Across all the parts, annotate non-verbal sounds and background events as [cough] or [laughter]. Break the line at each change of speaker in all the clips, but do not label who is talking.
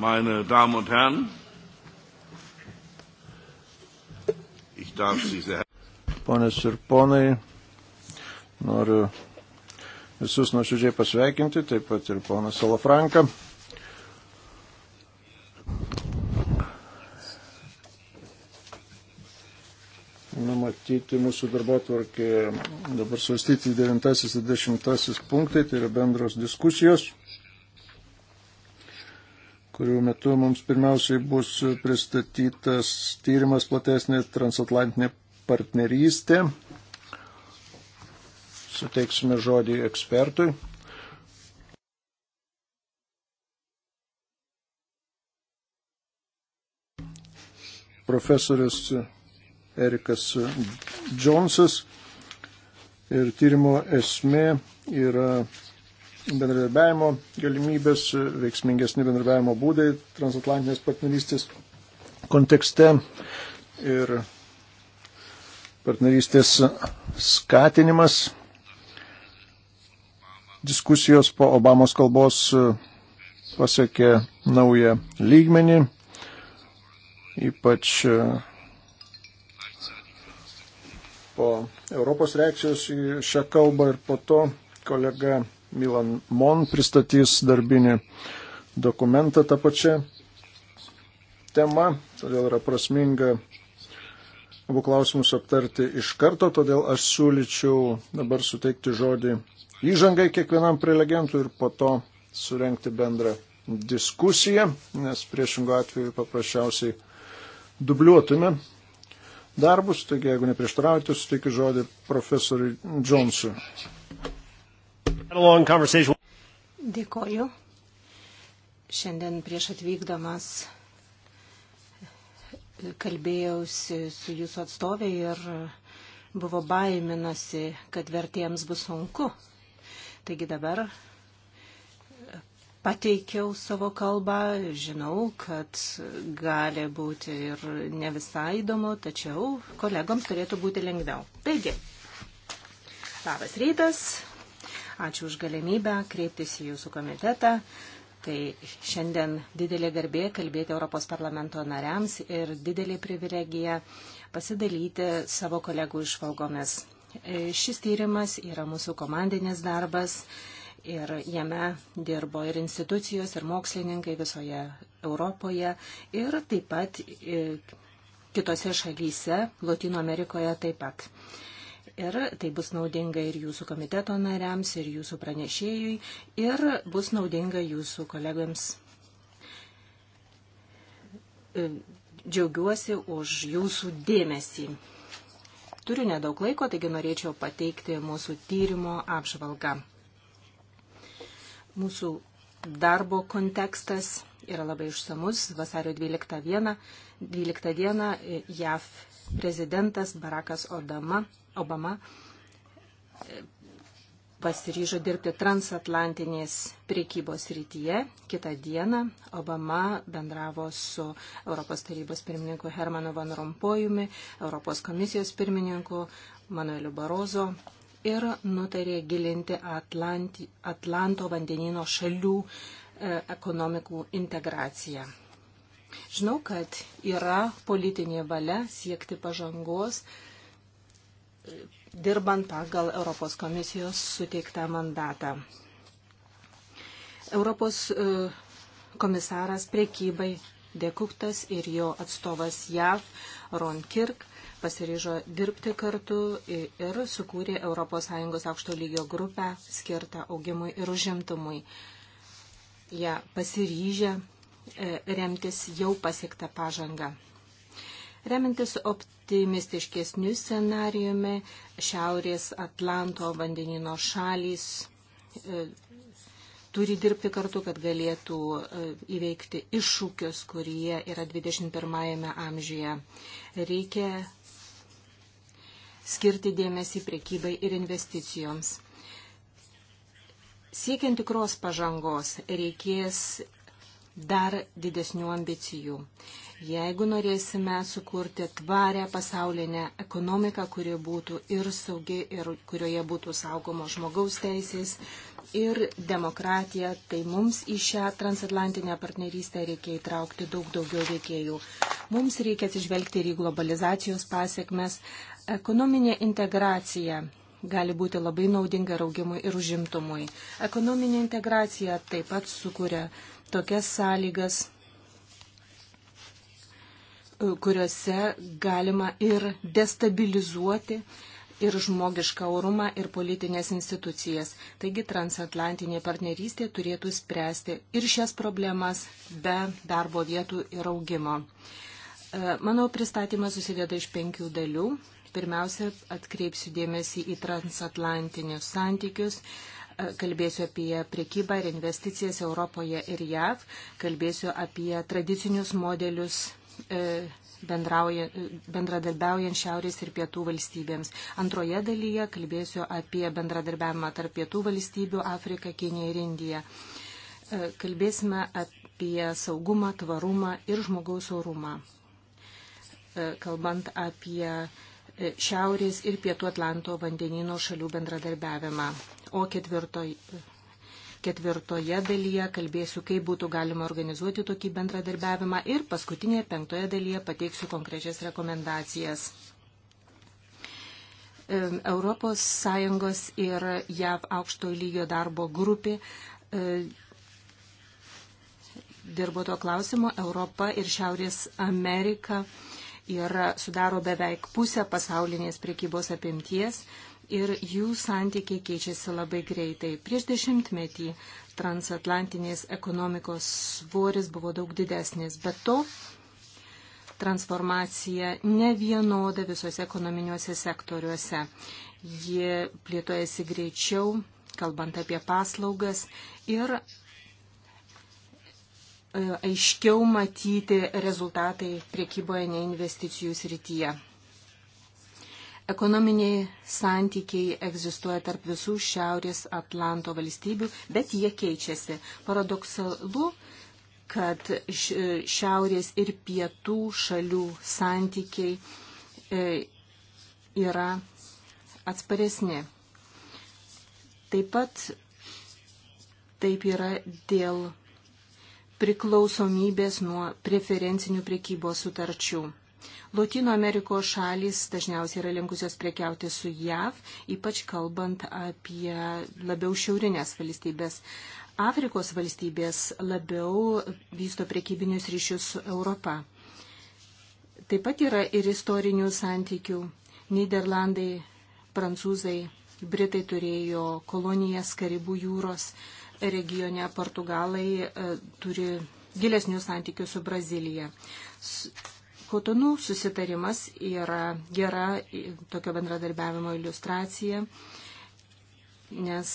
meine Damen und Herren, ich darf Sie sehr Ponas ir ponai, noriu visus nuoširdžiai pasveikinti, taip pat ir poną Salafranką. numatyti mūsų darbo tvarkė dabar svarstyti 9 ir 10 punktai, tai yra bendros diskusijos kurių metu mums pirmiausiai bus pristatytas tyrimas platesnė transatlantinė partnerystė. Suteiksime žodį ekspertui. Profesorius Erikas Džonsas ir tyrimo esmė yra bendradarbiavimo galimybės, veiksmingesni bendradarbiavimo būdai transatlantinės partnerystės kontekste ir partnerystės skatinimas. Diskusijos po Obamos kalbos e, pasiekė naują lygmenį, ypač e, po Europos reakcijos į šią kalbą ir po to kolega Milan Mon pristatys darbinį dokumentą tą pačią temą, todėl yra prasminga abu klausimus aptarti iš karto, todėl aš siūlyčiau dabar suteikti žodį įžangai kiekvienam prelegentui ir po to surenkti bendrą diskusiją, nes priešingų atveju paprasčiausiai dubliuotume darbus, taigi jeigu neprieštaraujate, suteikiu žodį profesoriui Džonsui. Dėkoju.
Šiandien prieš atvykdamas kalbėjausi su jūsų atstovė ir buvo baiminasi, kad vertėjams bus sunku. Taigi dabar pateikiau savo kalbą, žinau, kad gali būti ir ne visai įdomu, tačiau kolegoms turėtų būti lengviau. Taigi, labas rytas, Ačiū už galimybę kreiptis į jūsų komitetą. Tai šiandien didelė garbė kalbėti Europos parlamento nariams ir didelė privilegija pasidalyti savo kolegų išvalgomis. E, šis tyrimas yra mūsų komandinis darbas ir jame dirbo ir institucijos, ir mokslininkai visoje Europoje ir taip pat e, kitose šalyse, Latino Amerikoje taip pat. Ir tai bus naudinga ir jūsų komiteto nariams, ir jūsų pranešėjui, ir bus naudinga jūsų kolegams. E, džiaugiuosi už jūsų dėmesį. Turiu nedaug laiko, taigi norėčiau pateikti mūsų tyrimo apžvalgą. Mūsų darbo kontekstas yra labai išsamus. Vasario 12 dieną, 12 e, dieną JAV prezidentas Barakas Obama Obama e, pasiryžo dirbti transatlantinės priekybos rytyje. Kitą dieną Obama bendravo su Europos tarybos pirmininku Hermanu Van Rompojumi, Europos komisijos pirmininku Manueliu Barozo ir nutarė gilinti Atlanti, Atlanto vandenino šalių e, ekonomikų integraciją. Žinau, kad yra politinė valia siekti pažangos, e, dirbant pagal Europos komisijos suteiktą mandatą. Europos e, komisaras priekybai Dekuktas ir jo atstovas JAV Ron Kirk pasiryžo dirbti kartu ir sukūrė ES aukšto lygio grupę skirtą augimui ir užimtumui. Jie ja, pasiryžę e, remtis jau pasiektą pažangą. Remintis optimistiškesnių scenarijumi, Šiaurės Atlanto vandenino šalys e, turi dirbti kartu, kad galėtų e, įveikti iššūkius, kurie yra 21 amžiuje. Reikia skirti dėmesį priekybai ir investicijoms. Siekiant tikros pažangos reikės dar didesnių ambicijų. Jeigu norėsime sukurti tvarę pasaulinę ekonomiką, kuri būtų ir saugi, ir kurioje būtų saugomo žmogaus teisės ir demokratija, tai mums į šią transatlantinę partnerystę reikia įtraukti daug daugiau veikėjų. Mums reikia atsižvelgti ir į globalizacijos pasiekmes. Ekonominė integracija gali būti labai naudinga ir augimui ir užimtumui. Ekonominė integracija taip pat sukuria tokias sąlygas, e, kuriuose galima ir destabilizuoti ir žmogišką orumą, ir politinės institucijas. Taigi transatlantinė partnerystė turėtų spręsti ir šias problemas be darbo vietų ir augimo. E, Mano pristatymas susideda iš penkių dalių. Pirmiausia, atkreipsiu dėmesį į transatlantinius santykius. E, kalbėsiu apie priekybą ir investicijas Europoje ir JAV. Kalbėsiu apie tradicinius modelius e, bendradarbiaujant šiaurės ir pietų valstybėms. Antroje dalyje kalbėsiu apie bendradarbiavimą tarp pietų valstybių Afrika, Kinija ir Indija. E, kalbėsime apie saugumą, tvarumą ir žmogaus orumą. Kalbant apie Šiaurės ir Pietų Atlanto vandenino šalių bendradarbiavimą. O ketvirtoj, ketvirtoje dalyje kalbėsiu, kaip būtų galima organizuoti tokį bendradarbiavimą ir paskutinėje penktoje dalyje pateiksiu konkrečias rekomendacijas. Europos Sąjungos ir JAV aukšto lygio darbo grupė e, dirbo to klausimo Europa ir Šiaurės Amerika yra, sudaro beveik pusę pasaulinės priekybos apimties ir jų santykiai keičiasi labai greitai. Prieš dešimtmetį transatlantinės ekonomikos svoris buvo daug didesnis, bet to transformacija nevienoda visose ekonominiuose sektoriuose. Ji plėtojasi greičiau, kalbant apie paslaugas ir E, aiškiau matyti rezultatai priekyboje neinvesticijų srityje. Ekonominiai santykiai egzistuoja tarp visų Šiaurės Atlanto valstybių, bet jie keičiasi. Paradoksalu, kad e, Šiaurės ir Pietų šalių santykiai e, yra atsparesni. Taip pat taip yra dėl priklausomybės nuo preferencinių priekybos sutarčių. Lotino Amerikos šalis dažniausiai yra linkusios prekiauti su JAV, ypač kalbant apie labiau šiaurinės valstybės. Afrikos valstybės labiau vysto prekybinius ryšius su Europa. Taip pat yra ir istorinių santykių. Niderlandai, prancūzai, Britai turėjo kolonijas Karibų jūros regione Portugalai e, turi gilesnių santykių su Brazilija. Kotonų susitarimas yra gera tokio bendradarbiavimo iliustracija, nes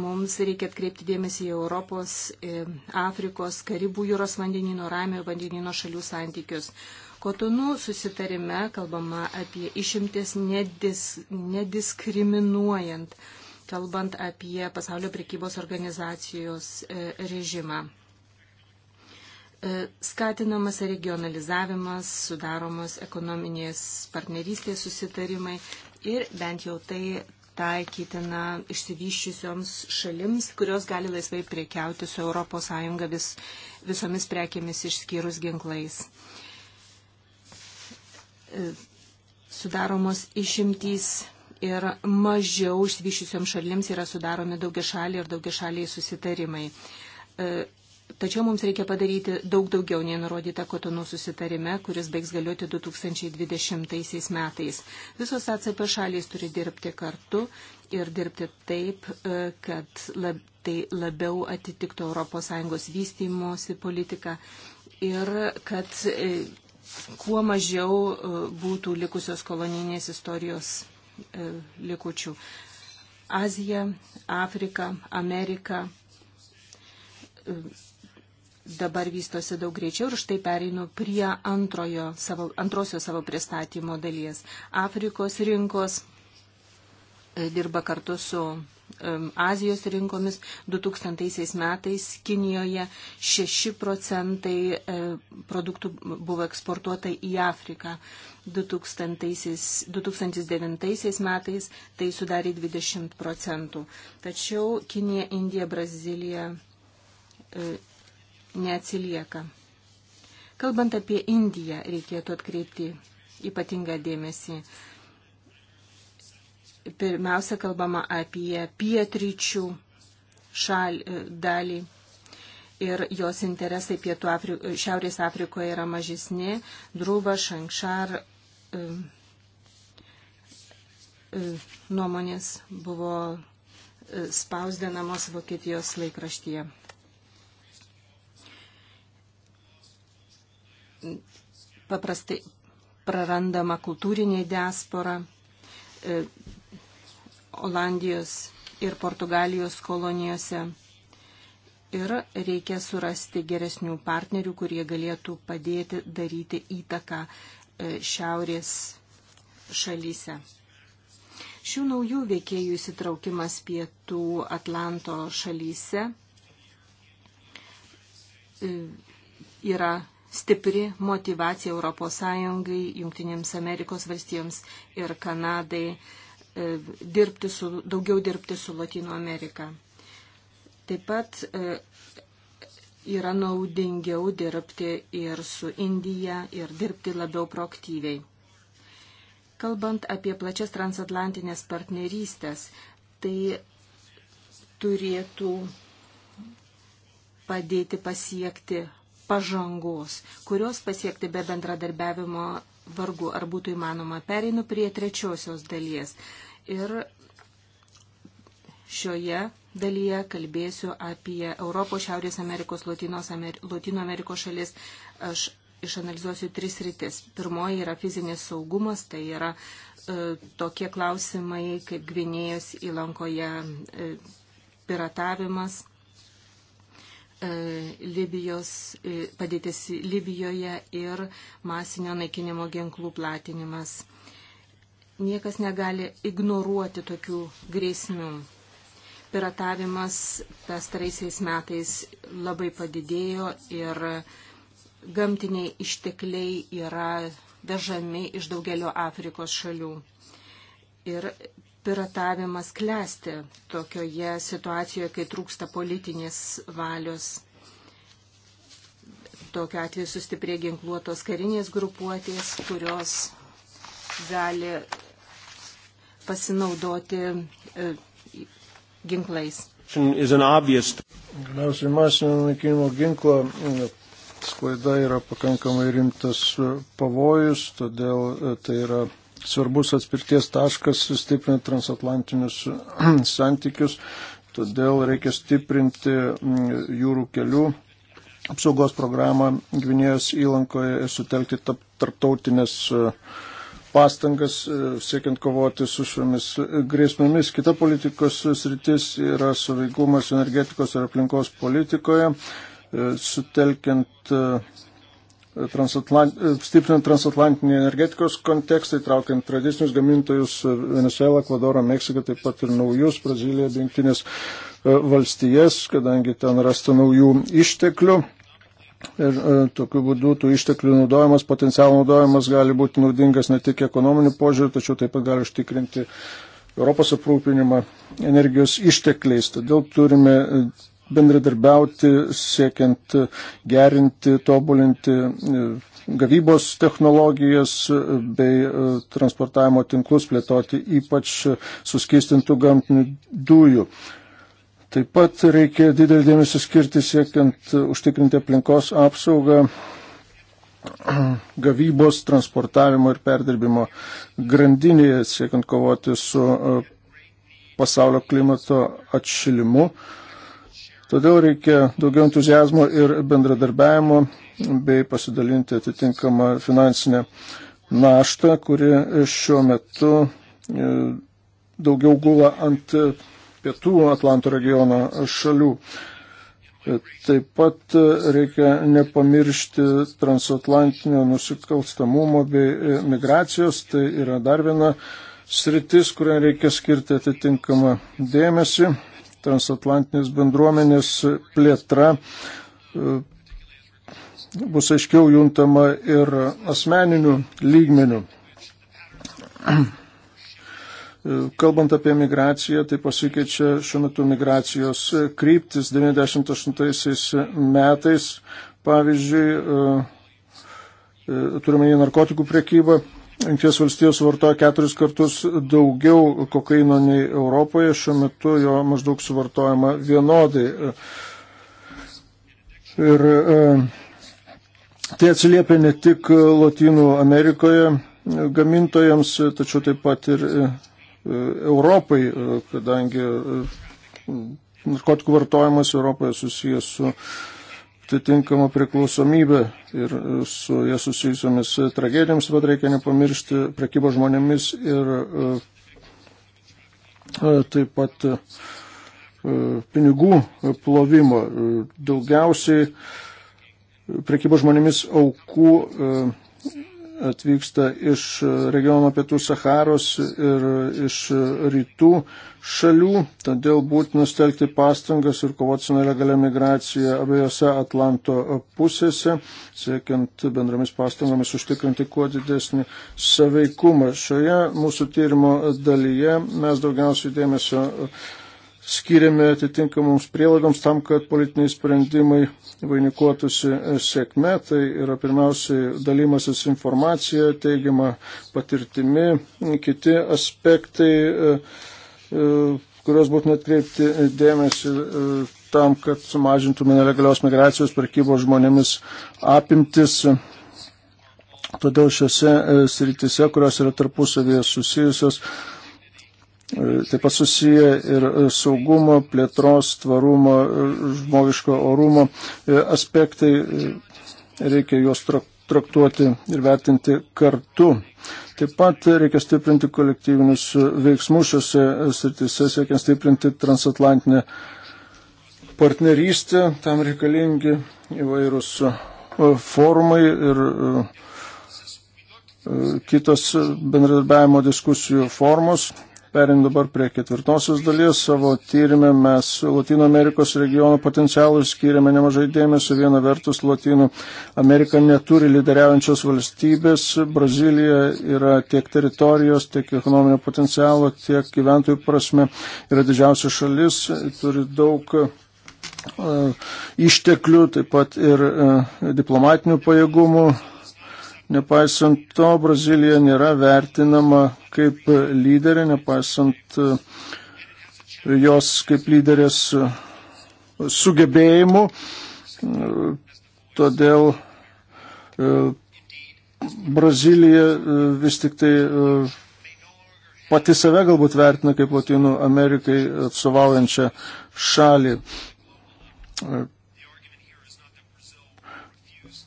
mums reikia atkreipti dėmesį į Europos, e, Afrikos, Karibų jūros vandenino, Ramio vandenino šalių santykius. Kotonų susitarime kalbama apie išimtis nedis, nediskriminuojant uh, kalbant apie pasaulio prekybos organizacijos e, režimą. E, skatinamas regionalizavimas, sudaromos ekonominės partnerystės susitarimai ir bent jau tai taikytina išsivyščiusioms šalims, kurios gali laisvai priekiauti su ES vis, visomis prekėmis išskyrus ginklais. E, sudaromos išimtys ir mažiau išsivyšusiom šalims yra sudaromi daugiašaliai ir daugiašaliai susitarimai. E, tačiau mums reikia padaryti daug daugiau nei nurodyta kotonų susitarime, kuris baigs galioti 2020 metais. Visos ACP šalys turi dirbti kartu ir dirbti taip, e, kad lab, tai labiau atitiktų ES vystymosi politiką ir kad e, kuo mažiau būtų likusios kolonijinės istorijos E, likučių. Azija, Afrika, Amerika e, dabar vystosi daug greičiau ir štai pereinu prie antrojo, savo, antrosios savo pristatymo dalies. Afrikos rinkos e, dirba kartu su Azijos rinkomis 2000 metais Kinijoje 6 procentai e, produktų buvo eksportuota į Afriką. 2000, 2009 metais tai sudarė 20 procentų. Tačiau Kinija, Indija, Brazilija e, neatsilieka. Kalbant apie Indiją, reikėtų atkreipti ypatingą dėmesį. Pirmiausia, kalbama apie pietryčių šal, e, dalį ir jos interesai pietų Afri, Šiaurės Afrikoje yra mažesni. Drūva, Šankšar e, e, nuomonės buvo spausdinamos Vokietijos laikraštyje. Paprastai prarandama kultūrinė diaspora, Olandijos ir Portugalijos kolonijose. Ir reikia surasti geresnių partnerių, kurie galėtų padėti daryti įtaką e, šiaurės šalyse. Šių naujų veikėjų įsitraukimas pietų Atlanto šalyse e, yra stipri motivacija ES, Junktinėms Amerikos valstijoms ir Kanadai E, dirbti su, daugiau dirbti su Latino Amerika. Taip pat e, yra naudingiau dirbti ir su Indija ir dirbti labiau proaktyviai. Kalbant apie plačias transatlantinės partnerystės, tai turėtų padėti pasiekti pažangos, kurios pasiekti be bendradarbiavimo vargu ar būtų įmanoma. Pereinu prie trečiosios dalies. Ir šioje dalyje kalbėsiu apie Europos, Šiaurės Amerikos, Latinos, Amer... Latino Amerikos šalis. Aš išanalizuosiu tris rytis. Pirmoji yra fizinis saugumas, tai yra e, tokie klausimai kaip Gvinėjos įlankoje e, piratavimas E, Libijos, e, padėtis Libijoje ir masinio naikinimo ginklų platinimas. Niekas negali ignoruoti tokių grėsmių. Piratavimas pastaraisiais metais labai padidėjo ir gamtiniai ištekliai yra vežami iš daugelio Afrikos šalių. Ir piratavimas klesti tokioje situacijoje, kai trūksta politinės valios. Tokiu atveju sustiprė ginkluotos karinės grupuotės, kurios gali pasinaudoti e, ginklais.
Galiausiai masinio naikinimo ginklo e, sklaida yra pakankamai rimtas e, pavojus, todėl e, tai yra svarbus atspirties taškas stiprinant transatlantinius [clears throat] santykius, todėl reikia stiprinti mm, jūrų kelių apsaugos programą Gvinėjos įlankoje ir sutelkti tarptautinės e, pastangas e, siekiant kovoti su šiomis e, grėsmėmis. Kita politikos sritis yra suveikumas energetikos ir aplinkos politikoje, sutelkiant transatlant, stiprinant transatlantinį energetikos kontekstą, įtraukiant tradicinius gamintojus e, Venezuelą, Ekvadorą, Meksiką, taip pat ir naujus Braziliją, Junktinės e, valstijas, kadangi ten rasta naujų išteklių. Ir e, tokiu būdu tų išteklių naudojimas, potencialų naudojimas gali būti naudingas ne tik ekonominiu požiūriu, tačiau taip pat gali užtikrinti Europos aprūpinimą energijos ištekliais. Todėl turime bendradarbiauti, siekiant gerinti, tobulinti e, gavybos technologijas e, bei e, transportavimo tinklus plėtoti, ypač suskistintų gamtinių dujų. Taip pat reikia didelį dėmesį skirti siekiant užtikrinti aplinkos apsaugą [clears throat] gavybos, transportavimo ir perdirbimo grandinėje, siekiant kovoti su pasaulio klimato atšilimu. Uh, Todėl reikia daugiau entuzijazmo ir bendradarbiavimo bei pasidalinti atitinkamą finansinę naštą, kuri šiuo metu e, daugiau gula ant pietų Atlanto regiono šalių. E, taip pat e, reikia nepamiršti transatlantinio nusikalstamumo bei migracijos. Tai yra dar viena sritis, kurią reikia skirti atitinkamą dėmesį transatlantinės bendruomenės plėtra e, bus aiškiau juntama ir asmeninių lygmenių. E, kalbant apie migraciją, tai pasikeičia šiuo metu migracijos kryptis. 98 metais, pavyzdžiui, e, turime į narkotikų priekybą, Jungtinės valstijos suvartoja keturis kartus daugiau kokaino nei Europoje, šiuo metu jo maždaug suvartojama vienodai. Ir e, tai atsiliepia ne tik Latinų Amerikoje gamintojams, tačiau taip pat ir e, Europai, e, kadangi narkotikų vartojimas Europoje susijęs su atitinkamą priklausomybę ir su jie susijusiamis tragedijoms, bet reikia nepamiršti prekybo žmonėmis ir e, e, taip pat e, pinigų plovimo. Daugiausiai prekybo žmonėmis aukų atvyksta iš regiono pietų Saharos ir iš rytų šalių, todėl būtina stelkti pastangas ir kovoti su nelegalia migracija abiejose Atlanto pusėse, siekiant bendromis pastangomis užtikrinti kuo didesnį saveikumą. Šioje mūsų tyrimo dalyje mes daugiausiai dėmesio skiriame atitinkamoms prielaidoms tam, kad politiniai sprendimai vainikuotųsi sėkme. Tai yra pirmiausiai dalymasis informacija, teigiama patirtimi, kiti aspektai, e, e, kuriuos būtų net kreipti dėmesį e, tam, kad sumažintume nelegalios migracijos prekybos žmonėmis apimtis. Todėl šiuose sritise, kurios yra tarpusavėje susijusios, taip pat susiję ir e, saugumo, plėtros, tvarumo, e, žmogiško orumo e, aspektai. Reikia juos traktuoti ir vertinti kartu. Taip pat reikia stiprinti kolektyvinius veiksmus šiuose srityse, siekiant stiprinti transatlantinę partnerystę. Tam reikalingi įvairūs formai ir kitos bendradarbiavimo diskusijų formos. Perint dabar prie ketvirtosios dalies savo tyrimę mes Latino Amerikos regionų potencialui skiriame nemažai dėmesio. Viena vertus, Latino Amerika neturi lyderiaujančios valstybės. Brazilija yra tiek teritorijos, tiek ekonominio potencialo, tiek gyventojų prasme yra didžiausia šalis, turi daug e, išteklių, taip pat ir e, diplomatinių pajėgumų, Nepaisant to, Brazilija nėra vertinama kaip lyderė, nepaisant e, jos kaip lyderės e, sugebėjimų. E, todėl Brazilija vis tik tai pati save galbūt vertina kaip Latinų Amerikai atstovaujančią šalį.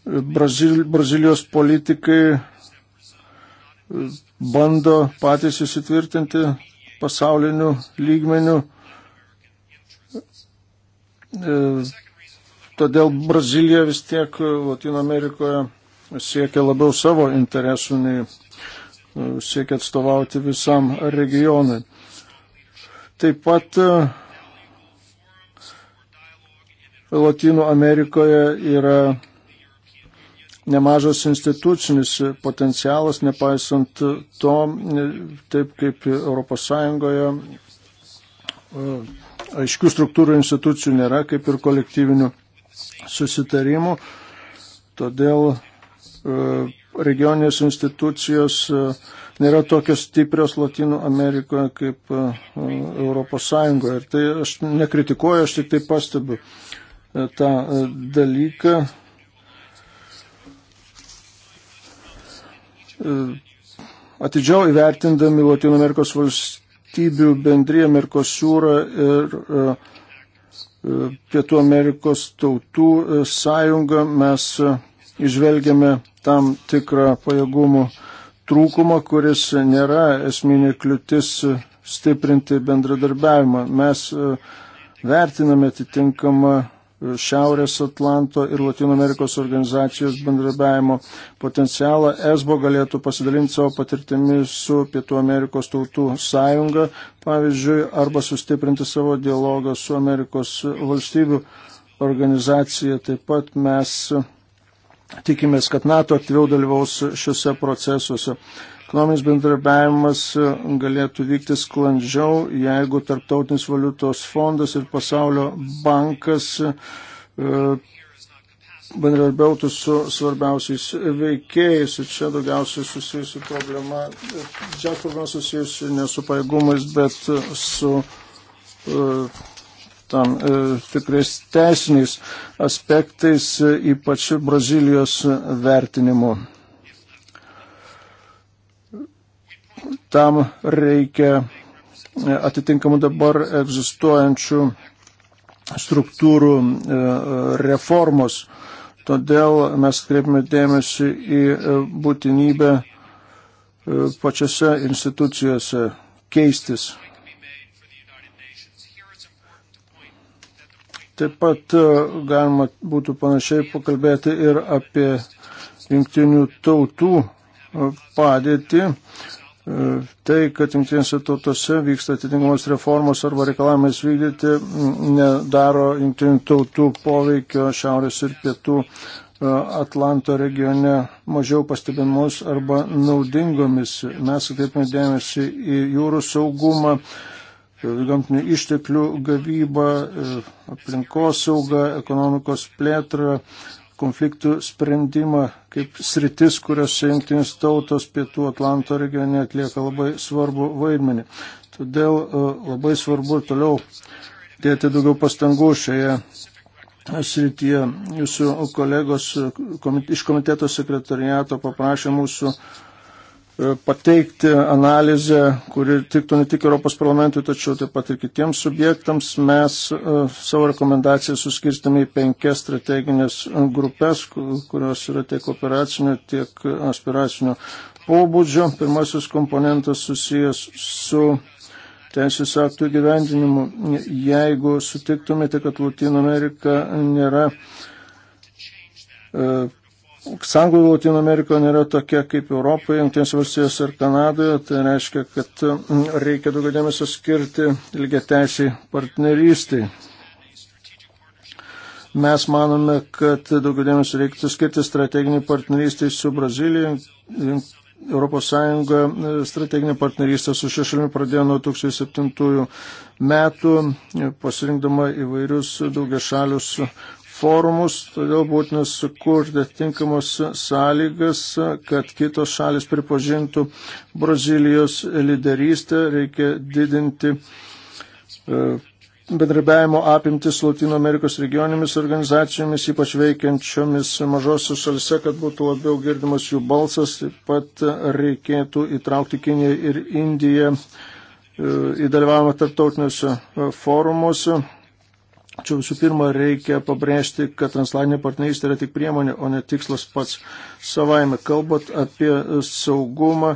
Brazil, Brazilijos politikai e, bando patys įsitvirtinti pasauliniu lygmeniu. E, todėl Brazilija vis tiek Latino Amerikoje siekia labiau savo interesų, nei e, siekia atstovauti visam regionui. Taip pat Latino Amerikoje yra nemažas institucinis potencialas, nepaisant to, taip kaip ES e, aiškių struktūrų institucijų nėra, kaip ir kolektyvinių susitarimų. Todėl e, regioninės institucijos e, nėra tokios stiprios Latino Amerikoje kaip Europos Sąjungoje. Ir tai aš nekritikuoju, aš tik tai pastebiu tą dalyką E, atidžiau įvertindami Latino Amerikos valstybių bendryje Merkosūrą ir e, e, Pietų Amerikos tautų sąjungą mes išvelgiame tam tikrą pajėgumų trūkumą, kuris nėra esminė kliūtis stiprinti bendradarbiavimą. Mes vertiname atitinkamą Šiaurės Atlanto ir Latino Amerikos organizacijos bendradarbiavimo potencialą. ESBO galėtų pasidalinti savo patirtimi su Pietų Amerikos tautų sąjunga, pavyzdžiui, arba sustiprinti savo dialogą su Amerikos valstybių organizacija. Taip pat mes tikimės, kad NATO aktyviau dalyvaus šiuose procesuose. Ekonominis bendradarbiavimas e, galėtų vykti sklandžiau, jeigu Tarptautinis valiutos fondas ir pasaulio bankas e, bendradarbiautų su svarbiausiais veikėjais. Ir čia daugiausiai susijusi problema, didžiausia problema susijusi ne su pajėgumais, bet su uh, tam uh, tikrais teisiniais aspektais, ypač Brazilijos vertinimu. Tam reikia atitinkamų dabar egzistuojančių struktūrų e, reformos. Todėl mes kreipime dėmesį į e, būtinybę e, pačiose institucijose keistis. Taip pat galima būtų panašiai pakalbėti ir apie jungtinių tautų padėtį. E, tai, kad jungtinėse tautose vyksta atitinkamos reformos arba reikalavimais vykdyti, nedaro jungtinių tautų poveikio šiaurės ir pietų e, Atlanto regione mažiau pastebimus arba naudingomis. Mes atkreipime dėmesį į jūrų saugumą, gamtinių išteklių gavybą, e, aplinkosaugą, ekonomikos plėtrą, konfliktų sprendimą kaip sritis, kuriuose jungtinės tautos pietų Atlanto regione atlieka labai svarbu vaidmenį. Todėl e, labai svarbu toliau dėti daugiau pastangų šioje srityje. Jūsų kolegos e, komit iš komiteto sekretariato paprašė mūsų uh, E, pateikti analizę, kuri tiktų ne tik Europos parlamentui, tačiau taip pat ir kitiems subjektams. Mes e, savo rekomendaciją suskirstame į penkias strateginės grupės, kurios yra tiek operacinio, tiek aspiracinio pobūdžio. Pirmasis komponentas susijęs su teisės aktų gyvendinimu. Jeigu sutiktumėte, kad Latino Amerika nėra e, Sanglauda Latino Amerikoje nėra tokia kaip Europoje, Junktinės valstijos ir Kanadoje, tai reiškia, kad mm, reikia daugiau dėmesio skirti lygiateisiai partnerystiai. Mes manome, kad daugiau dėmesio reikėtų skirti strateginiai partnerystiai su Brazilija. Europos Sąjunga e, strateginė partnerystė su šešalimi pradėjo nuo 2007 metų, e, pasirinkdama įvairius daugiašalius forumus, todėl būtina sukurti tinkamus sąlygas, kad kitos šalis pripažintų Brazilijos lyderystę, reikia didinti e, bendrabiavimo apimtis Latino Amerikos regioninėmis organizacijomis, ypač veikiančiomis mažosios šalise, kad būtų labiau girdimas jų balsas. Taip pat reikėtų įtraukti Kiniją ir Indiją e, į dalyvavimą tarptautiniuose e, forumuose. Čia visų pirma reikia pabrėžti, kad translatinė partnerystė yra tik priemonė, o ne tikslas pats savaime. Kalbant apie saugumą,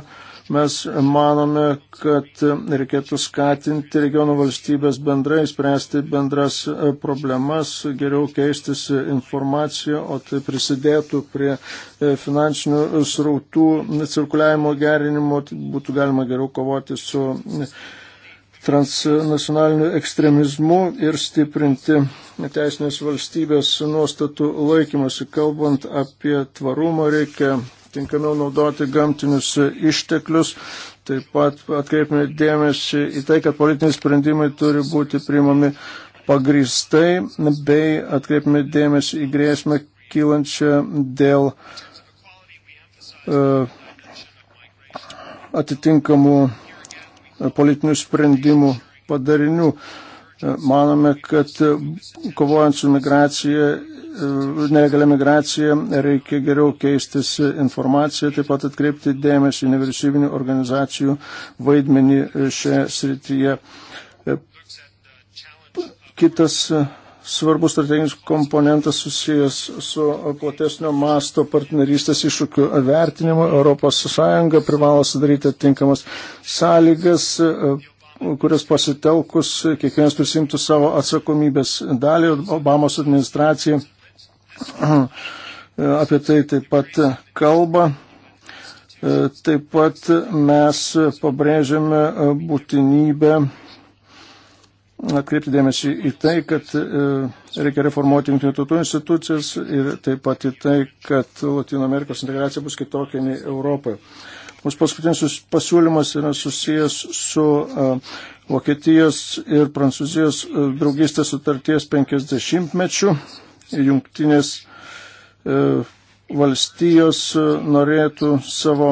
mes manome, kad reikėtų skatinti regionų valstybės bendrai, spręsti bendras problemas, geriau keistis informaciją, o tai prisidėtų prie finansinių srautų cirkuliavimo gerinimo, tai būtų galima geriau kovoti su transnacionaliniu ekstremizmu ir stiprinti teisinės valstybės nuostatų laikymasi. Kalbant apie tvarumą, reikia tinkamiau naudoti gamtinius išteklius. Taip pat atkreipime dėmesį į tai, kad politiniai sprendimai turi būti priimami pagristai, bei atkreipime dėmesį į grėsmę kylančią dėl uh, atitinkamų politinių sprendimų padarinių. Manome, kad kovojant su migracija, nelegalia migracija, reikia geriau keistis informaciją, taip pat atkreipti dėmesį į nevyriausybinių organizacijų vaidmenį šioje srityje. Kitas svarbus strateginis komponentas susijęs su platesnio masto partnerystės iššūkių vertinimu. ES privalo sudaryti atitinkamas sąlygas, e, kurias pasitelkus kiekvienas prisimtų savo atsakomybės dalį. Obamos administracija e, apie tai taip pat kalba. E, taip pat mes pabrėžiame būtinybę atkreipti dėmesį į tai, kad e, reikia reformuoti jungtinių tautų institucijas ir taip pat į tai, kad Latino Amerikos integracija bus kitokia nei Europoje. Mūsų paskutinis pasiūlymas yra susijęs su e, Vokietijos ir Prancūzijos e, draugystės sutarties 50-mečių. Jungtinės valstijos norėtų savo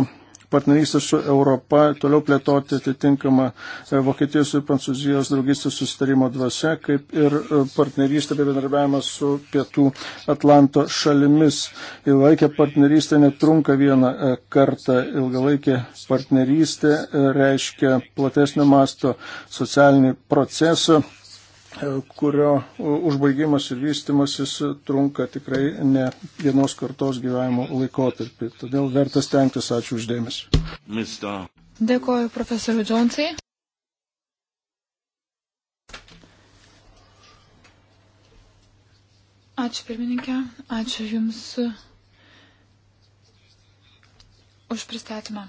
partnerystę su Europa, toliau plėtoti atitinkamą e, Vokietijos ir Prancūzijos draugystės sustarimo dvasia, kaip ir e, partnerystę bei bendarbiavimą su Pietų Atlanto šalimis. Ilgalaikė partnerystė netrunka vieną e, kartą. Ilgalaikė partnerystė reiškia platesnio masto socialinį procesą E, kurio e, užbaigimas ir vystimasis trunka tikrai ne vienos kartos gyvenimo laikotarpį. Todėl verta stengtis. Ačiū uždėmesi.
Dėkoju profesoriu Džonsai. Ačiū pirmininkė, ačiū Jums už pristatymą.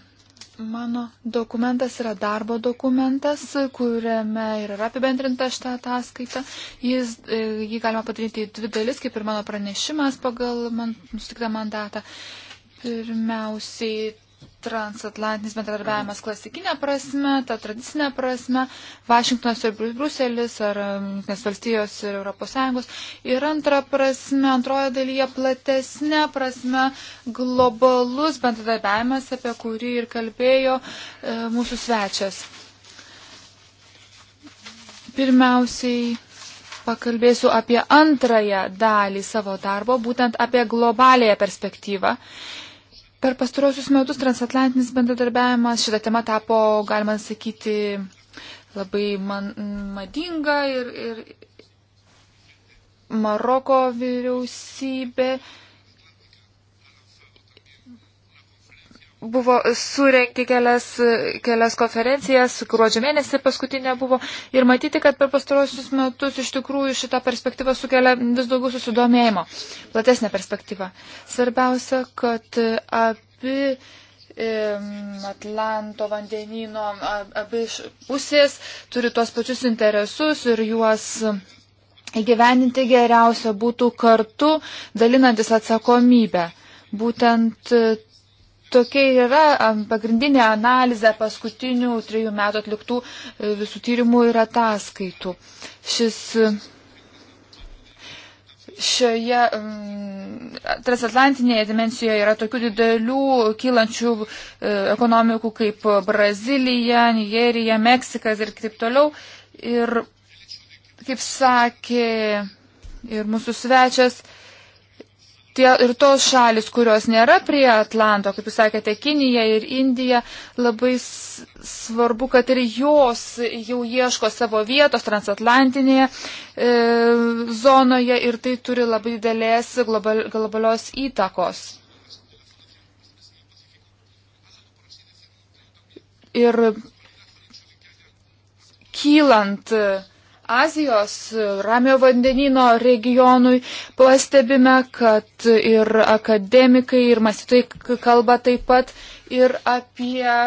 Mano dokumentas yra darbo dokumentas, kuriame ir yra apibendrinta šitą ataskaitą. Jis, e, jį galima padaryti į dvi dalis, kaip ir mano pranešimas pagal man, nustiktą mandatą. Pirmiausiai transatlantinis bendradarbiavimas klasikinė prasme, ta tradicinė prasme, Vašingtonas ir Bruselis, ar um, Junktinės valstijos ir ES. Ir antra prasme, antroje dalyje platesnė prasme, globalus bendradarbiavimas, apie kurį ir kalbėjo e, mūsų svečias. Pirmiausiai pakalbėsiu apie antrąją dalį savo darbo, būtent apie globalėją perspektyvą. E, Per pastarosius metus transatlantinis bendradarbiavimas šitą temą tapo, galima sakyti, labai man, madinga ir, ir Maroko vyriausybė buvo surenkti kelias, kelias konferencijas, gruodžio mėnesį paskutinė buvo ir matyti, kad per pastarosius metus iš tikrųjų šitą perspektyvą sukelia vis daugiau susidomėjimo, platesnė perspektyva. Svarbiausia, kad abi Atlanto vandenino abi pusės turi tuos pačius interesus ir juos įgyveninti geriausia būtų kartu dalinantis atsakomybę. Būtent tokia ir yra pagrindinė analizė paskutinių trijų metų atliktų e, visų tyrimų ir ataskaitų. Šis e, šioje um, transatlantinėje dimensijoje yra tokių didelių kylančių uh, ekonomikų kaip Brazilija, Nigerija, Meksikas ir taip toliau. Ir kaip sakė ir mūsų svečias, uh, tie, ir tos šalis, kurios nėra prie Atlanto, kaip jūs sakėte, Kinija ir Indija, labai svarbu, kad ir jos jau ieško savo vietos transatlantinėje e, zonoje ir tai turi labai didelės global, globalios įtakos. Ir kylant e, Azijos ramio vandenino regionui pastebime, kad ir akademikai, ir mąstytojai kalba taip pat ir apie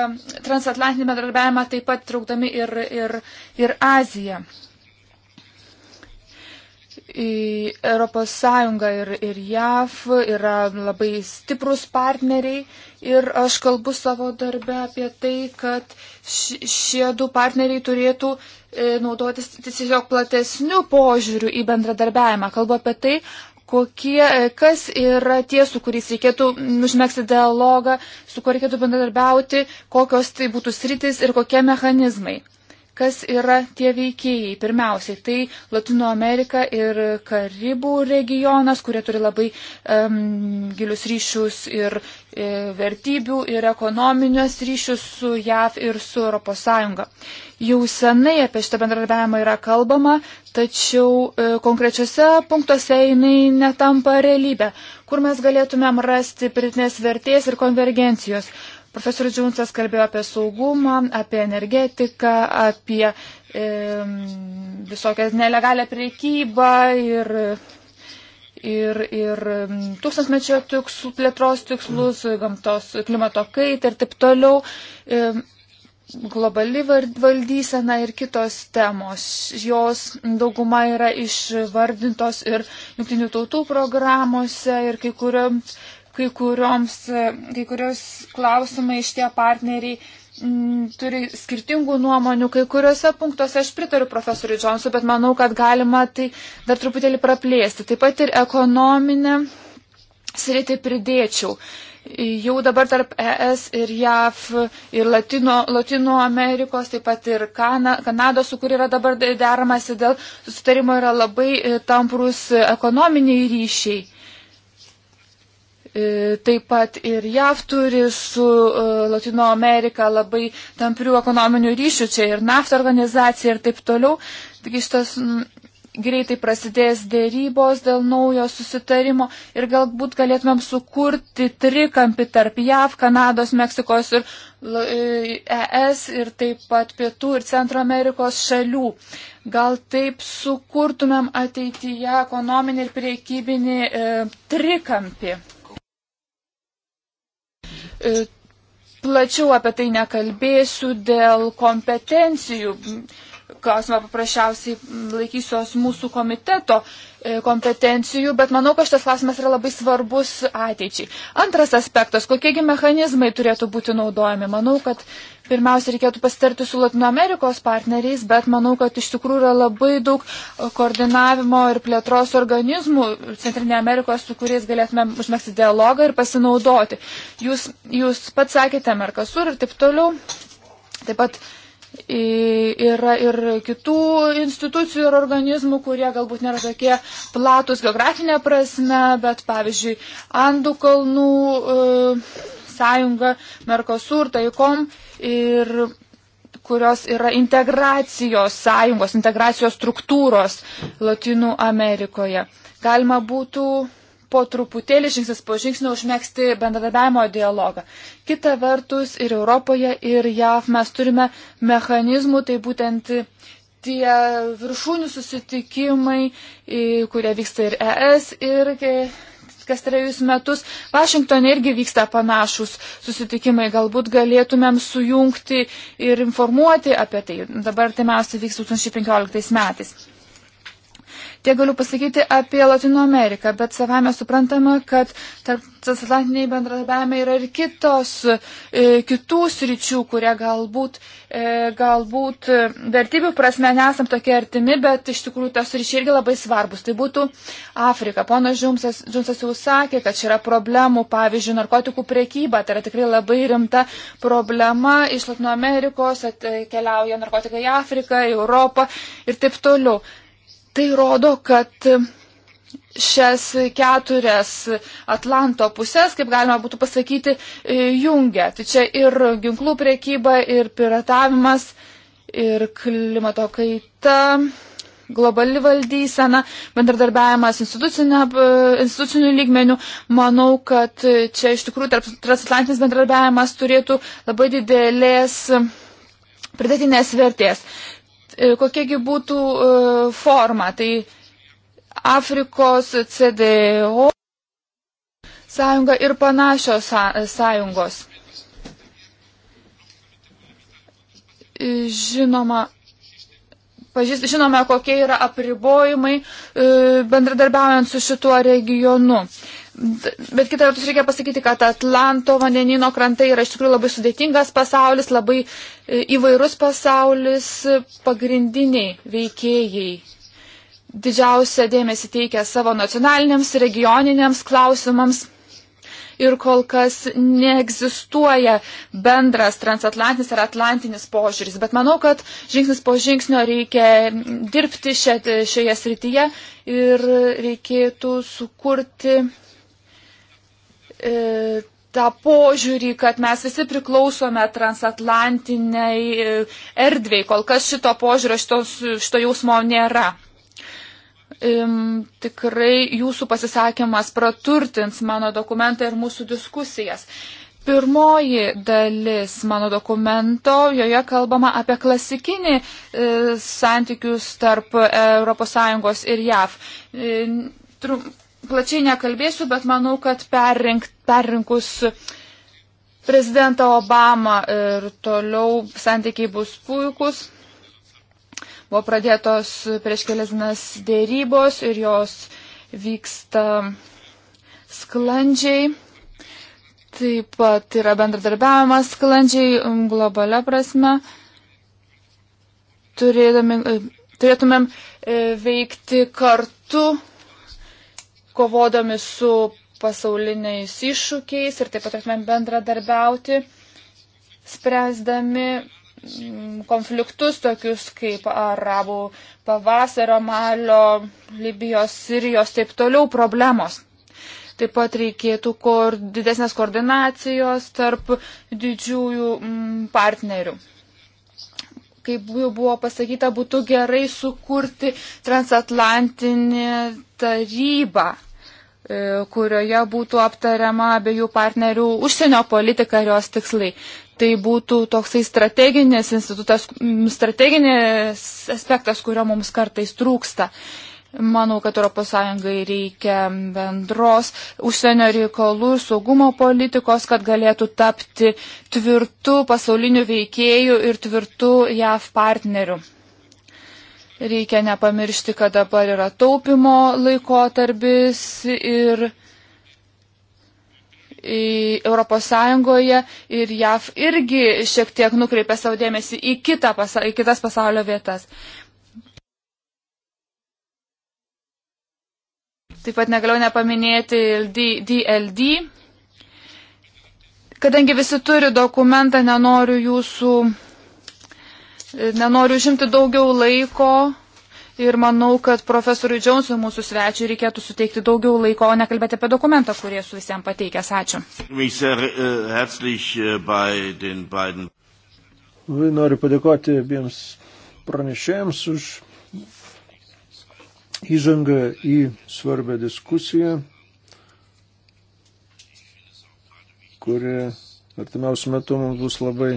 transatlantinį bendradarbiavimą, taip pat traukdami ir, ir, ir Aziją. Europos Sąjunga ir, ir JAV yra labai stiprus partneriai ir aš kalbu savo darbę apie tai, kad šie du partneriai turėtų E, naudotis tiesiog platesniu požiūriu į bendradarbiavimą. Kalbu apie tai, kokie, e, kas yra tie, su kuriais reikėtų užmėgsti dialogą, su kuo reikėtų bendradarbiauti, kokios tai būtų sritis ir kokie mechanizmai. Kas yra tie veikėjai? Pirmiausiai, tai Latino Amerika ir Karibų regionas, kurie turi labai um, gilius ryšius ir E, vertybių ir ekonominius ryšius su JAV ir su ES. Jau senai apie šitą bendradarbiavimą yra kalbama, tačiau e, konkrečiose punktuose jinai netampa realybė, kur mes galėtumėm rasti pritinės vertės ir konvergencijos. Profesorius Džiūnsas kalbėjo apie saugumą, apie energetiką, apie e, visokią nelegalę priekybą ir ir, ir mm, tūkstantmečio tikslų, plėtros tikslus, gamtos klimato kaitą ir taip toliau, globali valdysena ir kitos temos. Jos dauguma yra išvardintos ir jungtinių tautų programuose ir kai kurioms. Kai, kurioms, kai kurios klausimai šitie partneriai Mm, turi skirtingų nuomonių, kai kuriuose punktuose aš pritariu profesoriui Džonsui, bet manau, kad galima tai dar truputėlį praplėsti. Taip pat ir ekonominę sritį pridėčiau. Jau dabar tarp ES ir JAV ir Latino, Latino Amerikos, taip pat ir Kana, Kanados, su kur yra dabar deramasi dėl susitarimo, yra labai tamprus ekonominiai ryšiai. E, taip pat ir JAV turi su e, Latino Amerika labai tamprių ekonominių ryšių, čia ir naftą organizacija ir taip toliau. Taigi šitas greitai prasidės dėrybos dėl naujo susitarimo ir galbūt galėtumėm sukurti trikampį tarp JAV, Kanados, Meksikos ir ES e ir taip pat Pietų ir Centro Amerikos šalių. Gal taip sukurtumėm ateityje ekonominį ir priekybinį e, trikampį. E, plačiau apie tai nekalbėsiu dėl kompetencijų. Klausimą paprasčiausiai laikysiuos mūsų komiteto E, kompetencijų, bet manau, kad šitas klausimas yra labai svarbus ateičiai. Antras aspektas, kokiegi mechanizmai turėtų būti naudojami. Manau, kad pirmiausia reikėtų pasitarti su Latino Amerikos partneriais, bet manau, kad iš tikrųjų yra labai daug koordinavimo ir plėtros organizmų Centrinėje Amerikoje, su kuriais galėtume užmėgti dialogą ir pasinaudoti. Jūs, jūs pats sakėte Merkasur ir taip toliau. Taip pat yra ir kitų institucijų ir organizmų, kurie galbūt nėra tokie platus geografinė prasme, bet pavyzdžiui, Andų kalnų e, sąjunga, Merkosur, Taikom ir kurios yra integracijos sąjungos, integracijos struktūros Latinų Amerikoje. Galima būtų po truputėlį žingsnis po žingsnio užmėgsti bendradarbiavimo dialogą. Kita vertus ir Europoje, ir JAV mes turime mechanizmų, tai būtent tie viršūnių susitikimai, kurie vyksta ir ES, ir kas trejus metus. Vašingtonė irgi vyksta panašus susitikimai. Galbūt galėtumėm sujungti ir informuoti apie tai. Dabar tai mes vyks 2015 metais. Tie galiu pasakyti apie Latino Ameriką, bet savame suprantama, kad transatlantiniai bendradarbiavimai yra ir kitos, e, kitų sričių, kurie galbūt, e, galbūt e, vertybių prasme nesam tokie artimi, bet iš tikrųjų tas ryšiai irgi labai svarbus. Tai būtų Afrika. Ponas Džumsas, Džumsas jau sakė, kad čia yra problemų, pavyzdžiui, narkotikų priekyba. Tai yra tikrai labai rimta problema. Iš Latino Amerikos atkeliauja narkotikai į Afriką, į Europą ir taip toliau. Tai rodo, kad šias keturias Atlanto pusės, kaip galima būtų pasakyti, e, jungia. Tai čia ir ginklų priekyba, ir piratavimas, ir klimato kaita, globali valdysena, bendradarbiavimas e, institucinių lygmenių. Manau, kad čia iš tikrųjų transatlantinis bendradarbiavimas turėtų labai didelės pridėtinės vertės. E, kokiegi būtų e, forma. Tai Afrikos CDO sąjunga ir panašios sąjungos. Žinoma, pažįst, žinome, kokie yra apribojimai e, bendradarbiaujant su šituo regionu. Bet kitą vertus reikia pasakyti, kad Atlanto vandenino krantai yra iš tikrųjų labai sudėtingas pasaulis, labai e, įvairus pasaulis, pagrindiniai veikėjai didžiausią dėmesį teikia savo nacionaliniams, regioniniams klausimams. Ir kol kas neegzistuoja bendras transatlantinis ar atlantinis požiūris. Bet manau, kad žingsnis po žingsnio reikia dirbti šioje srityje ir reikėtų sukurti e, tą požiūrį, kad mes visi priklausome transatlantiniai e, erdvėjai. Kol kas šito požiūrio, šito, šito jausmo nėra. Im, tikrai jūsų pasisakymas praturtins mano dokumentą ir mūsų diskusijas. Pirmoji dalis mano dokumento, joje kalbama apie klasikinį e, santykius tarp ES ir JAV. E, trum, plačiai nekalbėsiu, bet manau, kad perrink, perrinkus prezidentą Obamą ir toliau santykiai bus puikus. Buvo pradėtos prieš kelias dienas dėrybos ir jos vyksta sklandžiai. Taip pat yra bendradarbiavimas sklandžiai um, globalia prasme. Turėdami, e, turėtumėm e, veikti kartu kovodami su pasauliniais iššūkiais ir taip pat turėtumėm bendradarbiauti, spręsdami mm, konfliktus tokius kaip arabų pavasario, malio, Libijos, Sirijos, taip toliau problemos. Taip pat reikėtų kor, didesnės koordinacijos tarp didžiųjų m, mm, partnerių kaip jau buvo pasakyta, būtų gerai sukurti transatlantinį tarybą e, kurioje būtų aptariama abiejų partnerių užsienio politika ir jos tikslai. Tai būtų toksai strateginis institutas, strateginis aspektas, kurio mums kartais trūksta. Manau, kad ES reikia bendros užsienio reikalų ir saugumo politikos, kad galėtų tapti tvirtų pasaulinių veikėjų ir tvirtų JAV partnerių. Reikia nepamiršti, kad dabar yra taupimo laikotarpis ir ES ir JAV irgi šiek tiek nukreipia savo dėmesį į, kitą, į kitas pasaulio vietas. Taip pat negaliu nepaminėti DLD. Kadangi visi turi dokumentą, nenoriu jūsų, nenoriu žimti daugiau laiko ir manau, kad profesoriui Džonsui mūsų svečiui reikėtų suteikti daugiau laiko, o nekalbėti apie dokumentą, kurį esu visiems pateikęs. Ačiū.
Äh, äh, Noriu padėkoti abiems pranešėjams už įžanga į svarbę diskusiją, kuri artimiausių metų mums bus labai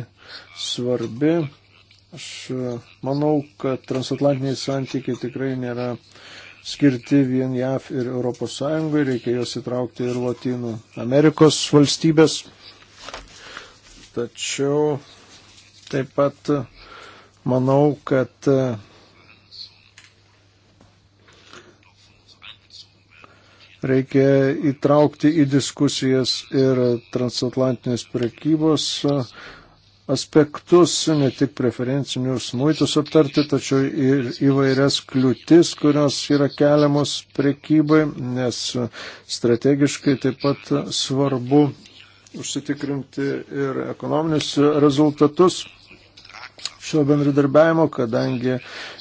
svarbi. Aš manau, kad transatlantiniai santykiai tikrai nėra skirti vien JAV ir ES, reikia juos įtraukti ir Latinų Amerikos valstybės. Tačiau taip pat manau, kad Reikia įtraukti į diskusijas ir transatlantinės prekybos e, aspektus, ne tik preferencinius muitus aptarti, tačiau ir įvairias kliūtis, kurios yra keliamos prekybai, nes strategiškai taip pat svarbu užsitikrinti ir ekonominius rezultatus šio bendradarbiavimo, kadangi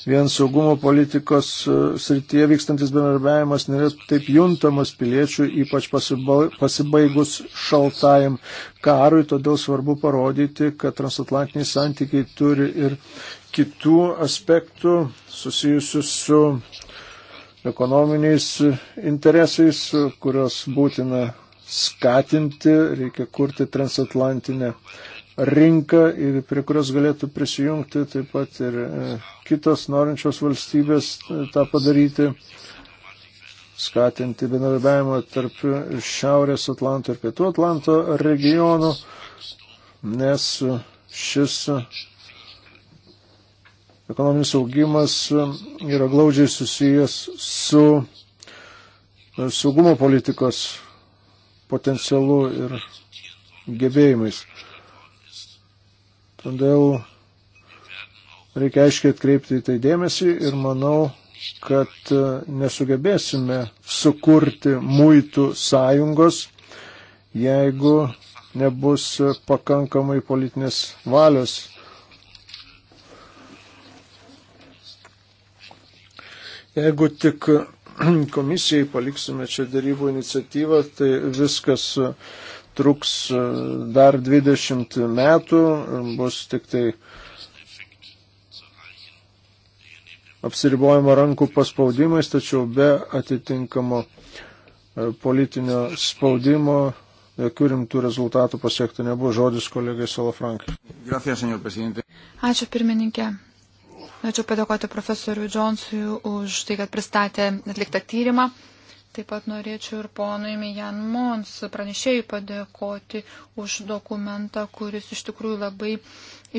vien saugumo politikos e, srityje vykstantis bendradarbiavimas nėra taip juntamas piliečių, ypač pasibaigus šaltajam karui, todėl svarbu parodyti, kad transatlantiniai santykiai turi ir kitų aspektų susijusių su ekonominiais interesais, kurios būtina skatinti, reikia kurti transatlantinę rinką, prie kurios galėtų prisijungti taip pat ir e, kitos norinčios valstybės e, tą padaryti, skatinti bendradarbiavimą tarp Šiaurės Atlanto ir Pietų Atlanto regionų, nes šis ekonominis augimas yra glaudžiai susijęs su saugumo politikos potencialu ir gebėjimais. Todėl reikia aiškiai atkreipti į tai dėmesį ir manau, kad e, nesugebėsime sukurti muitų sąjungos, jeigu nebus pakankamai politinės valios. Jeigu tik [clears throat] komisijai paliksime čia darybų iniciatyvą, tai viskas uh, truks e, dar 20 metų, bus tik tai apsiribojimo rankų paspaudimais, tačiau be atitinkamo e, politinio spaudimo jokių rimtų rezultatų pasiekti nebuvo. Žodis kolegai Salafrankai.
Ačiū pirmininkė. Ačiū padėkoti profesoriu Džonsui už tai, kad pristatė atliktą tyrimą. Taip pat norėčiau ir ponui Mijan Mons pranešėjai padėkoti už dokumentą, kuris iš tikrųjų labai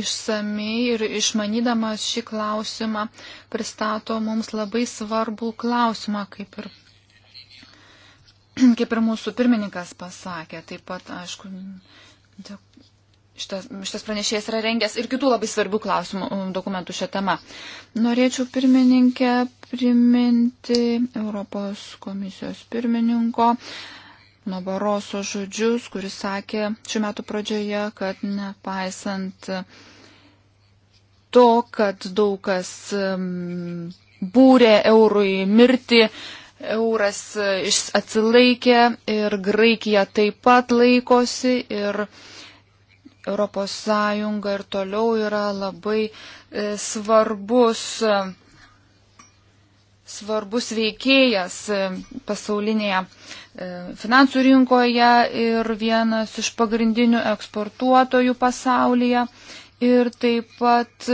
išsamei ir išmanydamas šį klausimą pristato mums labai svarbų klausimą, kaip ir, kaip ir mūsų pirmininkas pasakė. Taip pat, aišku, dėkuoju šitas, šitas pranešėjas yra rengęs ir kitų labai svarbių klausimų um, dokumentų šią temą. Norėčiau pirmininkę priminti Europos komisijos pirmininko Nobaroso žodžius, kuris sakė šių metų pradžioje, kad nepaisant to, kad daug kas um, būrė eurui mirti, euras uh, atsilaikė ir Graikija taip pat laikosi ir Europos Sąjunga ir toliau yra labai e, svarbus, svarbus veikėjas e, pasaulinėje e, finansų rinkoje ir vienas iš pagrindinių eksportuotojų pasaulyje ir taip pat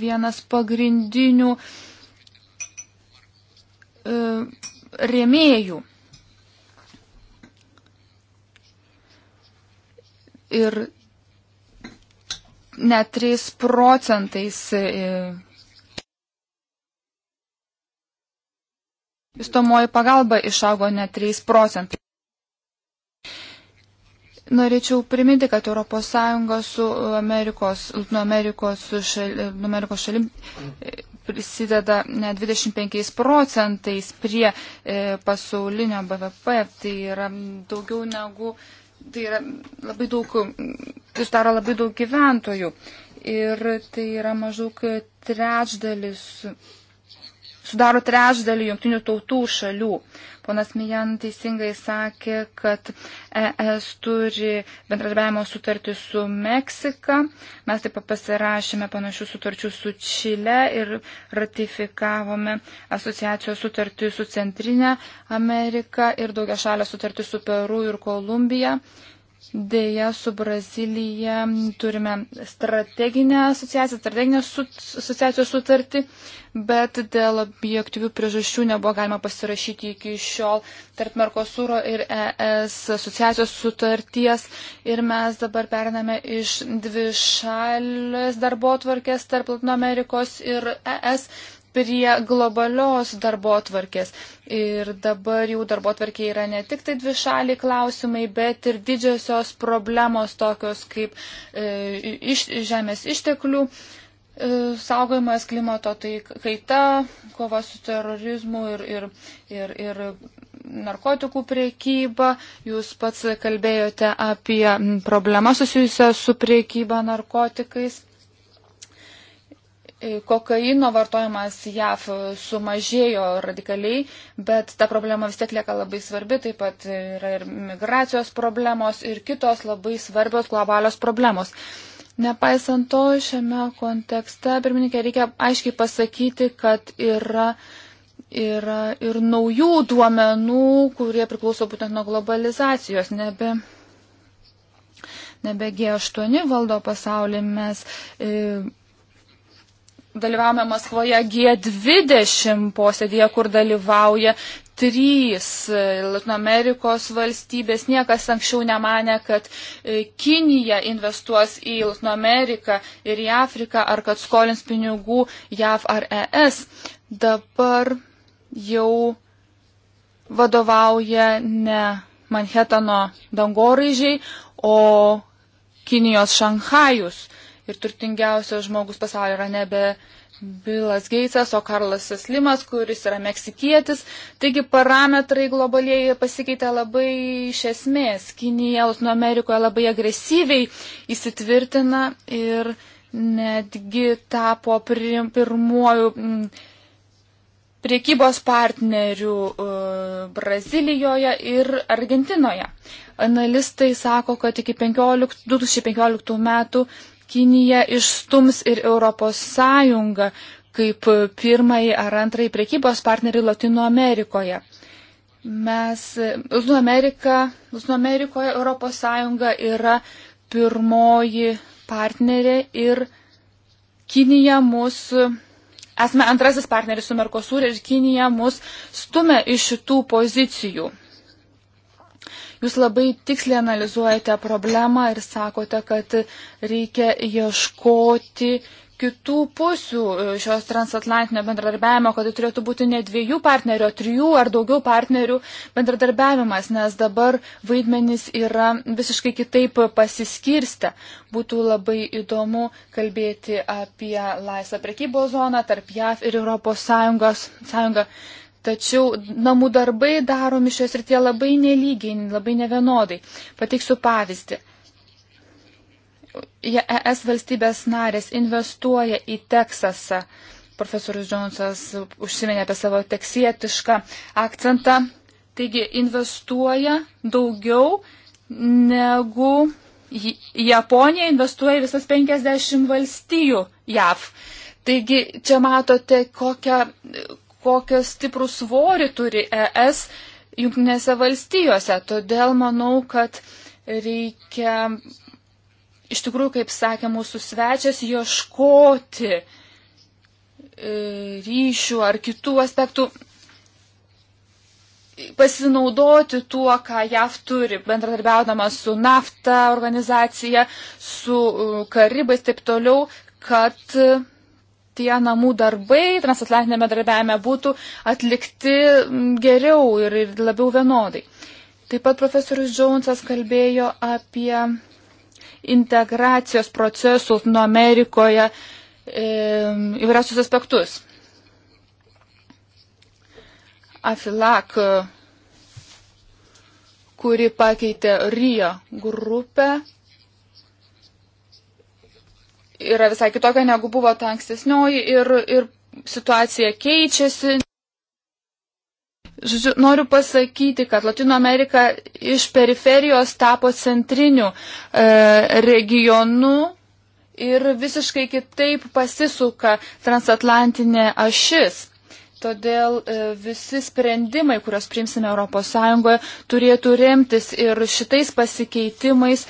vienas pagrindinių rėmėjų. Ir net 3 procentais e, Įstomoji pagalba išaugo net 3 procentai. Norėčiau priminti, kad ES su Amerikos, Latino Amerikos, šali, Amerikos šalim e, prisideda net 25 procentais prie e, pasaulinio BVP, tai yra daugiau negu e, tai yra labai daug, tai sudaro labai daug gyventojų. Ir tai yra maždaug trečdalis sudaro trešdalį jungtinių tautų šalių. Ponas Mijan teisingai sakė, kad ES turi bendradarbiavimo sutartį su Meksika. Mes taip pat pasirašėme panašių sutarčių su Čile ir ratifikavome asociacijos sutartį su Centrinė Amerika ir daugia šalia sutartį su Peru ir Kolumbija. Deja, su Brazilyje turime strateginę asociaciją, strateginę asociacijos sutartį, bet dėl objektyvių priežasčių nebuvo galima pasirašyti iki šiol tarp Merkosūro ir ES asociacijos sutarties. Ir mes dabar periname iš dvi šalės darbo tvarkės tarp Latino Amerikos ir ES prie globalios darbo atvarkės. Ir dabar jų darbo atvarkė yra ne tik tai dvi šaliai klausimai, bet ir didžiosios problemos tokios kaip e, iš, žemės išteklių e, saugojimas, klimato tai kaita, kova su terorizmu ir, ir, ir, ir narkotikų priekyba. Jūs pats kalbėjote apie problemą susijusią su priekyba narkotikais kokaino vartojimas JAV sumažėjo radikaliai, bet ta problema vis tiek lieka labai svarbi, taip pat yra ir migracijos problemos ir kitos labai svarbios globalios problemos. Nepaisant to, šiame kontekste, pirmininkė, reikia aiškiai pasakyti, kad yra, yra ir naujų duomenų, kurie priklauso būtent nuo globalizacijos, nebe nebe G8 valdo pasaulį, mes e, dalyvavome Maskvoje G20 posėdėje, kur dalyvauja trys e, Latino Amerikos valstybės. Niekas anksčiau nemanė, kad e, Kinija investuos į Latino Ameriką ir į Afriką, ar kad skolins pinigų JAV ar ES. Dabar jau vadovauja ne Manhattano dangoraižiai, o Kinijos Šanhajus ir turtingiausias žmogus pasaulyje yra nebe Bilas Geitsas, o Karlas Slimas, kuris yra meksikietis. Taigi parametrai globaliai pasikeitė labai iš esmės. Kinija Latino Amerikoje labai agresyviai įsitvirtina ir netgi tapo pirmuoju priekybos partnerių e, Brazilijoje ir Argentinoje. Analistai sako, kad iki 15, 2015 metų Kinija išstums ir Europos Sąjungą kaip pirmąjį ar antrąjį prekybos partnerį Latino Amerikoje. Mes, Latino, Amerika, Latino Amerikoje Europos Sąjunga yra pirmoji partnerė ir Kinija mūsų, esame antrasis partneris su Merkosūr ir Kinija mus stumia iš šitų pozicijų. Jūs labai tiksliai analizuojate problemą ir sakote, kad reikia ieškoti kitų pusių e, šios transatlantinio bendradarbiavimo, kad tai turėtų būti ne dviejų partnerių, o trijų ar daugiau partnerių bendradarbiavimas, nes dabar vaidmenys yra visiškai kitaip pasiskirsta. Būtų labai įdomu kalbėti apie laisvą prekybos zoną tarp JAV ir ES. Tačiau namų darbai daromi šios ir tie labai nelygiai, labai nevienodai. Pateiksiu pavyzdį. ES e valstybės narės investuoja į Teksasą. Profesorius Džonsas užsiminė apie savo teksietišką akcentą. Taigi investuoja daugiau negu Japonija investuoja visas 50 valstijų JAV. Taigi čia matote, kokią kokią stiprų svorį turi ES jungtinėse valstijose. Todėl manau, kad reikia, iš tikrųjų, kaip sakė mūsų svečias, ieškoti e, ryšių ar kitų aspektų, pasinaudoti tuo, ką JAV turi, bendradarbiaudama su NAFTA organizacija, su e, karibais ir taip toliau, kad tie namų darbai transatlantinėme darbiavime būtų atlikti geriau ir, ir labiau vienodai. Taip pat profesorius Džonsas kalbėjo apie integracijos procesus nuo Amerikoje e, įvairiausius aspektus. Afilak, kuri pakeitė Rio grupę, yra visai kitokia negu buvo ta ankstesnioji ir, ir situacija keičiasi. Žodžiu, noriu pasakyti, kad Latino Amerika iš periferijos tapo centriniu e, regionu ir visiškai kitaip pasisuka transatlantinė ašis. Todėl e, visi sprendimai, kuriuos priimsime ES, turėtų remtis ir šitais pasikeitimais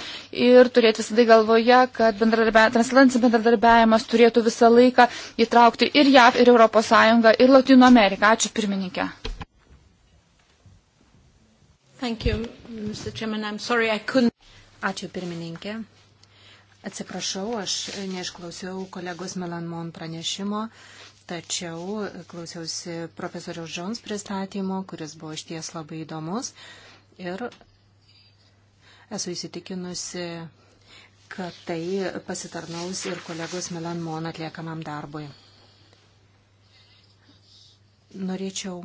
ir turėti visada galvoje, kad bendradarbia, transatlantinis bendradarbiavimas turėtų visą laiką įtraukti ir JAV, ir ES, ir Latino Ameriką. Ačiū pirmininkė.
You, Ačiū pirmininkė. Atsiprašau, aš neišklausiau kolegos Melanmon pranešimo. Uh, Tačiau klausiausi profesoriaus Jones pristatymo, kuris buvo išties labai įdomus. Ir esu įsitikinusi, kad tai pasitarnaus ir kolegos Milan Mon atliekamam darbui. Norėčiau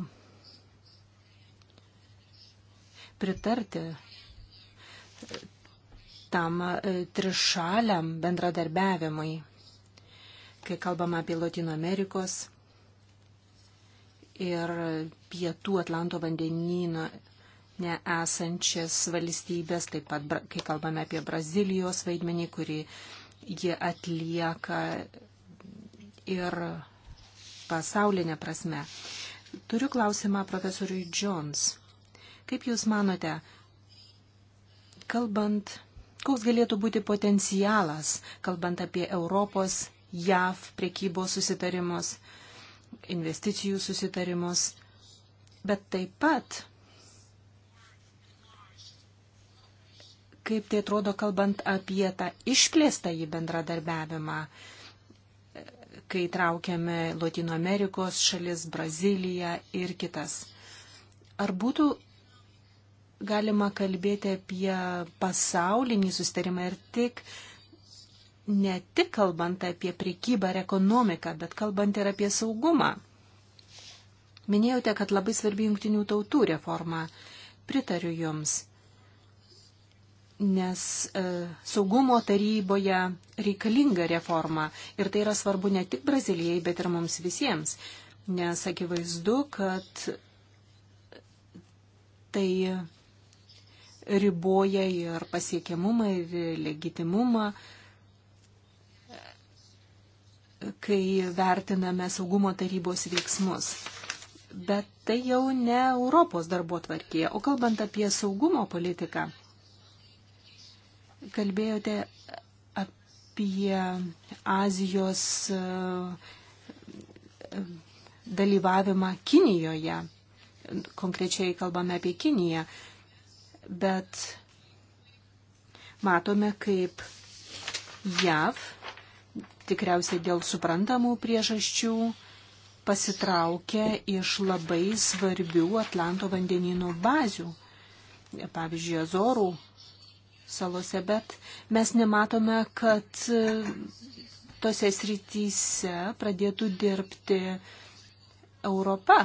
pritarti tam trišaliam bendradarbiavimui kai kalbama apie Latino Amerikos ir pietų Atlanto vandenyno neesančias valstybės, taip pat kai kalbame apie Brazilijos vaidmenį, kurį jie atlieka ir pasaulinė prasme. Turiu klausimą profesoriui Jones. Kaip Jūs manote, kalbant, koks galėtų būti potencialas, kalbant apie Europos JAV priekybos susitarimus, investicijų susitarimus, bet taip pat, kaip tai atrodo, kalbant apie tą išplėstą į bendradarbiavimą, kai traukiame Latino Amerikos šalis, Braziliją ir kitas. Ar būtų galima kalbėti apie pasaulinį sustarimą ir tik ne tik kalbant apie prekybą ir ekonomiką, bet kalbant ir apie saugumą. Minėjote, kad labai svarbi jungtinių tautų reforma. Pritariu Jums, nes e, saugumo taryboje reikalinga reforma ir tai yra svarbu ne tik Brazilijai, bet ir mums visiems, nes akivaizdu, kad tai riboja ir pasiekiamumą, ir legitimumą. E, kai vertiname saugumo tarybos veiksmus. Bet tai jau ne Europos darbo tvarkė. O kalbant apie saugumo politiką, kalbėjote apie Azijos e, dalyvavimą Kinijoje. Konkrečiai kalbame apie Kiniją. Bet matome, kaip JAV tikriausiai dėl suprantamų priežasčių pasitraukė iš labai svarbių Atlanto vandenynų bazių, pavyzdžiui, Azorų salose, bet mes nematome, kad tose srityse pradėtų dirbti Europa.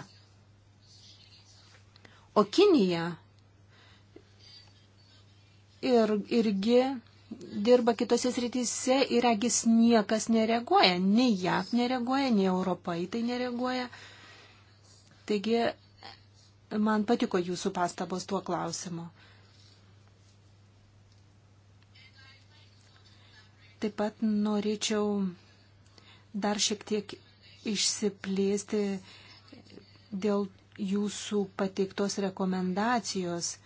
O Kinija ir, irgi dirba kitose srityse ir agis niekas nereaguoja. Nei JAV nereaguoja, nei Europa į tai nereaguoja. Taigi, man patiko jūsų pastabos tuo klausimu. Taip pat norėčiau dar šiek tiek išsiplėsti dėl jūsų pateiktos rekomendacijos –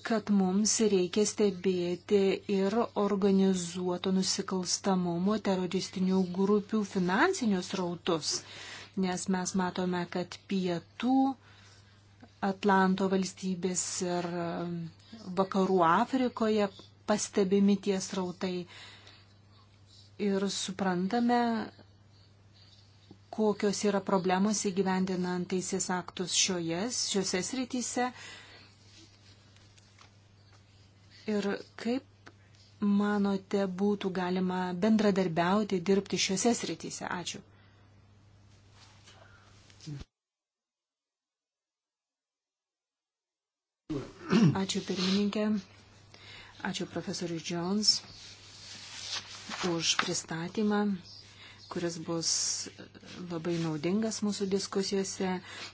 kad mums reikia stebėti ir organizuoto nusikalstamumo teroristinių grupių finansinius rautus, nes mes matome, kad pietų Atlanto valstybės ir um, vakarų Afrikoje pastebimi tie srautai ir suprantame, kokios yra problemos įgyvendinant teisės aktus šioje, šiuose srityse Ir kaip manote būtų galima bendradarbiauti, dirbti šiuose srityse? Ačiū. Ačiū pirmininkė, ačiū profesoriui Jones už pristatymą kuris bus labai naudingas mūsų diskusijose.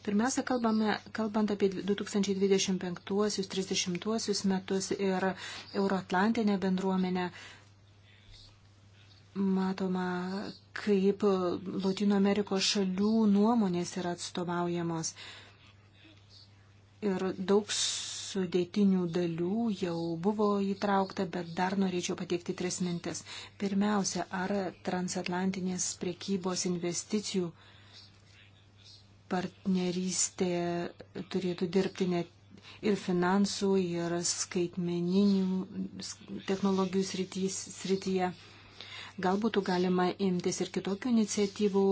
Pirmiausia, kalbame, kalbant apie 2025-30 metus ir Euroatlantinę bendruomenę, matoma, kaip Latino Amerikos šalių nuomonės yra atstovaujamos. Ir daug sudėtinių dalių jau buvo įtraukta, bet dar norėčiau pateikti tris mintis. Pirmiausia, ar transatlantinės priekybos investicijų partnerystė turėtų dirbti ne ir finansų, ir skaitmeninių technologijų sritys, srityje. Gal būtų galima imtis ir kitokių iniciatyvų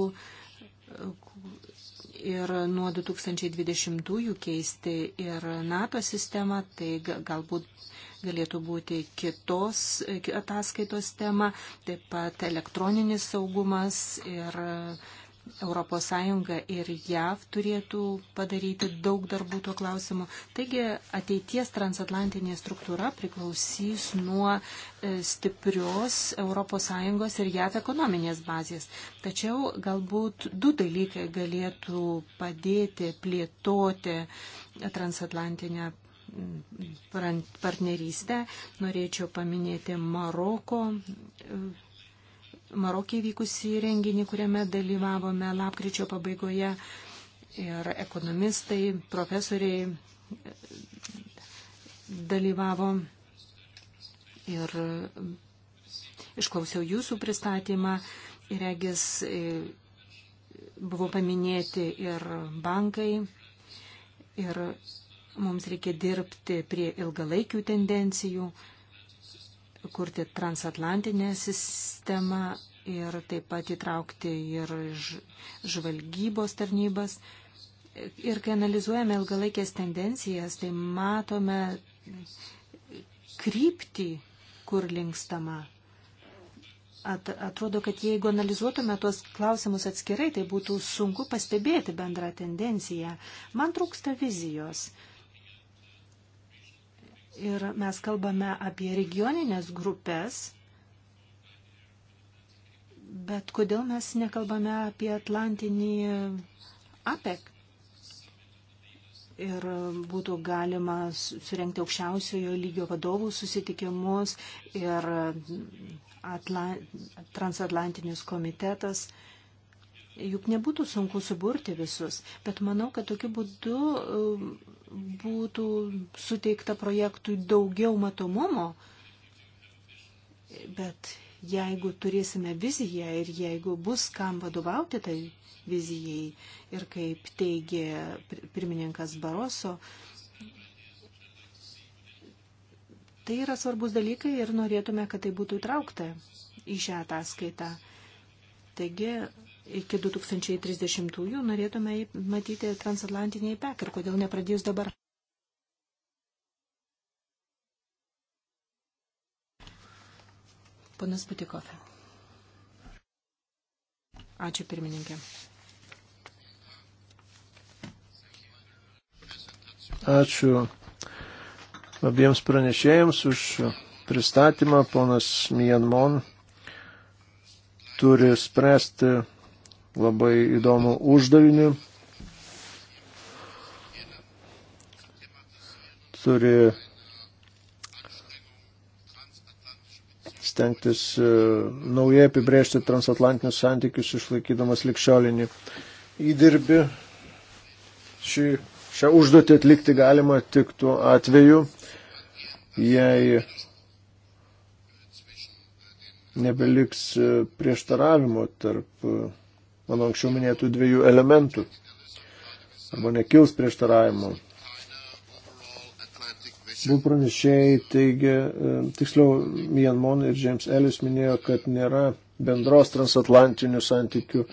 ir nuo 2020-ųjų keisti ir NATO sistemą, tai galbūt galėtų būti kitos ataskaitos tema, taip pat elektroninis saugumas ir ES ir JAV turėtų padaryti daug darbų tuo klausimu. Taigi ateities transatlantinė struktūra priklausys nuo e, stiprios ES ir JAV ekonominės bazės. Tačiau galbūt du dalykai galėtų padėti plėtoti transatlantinę partnerystę. Norėčiau paminėti Maroko e, Marokė vykusį renginį, kuriame dalyvavome lapkričio pabaigoje ir ekonomistai, profesoriai e, dalyvavo ir e, išklausiau jūsų pristatymą. Regis e, buvo paminėti ir bankai, ir mums reikia dirbti prie ilgalaikių tendencijų kurti transatlantinę sistemą ir taip pat įtraukti ir žvalgybos tarnybas. Ir kai analizuojame ilgalaikės tendencijas, tai matome kryptį, kur linkstama. At, atrodo, kad jeigu analizuotume tuos klausimus atskirai, tai būtų sunku pastebėti bendrą tendenciją. Man trūksta vizijos. Uh, Ir mes kalbame apie regioninės grupės, bet kodėl mes nekalbame apie Atlantinį APEC? Ir būtų galima surenkti aukščiausiojo lygio vadovų susitikimus ir atla, transatlantinis komitetas. Juk nebūtų sunku suburti visus, bet manau, kad tokiu būdu būtų suteikta projektui daugiau matomumo, bet jeigu turėsime viziją ir jeigu bus kam vadovauti tai vizijai ir kaip teigė pirmininkas Baroso, tai yra svarbus dalykai ir norėtume, kad tai būtų įtraukta į šią ataskaitą. Taigi iki 2030-ųjų norėtume matyti transatlantiniai pek ir kodėl nepradėjus dabar. Ponas Butikofė. Ačiū pirmininkė.
Ačiū abiems pranešėjams už pristatymą. Ponas Mianmon turi spręsti labai įdomų uždavinį. Turi stengtis e, naujai apibrėžti transatlantinius santykius, išlaikydamas likščiolinį įdirbį. Šį, šią užduotį atlikti galima tik tuo atveju, jei nebeliks e, prieštaravimo tarp e, mano anksčiau minėtų dviejų elementų. Arba nekils prieštaravimo. Buvo pranešėjai, teigia, e, tiksliau, Ian Mon ir James Ellis minėjo, kad nėra bendros transatlantinių santykių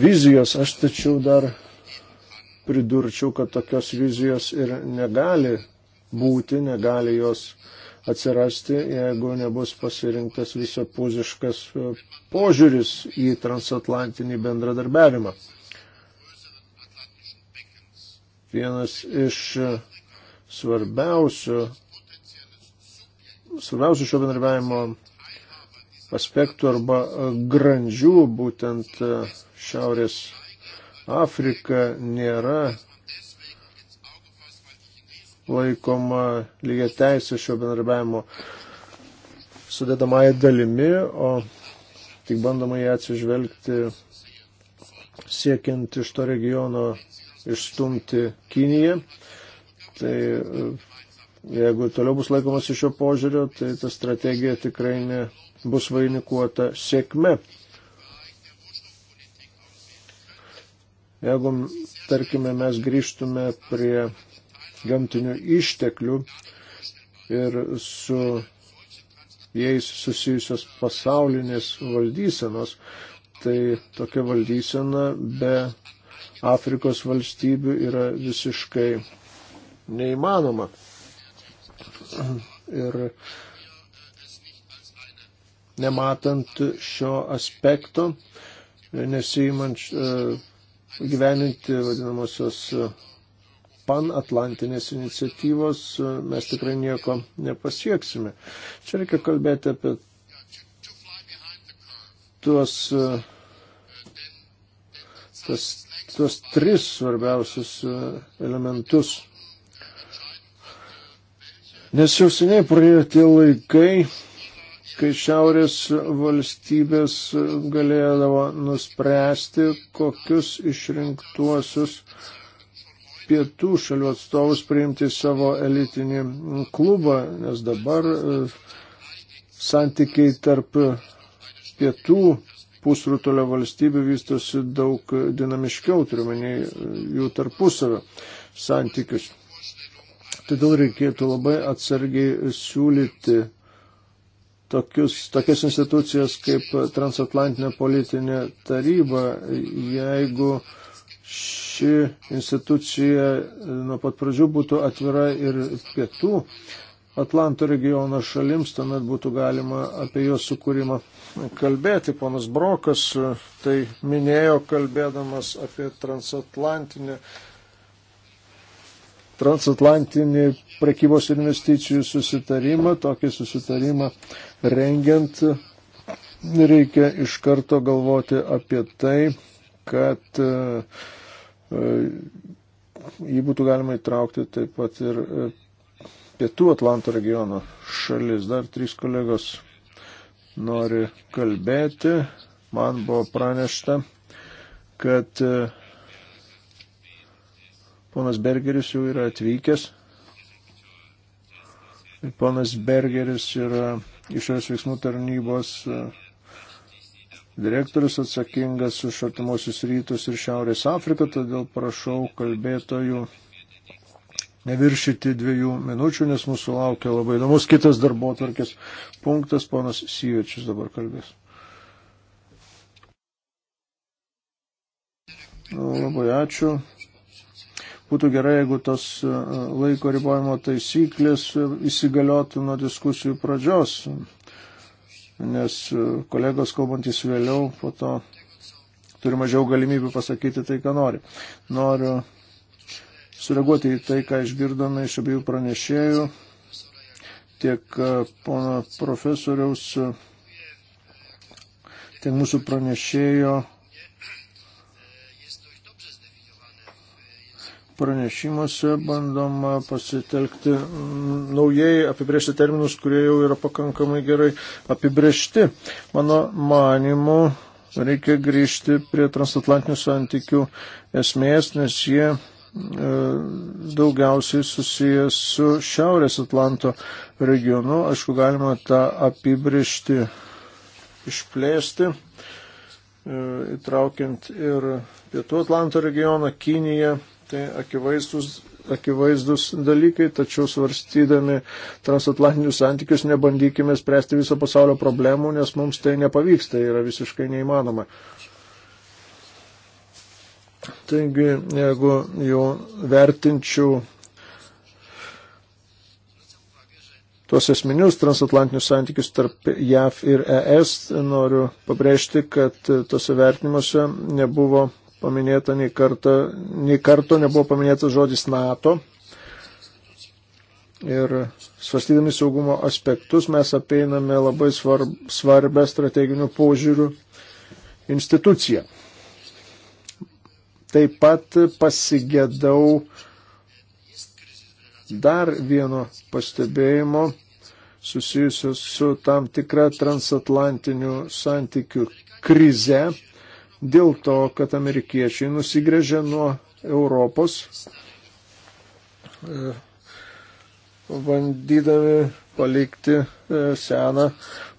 vizijos. Aš tačiau dar pridurčiau, kad tokios vizijos ir negali būti, negali jos uh, atsirasti, jeigu nebus pasirinktas visapuziškas e, požiūris į transatlantinį bendradarbiavimą. Vienas iš e, svarbiausių, svarbiausių šio bendradarbiavimo aspektų arba e, grandžių būtent Šiaurės Afrika nėra laikoma lygiai teisė šio bendarbiavimo sudėdamąją dalimi, o tik bandoma ją atsižvelgti siekiant iš to regiono išstumti Kiniją. Tai e, jeigu toliau bus laikomasi šio požiūrio, tai ta strategija tikrai ne, bus vainikuota sėkme. Jeigu, tarkime, mes grįžtume prie gamtinių išteklių ir su jais susijusios pasaulinės valdysenos, tai tokia valdysena be Afrikos valstybių yra visiškai neįmanoma. Ir nematant šio aspekto, nesijimant e, gyveninti vadinamosios panatlantinės iniciatyvos e, mes tikrai nieko nepasieksime. Čia reikia kalbėti apie tuos, e, tas, tuos tris svarbiausius e, elementus. Nes jau seniai praėjo tie laikai, kai šiaurės valstybės galėdavo nuspręsti, kokius išrinktuosius uh, pietų šalių atstovus priimti į savo elitinį klubą, nes dabar e, santykiai tarp pietų pusrutulio valstybių vystosi daug dinamiškiau, turiuomeniai e, jų tarpusavio santykius. Todėl reikėtų labai atsargiai siūlyti tokius, tokias institucijas kaip transatlantinė politinė taryba, jeigu š ši institucija nuo pat pradžių būtų atvira ir pietų Atlanto regiono šalims, tuomet būtų galima apie jos sukūrimą kalbėti. Ponas Brokas tai minėjo kalbėdamas apie transatlantinį, transatlantinį prekybos investicijų susitarimą. Tokį susitarimą rengiant reikia iš karto galvoti apie tai, kad uh, jį būtų galima įtraukti taip pat ir e, Pietų Atlanto regiono šalis. Dar trys kolegos nori kalbėti. Man buvo pranešta, kad e, ponas Bergeris jau yra atvykęs. Ponas Bergeris yra išorės veiksmų tarnybos e, direktorius atsakingas už artimuosius rytus ir Šiaurės Afriką, todėl prašau kalbėtojų neviršyti dviejų minučių, nes mūsų laukia labai įdomus kitas darbo tvarkės punktas, ponas Syvečius dabar kalbės. Nu, labai ačiū. Būtų gerai, jeigu tos e, laiko ribojimo taisyklės e, įsigaliotų nuo diskusijų pradžios nes e, kolegos kalbantis vėliau po to turi mažiau galimybių pasakyti tai, ką nori. Noriu sureaguoti į tai, ką išgirdome iš abiejų pranešėjų, tiek e, pono profesoriaus, e, tiek mūsų pranešėjo pranešimuose bandoma pasitelkti mm, naujai apibriežti terminus, kurie jau yra pakankamai gerai apibriežti. Mano manimu, reikia grįžti prie transatlantinių santykių esmės, nes jie e, daugiausiai susijęs su Šiaurės Atlanto regionu. Aišku, galima tą apibriežti išplėsti, e, įtraukiant ir Pietų Atlanto regioną, Kiniją, Tai akivaizdus, akivaizdus dalykai, tačiau svarstydami transatlantinius santykius nebandykime spręsti viso pasaulio problemų, nes mums tai nepavyks, tai yra visiškai neįmanoma. Taigi, jeigu jau vertinčiau tuos esminius transatlantinius santykius tarp JAV ir ES, noriu pabrėžti, kad tose vertinimuose nebuvo paminėta nei karto, nei karto nebuvo paminėtas žodis NATO. Ir svarstydami saugumo aspektus mes apeiname labai svarb, svarbę strateginių požiūrių instituciją. Taip pat pasigėdau dar vieno pastebėjimo susijusios su tam tikra transatlantinių santykių krize dėl to, kad amerikiečiai nusigrėžė nuo Europos, e, bandydami palikti e, seną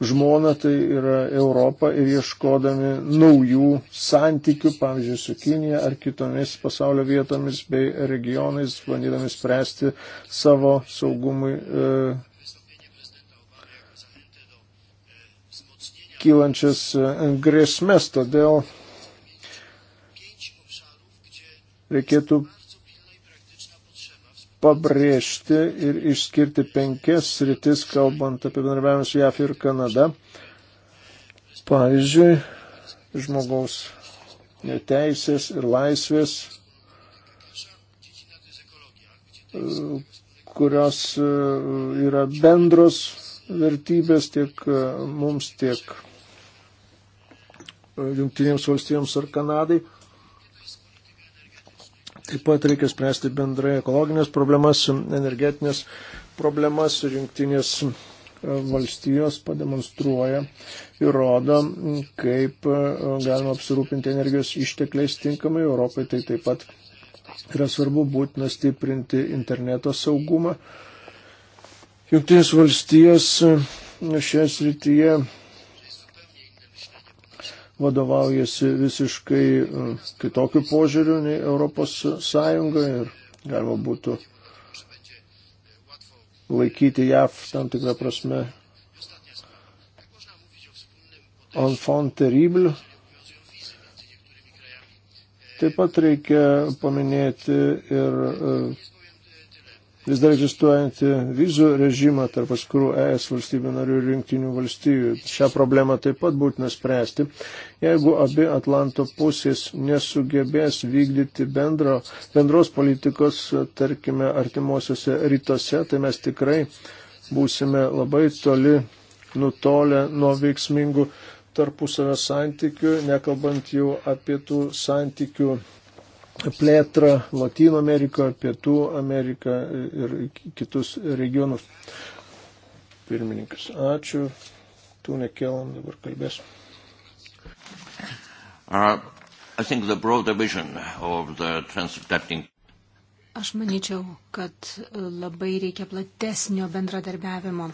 žmoną, tai yra Europą ir ieškodami naujų santykių, pavyzdžiui, su Kinija ar kitomis pasaulio vietomis bei regionais, bandydami spręsti savo saugumui e, kylančias e, grėsmės. Todėl reikėtų pabrėžti ir išskirti penkias sritis, kalbant apie bendradarbiavimą su JAF ir Kanada. Pavyzdžiui, žmogaus teisės ir laisvės, kurios e, yra bendros vertybės tiek e, mums, tiek e, Junktinėms valstijoms ar Kanadai. Taip pat reikia spręsti bendrai ekologinės problemas, energetinės problemas ir jungtinės e, valstijos pademonstruoja ir rodo, kaip e, galima apsirūpinti energijos ištekliais tinkamai. Europai tai taip pat yra svarbu būtina stiprinti interneto saugumą. Junktinės valstijos e, šioje srityje vadovaujasi visiškai e, kitokiu požiūriu nei Europos Sąjunga ir galima būtų laikyti JAV tam tikrą prasme enfant terrible. Taip pat reikia paminėti ir e, vis dar egzistuojantį vizų režimą tarp atskirų ES valstybių narių ir rinktinių valstybių. Šią problemą taip pat būtina spręsti. Jeigu abi Atlanto pusės nesugebės vykdyti bendro, bendros politikos, tarkime, artimuosiuose rytuose, tai mes tikrai būsime labai toli nutolę nuo veiksmingų tarpusavio santykių, nekalbant jau apie tų santykių plėtrą Latino Ameriką, Pietų Ameriką ir kitus regionus. Pirmininkas, ačiū. Tu nekelam, dabar kalbės. Uh, Aš
manyčiau, kad labai reikia platesnio bendradarbiavimo.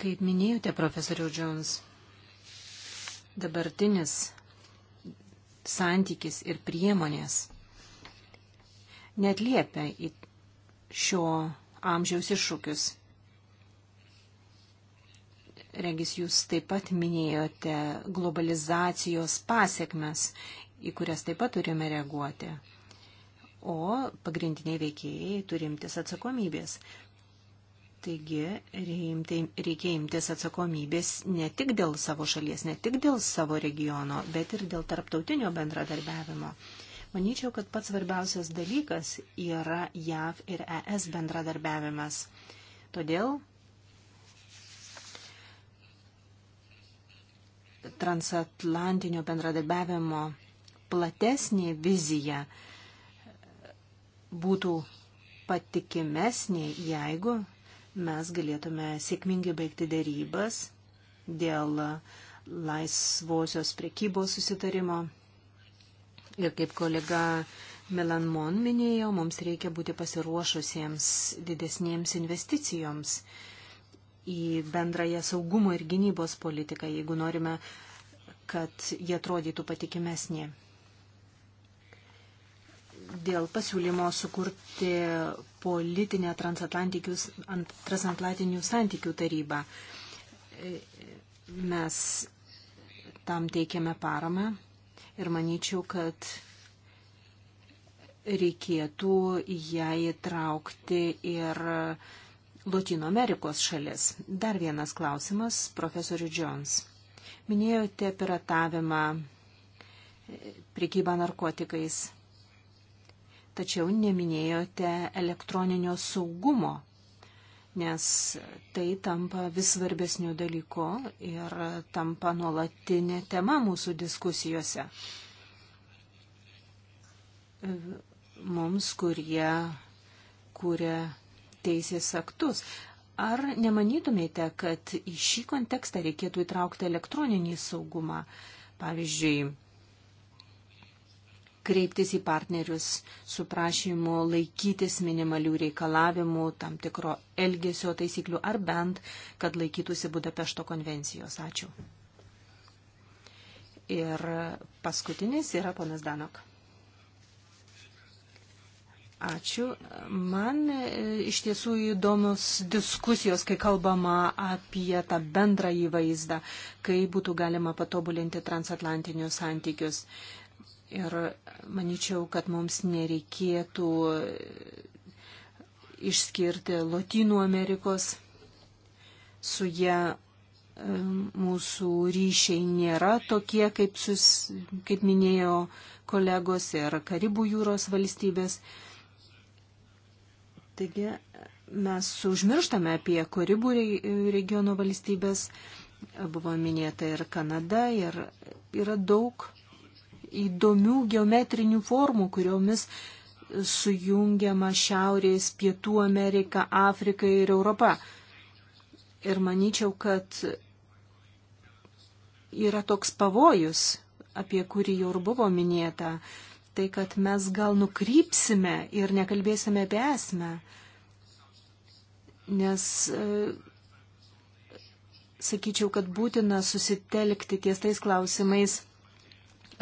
Kaip minėjote, profesoriau Jones, dabartinis santykis ir priemonės net liepia į šio amžiaus iššūkius. Regis, jūs taip pat minėjote globalizacijos pasiekmes, į kurias taip pat turime reaguoti. O pagrindiniai veikėjai turi imtis atsakomybės. Taigi reikia imtis atsakomybės ne tik dėl savo šalies, ne tik dėl savo regiono, bet ir dėl tarptautinio bendradarbiavimo. Manyčiau, kad pats svarbiausias dalykas yra JAV ir ES bendradarbiavimas. Todėl transatlantinio bendradarbiavimo platesnė vizija būtų patikimesnė, jeigu mes galėtume sėkmingai baigti dėrybas dėl laisvosios prekybos susitarimo Ir kaip kolega Melan Mon minėjo, mums reikia būti pasiruošusiems didesniems investicijoms į bendrąją saugumo ir gynybos politiką, jeigu norime, kad jie atrodytų patikimesnė. Dėl pasiūlymo sukurti politinę transatlantinių santykių tarybą mes tam teikiame paramą ir manyčiau, kad reikėtų ją įtraukti ir Latino Amerikos šalis. Dar vienas klausimas, profesoriu Jones. Minėjote piratavimą, e, prekybą narkotikais, tačiau neminėjote elektroninio saugumo nes tai tampa vis svarbesniu dalyku ir tampa nuolatinė tema mūsų diskusijose. Mums, kurie kūrė teisės aktus. Ar nemanytumėte, kad į šį kontekstą reikėtų įtraukti elektroninį saugumą? Pavyzdžiui, kreiptis į partnerius su prašymu laikytis minimalių reikalavimų, tam tikro elgesio taisyklių ar bent, kad laikytųsi Budapešto konvencijos. Ačiū. Ir paskutinis yra ponas Danok. Ačiū. Man e, iš tiesų įdomus diskusijos, kai kalbama apie tą bendrą įvaizdą, kai būtų galima patobulinti transatlantinius santykius. Ir manyčiau, kad mums nereikėtų išskirti Latinų Amerikos. Su jie e, mūsų ryšiai nėra tokie, kaip, sus, kaip minėjo kolegos ir Karibų jūros valstybės. Taigi mes užmirštame apie Karibų regiono valstybės. Buvo minėta ir Kanada, ir yra daug įdomių geometrinių formų, kuriomis sujungiama Šiaurės, Pietų Amerika, Afrika ir Europa. Ir manyčiau, kad yra toks pavojus, apie kurį jau ir buvo minėta, tai kad mes gal nukrypsime ir nekalbėsime apie esmę. Nes e, sakyčiau, kad būtina susitelkti ties tais klausimais,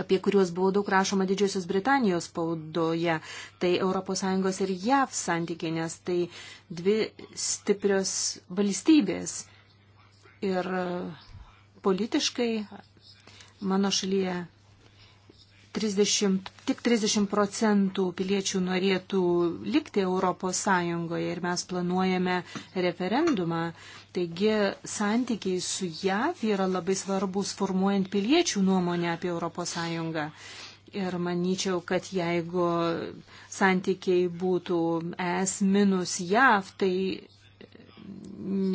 apie kuriuos buvo daug rašoma Didžiosios Britanijos spaudoje, tai ES ir JAV santykiai, nes tai dvi stiprios valstybės. Ir politiškai mano šalyje 30, tik 30 procentų piliečių norėtų likti Europos Sąjungoje ir mes planuojame referendumą. Taigi santykiai su JAV yra labai svarbus formuojant piliečių nuomonę apie Europos Sąjungą. Ir manyčiau, kad jeigu santykiai būtų es minus JAV, tai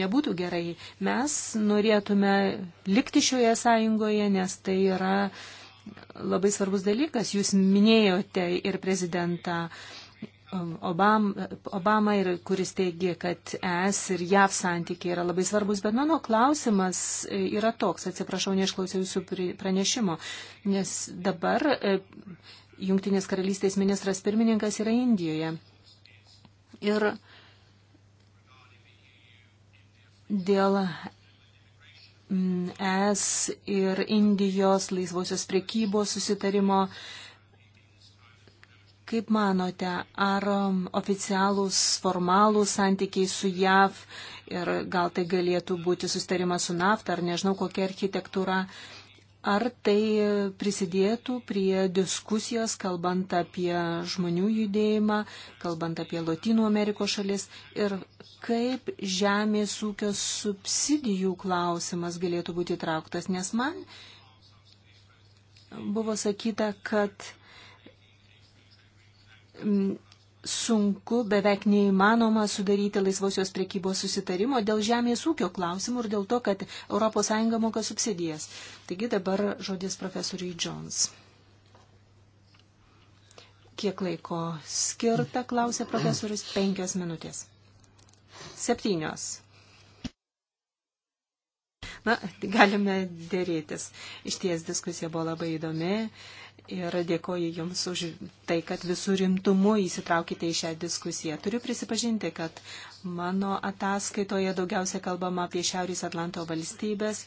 nebūtų gerai. Mes norėtume likti šioje sąjungoje, nes tai yra uh, labai svarbus dalykas. Jūs minėjote ir prezidentą um, Obam, Obama, ir, kuris teigia, kad ES ir JAV santykiai yra labai svarbus, bet mano klausimas e, yra toks, atsiprašau, neišklausiau jūsų pranešimo, nes dabar e, Junktinės karalystės ministras pirmininkas yra Indijoje. Ir dėl ES ir Indijos laisvosios priekybos susitarimo. Kaip manote, ar um, oficialūs formalūs santykiai su JAV ir gal tai galėtų būti sustarimas su nafta, ar nežinau, kokia architektūra Ar tai prisidėtų prie diskusijos, kalbant apie žmonių judėjimą, kalbant apie Latino Amerikos šalis ir kaip žemės ūkio subsidijų klausimas galėtų būti trauktas, nes man buvo sakyta, kad mm, sunku, beveik neįmanoma sudaryti laisvosios priekybos susitarimo dėl žemės ūkio klausimų ir dėl to, kad ES moka subsidijas. Taigi dabar žodis profesoriui Jones. Kiek laiko skirta, klausė profesorius, penkias minutės. Septynios. Na, galime dėrėtis. Iš ties diskusija buvo labai įdomi ir dėkoju Jums už tai, kad visų rimtumu įsitraukite į šią diskusiją. Turiu prisipažinti, kad mano ataskaitoje daugiausia kalbama apie Šiaurės Atlanto valstybės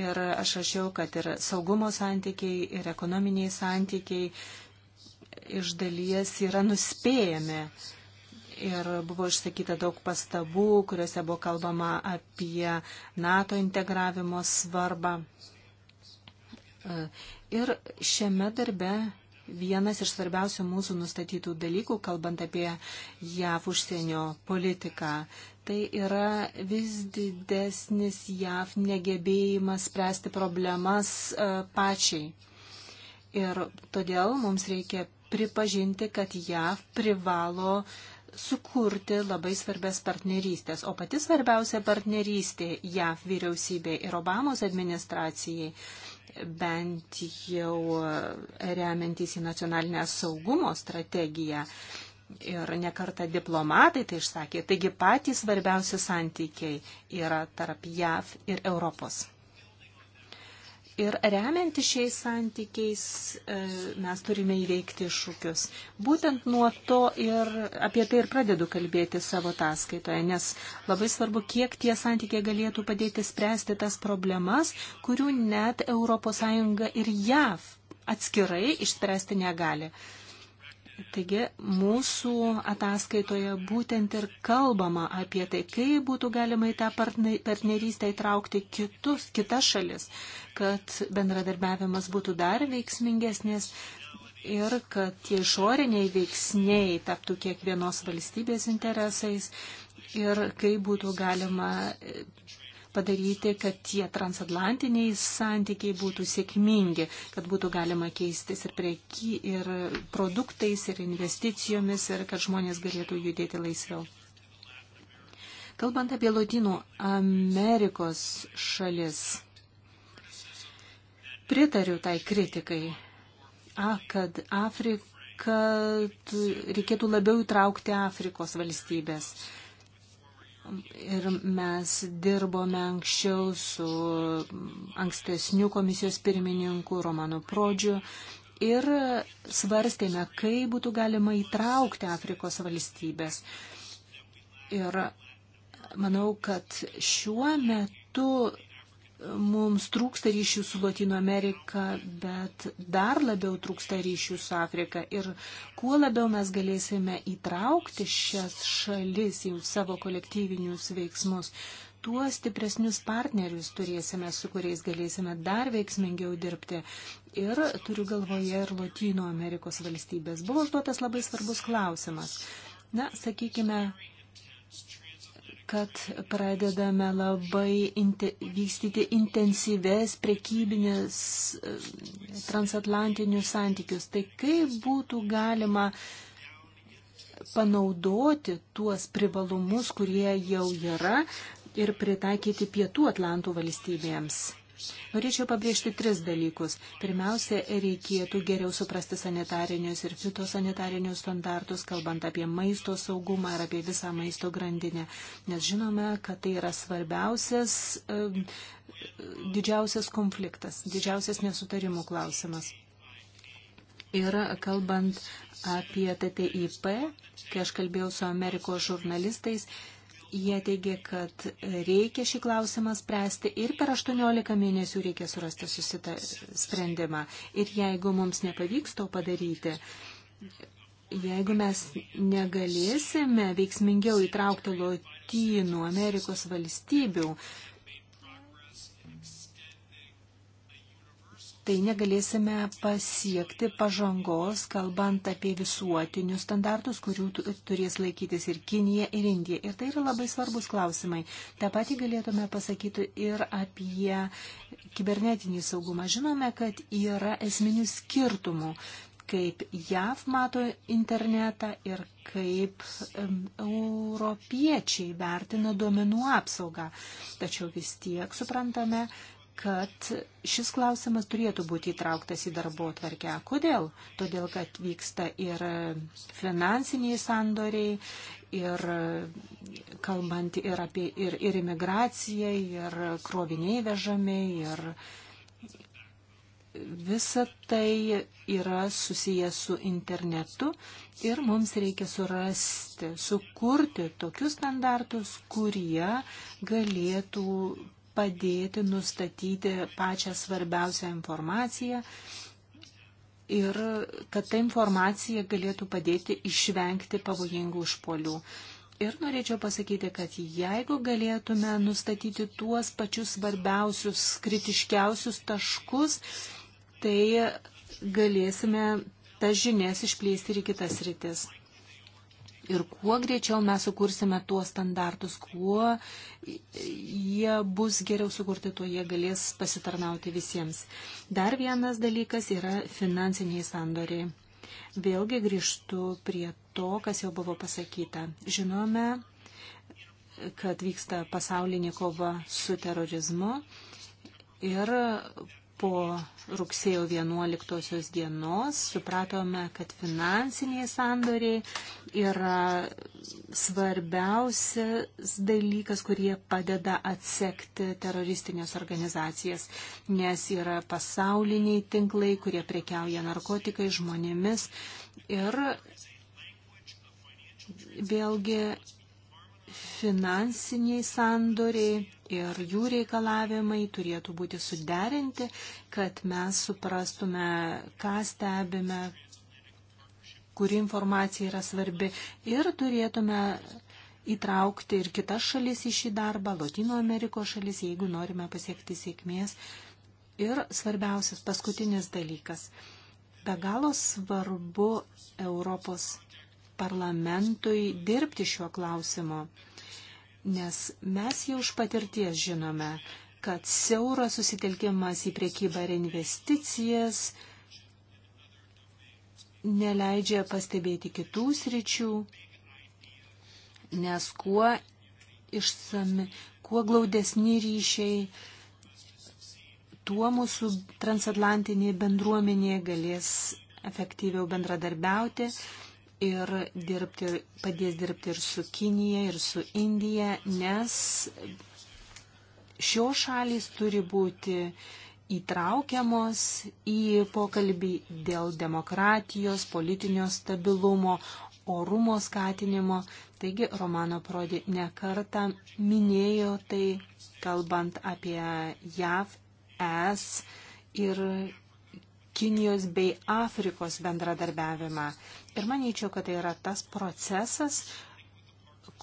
ir aš rašiau, kad ir saugumo santykiai, ir ekonominiai santykiai iš dalies yra nuspėjami ir buvo išsakyta daug pastabų, kuriuose buvo kalbama apie NATO integravimo svarbą. E, ir šiame darbe vienas iš svarbiausių mūsų nustatytų dalykų, kalbant apie JAV užsienio politiką, tai yra vis didesnis JAV negebėjimas spręsti problemas e, pačiai. Ir todėl mums reikia pripažinti, kad JAV privalo sukurti labai svarbias partnerystės, o pati svarbiausia partnerystė JAV vyriausybė ir Obamos administracijai bent jau remiantys į nacionalinę saugumo strategiją. Ir nekarta diplomatai tai išsakė. Taigi patys svarbiausi santykiai yra tarp JAV ir Europos. Ir remianti šiais santykiais e, mes turime įveikti iššūkius. Būtent nuo to ir apie tai ir pradedu kalbėti savo ataskaitoje, nes labai svarbu, kiek tie santykiai galėtų padėti spręsti tas problemas, kurių net ES ir JAV atskirai išspręsti negali. Taigi mūsų ataskaitoje būtent ir kalbama apie tai, kaip būtų galima į tą partnerystę įtraukti kitus, kitas šalis, kad bendradarbiavimas būtų dar veiksmingesnės ir kad tie išoriniai veiksniai taptų kiekvienos valstybės interesais ir kaip būtų galima padaryti, kad tie transatlantiniai santykiai būtų sėkmingi, kad būtų galima keistis ir, prieky, ir produktais, ir investicijomis, ir kad žmonės galėtų judėti laisviau. Kalbant apie Lotynų Amerikos šalis, pritariu tai kritikai, a, kad Afrika kad reikėtų labiau įtraukti Afrikos valstybės. Ir mes dirbome anksčiau su ankstesniu komisijos pirmininku Romanu Prodžiu ir svarstėme, kaip būtų galima įtraukti Afrikos valstybės. Ir manau, kad šiuo metu Mums trūksta ryšių su Latino Amerika, bet dar labiau trūksta ryšių su Afrika. Ir kuo labiau mes galėsime įtraukti šias šalis į savo kolektyvinius veiksmus, tuo stipresnius partnerius turėsime, su kuriais galėsime dar veiksmingiau dirbti. Ir turiu galvoje ir Latino Amerikos valstybės. Buvo užduotas labai svarbus klausimas. Na, sakykime, kad pradedame labai inte, vystyti intensyves prekybinės e, transatlantinius santykius. Tai kaip būtų galima panaudoti tuos privalumus, kurie jau yra ir pritaikyti pietų Atlantų valstybėms. Norėčiau pabrėžti tris dalykus. Pirmiausia, reikėtų geriau suprasti sanitarinius ir fitosanitarinius standartus, kalbant apie maisto saugumą ir apie visą maisto grandinę, nes žinome, kad tai yra svarbiausias, didžiausias konfliktas, didžiausias nesutarimų klausimas. Ir kalbant apie TTIP, kai aš kalbėjau su Amerikos žurnalistais, Jie teigia, kad reikia šį klausimą spręsti ir per 18 mėnesių reikia surasti susita sprendimą. Ir jeigu mums nepavyks to padaryti, jeigu mes negalėsime veiksmingiau įtraukti Lotynų Amerikos valstybių, tai negalėsime pasiekti pažangos, kalbant apie visuotinius standartus, kurių turės laikytis ir Kinija, ir Indija. Ir tai yra labai svarbus klausimai. Ta pati galėtume pasakyti ir apie kibernetinį saugumą. Žinome, kad yra esminių skirtumų kaip JAV mato internetą ir kaip um, europiečiai vertina duomenų apsaugą. Tačiau vis tiek suprantame, kad šis klausimas turėtų būti įtrauktas į darbo atvarkę. Kodėl? Todėl, kad vyksta ir finansiniai sandoriai, ir kalbant ir apie ir, ir imigraciją, ir kroviniai vežami, ir visa tai yra susijęs su internetu ir mums reikia surasti, sukurti tokius standartus, kurie galėtų padėti nustatyti pačią svarbiausią informaciją ir kad ta informacija galėtų padėti išvengti pavojingų užpolių. Ir norėčiau pasakyti, kad jeigu galėtume nustatyti tuos pačius svarbiausius, kritiškiausius taškus, tai galėsime tas žinias išplėsti ir kitas rytis ir kuo greičiau mes sukursime tuos standartus, kuo jie bus geriau sukurti, tuo jie galės pasitarnauti visiems. Dar vienas dalykas yra finansiniai sandoriai. Vėlgi grįžtu prie to, kas jau buvo pasakyta. Žinome, kad vyksta pasaulinė kova su terorizmu ir po rugsėjo 11 dienos supratome, kad finansiniai sandoriai yra svarbiausias dalykas, kurie padeda atsekti teroristinės organizacijas, nes yra pasauliniai tinklai, kurie prekiauja narkotikai žmonėmis ir vėlgi finansiniai sandoriai ir jų reikalavimai turėtų būti suderinti, kad mes suprastume, ką stebime, kuri informacija yra svarbi ir turėtume įtraukti ir kitas šalis į šį darbą, Latino Amerikos šalis, jeigu norime pasiekti sėkmės. Ir svarbiausias paskutinis dalykas. Be galo svarbu Europos parlamentui dirbti šiuo klausimu, nes mes jau iš patirties žinome, kad siauras susitelkimas į priekybą ir investicijas neleidžia pastebėti kitų sričių, nes kuo išsami, kuo glaudesni ryšiai, tuo mūsų transatlantinė bendruomenė galės efektyviau bendradarbiauti ir dirbti, padės dirbti ir su Kinija, ir su Indija, nes šios šalys turi būti įtraukiamos į pokalbį dėl demokratijos, politinio stabilumo, orumo skatinimo. Taigi Romano Prodi nekarta minėjo tai, kalbant apie JAV, ES ir Kinijos bei Afrikos bendradarbiavimą. Ir manyčiau, kad tai yra tas procesas,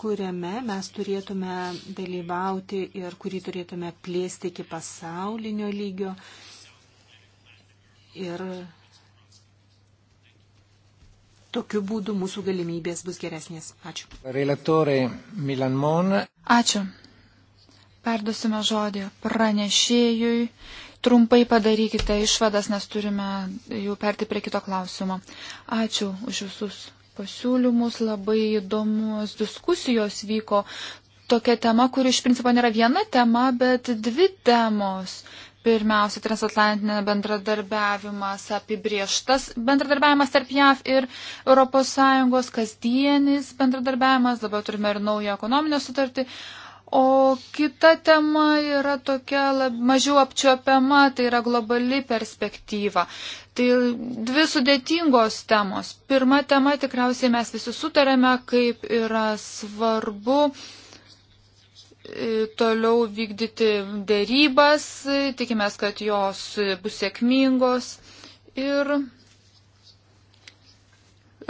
kuriame mes turėtume dalyvauti ir kurį turėtume plėsti iki pasaulinio lygio. Ir tokiu būdu mūsų galimybės bus geresnės. Ačiū.
Relatorė Milan Mon.
Ačiū. Perdusime žodį
pranešėjui trumpai padarykite išvadas, nes turime jau perti prie kito klausimo. Ačiū už visus pasiūlymus, labai įdomus diskusijos vyko. Tokia tema, kuri iš principo nėra viena tema, bet dvi temos pirmiausia, transatlantinė bendradarbiavimas, apibrieštas bendradarbiavimas tarp JAV ir ES, kasdienis bendradarbiavimas, dabar turime ir naują ekonominę sutartį. O kita tema yra tokia lab, mažiau apčiopiama, tai yra globali perspektyva. Tai dvi sudėtingos temos. Pirma tema tikriausiai mes visi sutarėme, kaip yra svarbu e, toliau vykdyti dėrybas, tikimės, kad jos bus sėkmingos. Ir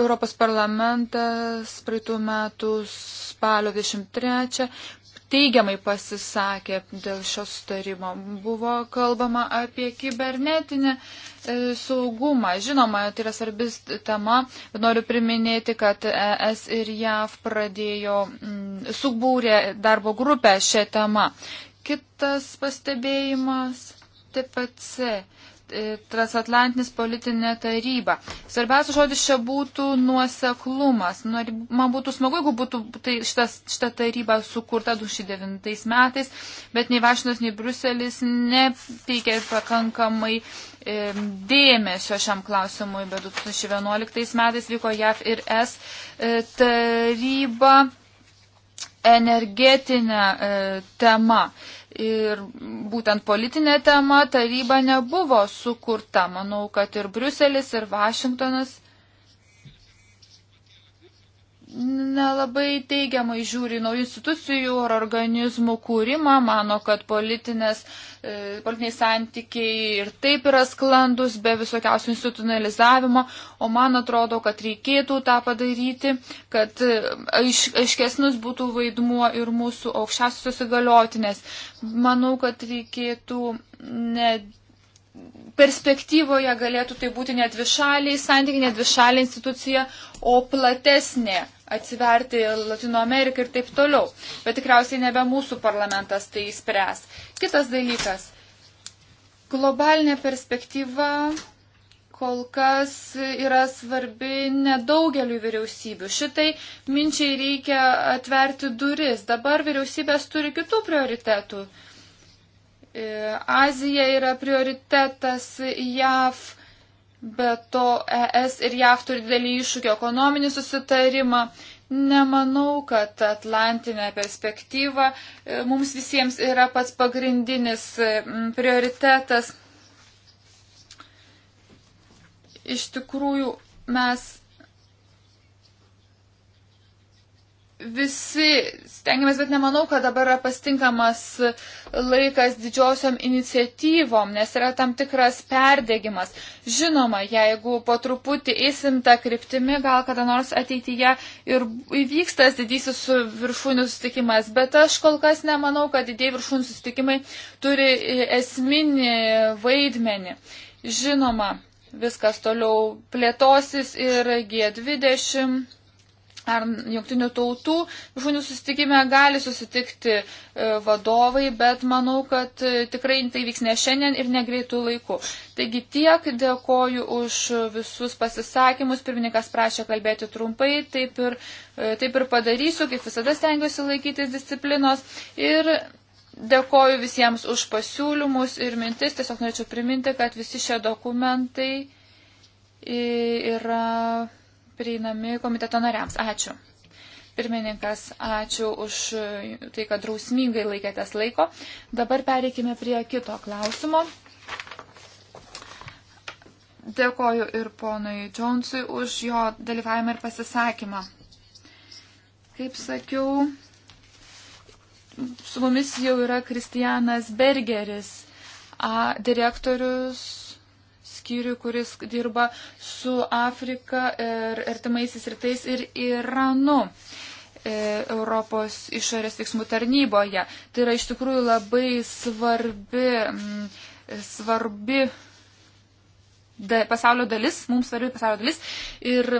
Europos parlamentas praeitų metų spalio 23 teigiamai pasisakė dėl šios sutarimo. Buvo kalbama apie kibernetinį e, saugumą. Žinoma, tai yra svarbis tema, bet noriu priminėti, kad ES ir JAV pradėjo, m, mm, subūrė darbo grupę šią temą. Kitas pastebėjimas - TPC E, transatlantinis politinė taryba. Svarbiausia žodis čia būtų nuoseklumas. Nu, man būtų smagu, jeigu būtų tai šitas, šita taryba sukurta 2009 metais, bet nei Vašinas, nei Bruselis neteikė pakankamai e, dėmesio šiam klausimui, bet 2011 metais vyko JAF ir S e, taryba energetinė e, tema. E, Ir būtent politinė tema taryba nebuvo sukurta. Manau, kad ir Bruselis, ir Vašingtonas nelabai teigiamai žiūri naujų institucijų ar organizmų kūrimą, mano, kad politinės, e, politiniai santykiai ir taip yra sklandus be visokiausių institucionalizavimo, o man atrodo, kad reikėtų tą padaryti, kad e, aiš, aiškesnis būtų vaidmuo ir mūsų aukščiausios įgaliotinės. Manau, kad reikėtų ne perspektyvoje galėtų tai būti ne dvišaliai santykiai, ne dvišaliai institucija, o platesnė atsiverti Latino Ameriką ir taip toliau. Bet tikriausiai nebe mūsų parlamentas tai spręs. Kitas dalykas. Globalinė perspektyva kol kas yra svarbi nedaugeliu vyriausybių. Šitai minčiai reikia atverti duris. Dabar vyriausybės turi kitų prioritetų. E, Azija yra prioritetas, JAV Be to, ES ir JAV turi didelį iššūkį ekonominį susitarimą. Nemanau, kad Atlantinė perspektyva e, mums visiems yra pats pagrindinis e, prioritetas. Iš tikrųjų, mes visi stengiamės, bet nemanau, kad dabar yra pastinkamas laikas didžiosiom iniciatyvom, nes yra tam tikras perdėgymas. Žinoma, jeigu po truputį eisim tą kryptimį, gal kada nors ateityje ir įvyks tas didysis viršūnių sustikimas, bet aš kol kas nemanau, kad didėjai viršūnių sustikimai turi esminį vaidmenį. Žinoma, viskas toliau plėtosis ir G20 ar jungtinių tautų žmonių susitikime gali susitikti e, vadovai, bet manau, kad e, tikrai tai vyks ne šiandien ir negreitų laikų. Taigi tiek dėkoju už visus pasisakymus. Pirmininkas prašė kalbėti trumpai, taip ir, e, taip ir padarysiu, kaip visada stengiuosi laikytis disciplinos. Ir dėkoju visiems už pasiūlymus ir mintis. Tiesiog norėčiau priminti, kad visi šie dokumentai yra prieinami komiteto nariams. Ačiū. Pirmininkas, ačiū už tai, kad drausmingai laikėtės laiko. Dabar pereikime prie kito klausimo. Dėkoju ir ponui Džonsui už jo dalyvavimą ir pasisakymą. Kaip sakiau, su mumis jau yra Kristijanas Bergeris, direktorius skyrių, kuris dirba su Afrika ir artimaisiais rytais ir Iranu. E, Europos išorės veiksmų tarnyboje. Tai yra iš tikrųjų labai svarbi, mm, svarbi da, pasaulio dalis, mums svarbi pasaulio dalis ir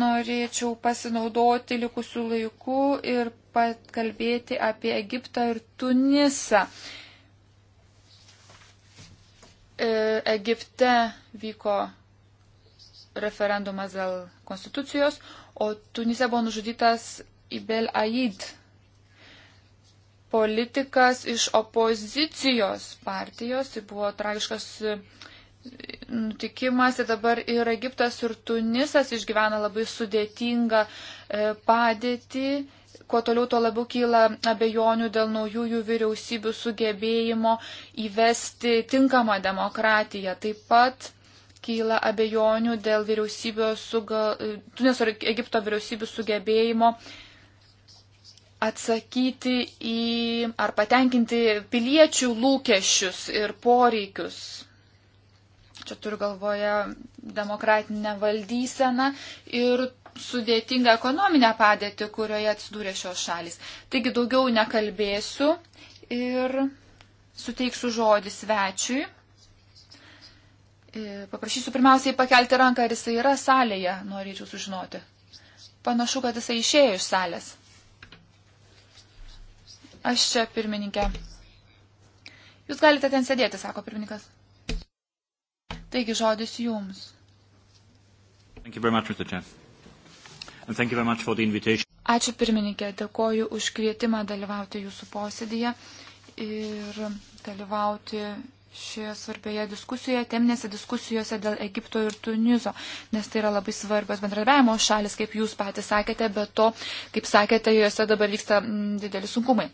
norėčiau pasinaudoti likusių laikų ir pat kalbėti apie Egiptą ir Tunisą. E, E, Egipte vyko referendumas dėl konstitucijos, o Tunise buvo nužudytas Ibel Aid, politikas iš opozicijos partijos, tai buvo tragiškas nutikimas ir dabar ir Egiptas, ir Tunisas išgyvena labai sudėtingą e, padėtį kuo toliau, tuo labiau kyla abejonių dėl naujųjų vyriausybių sugebėjimo įvesti tinkamą demokratiją. Taip pat kyla abejonių dėl suga, Tuneso ir Egipto vyriausybių sugebėjimo atsakyti į ar patenkinti piliečių lūkesčius ir poreikius. Čia turiu galvoje demokratinę valdyseną ir sudėtingą ekonominę padėtį, kurioje atsidūrė šios šalis. Taigi daugiau nekalbėsiu ir suteiksiu žodį svečiui. E, paprašysiu pirmiausiai pakelti ranką, ar jisai yra salėje, norėčiau sužinoti. Panašu, kad jisai išėjo iš salės. Aš čia, pirmininkė. Jūs galite ten sėdėti, sako pirmininkas. Taigi žodis jums.
Thank you very much, Mr. Chair. Ačiū
pirmininkė, dėkoju už kvietimą dalyvauti jūsų posėdėje ir dalyvauti šioje svarbioje diskusijoje, teminėse diskusijose dėl Egipto ir Tunizo, nes tai yra labai svarbios bendradarbiavimo šalis, kaip jūs patys sakėte, bet to, kaip sakėte, juose dabar vyksta mm, dideli sunkumai.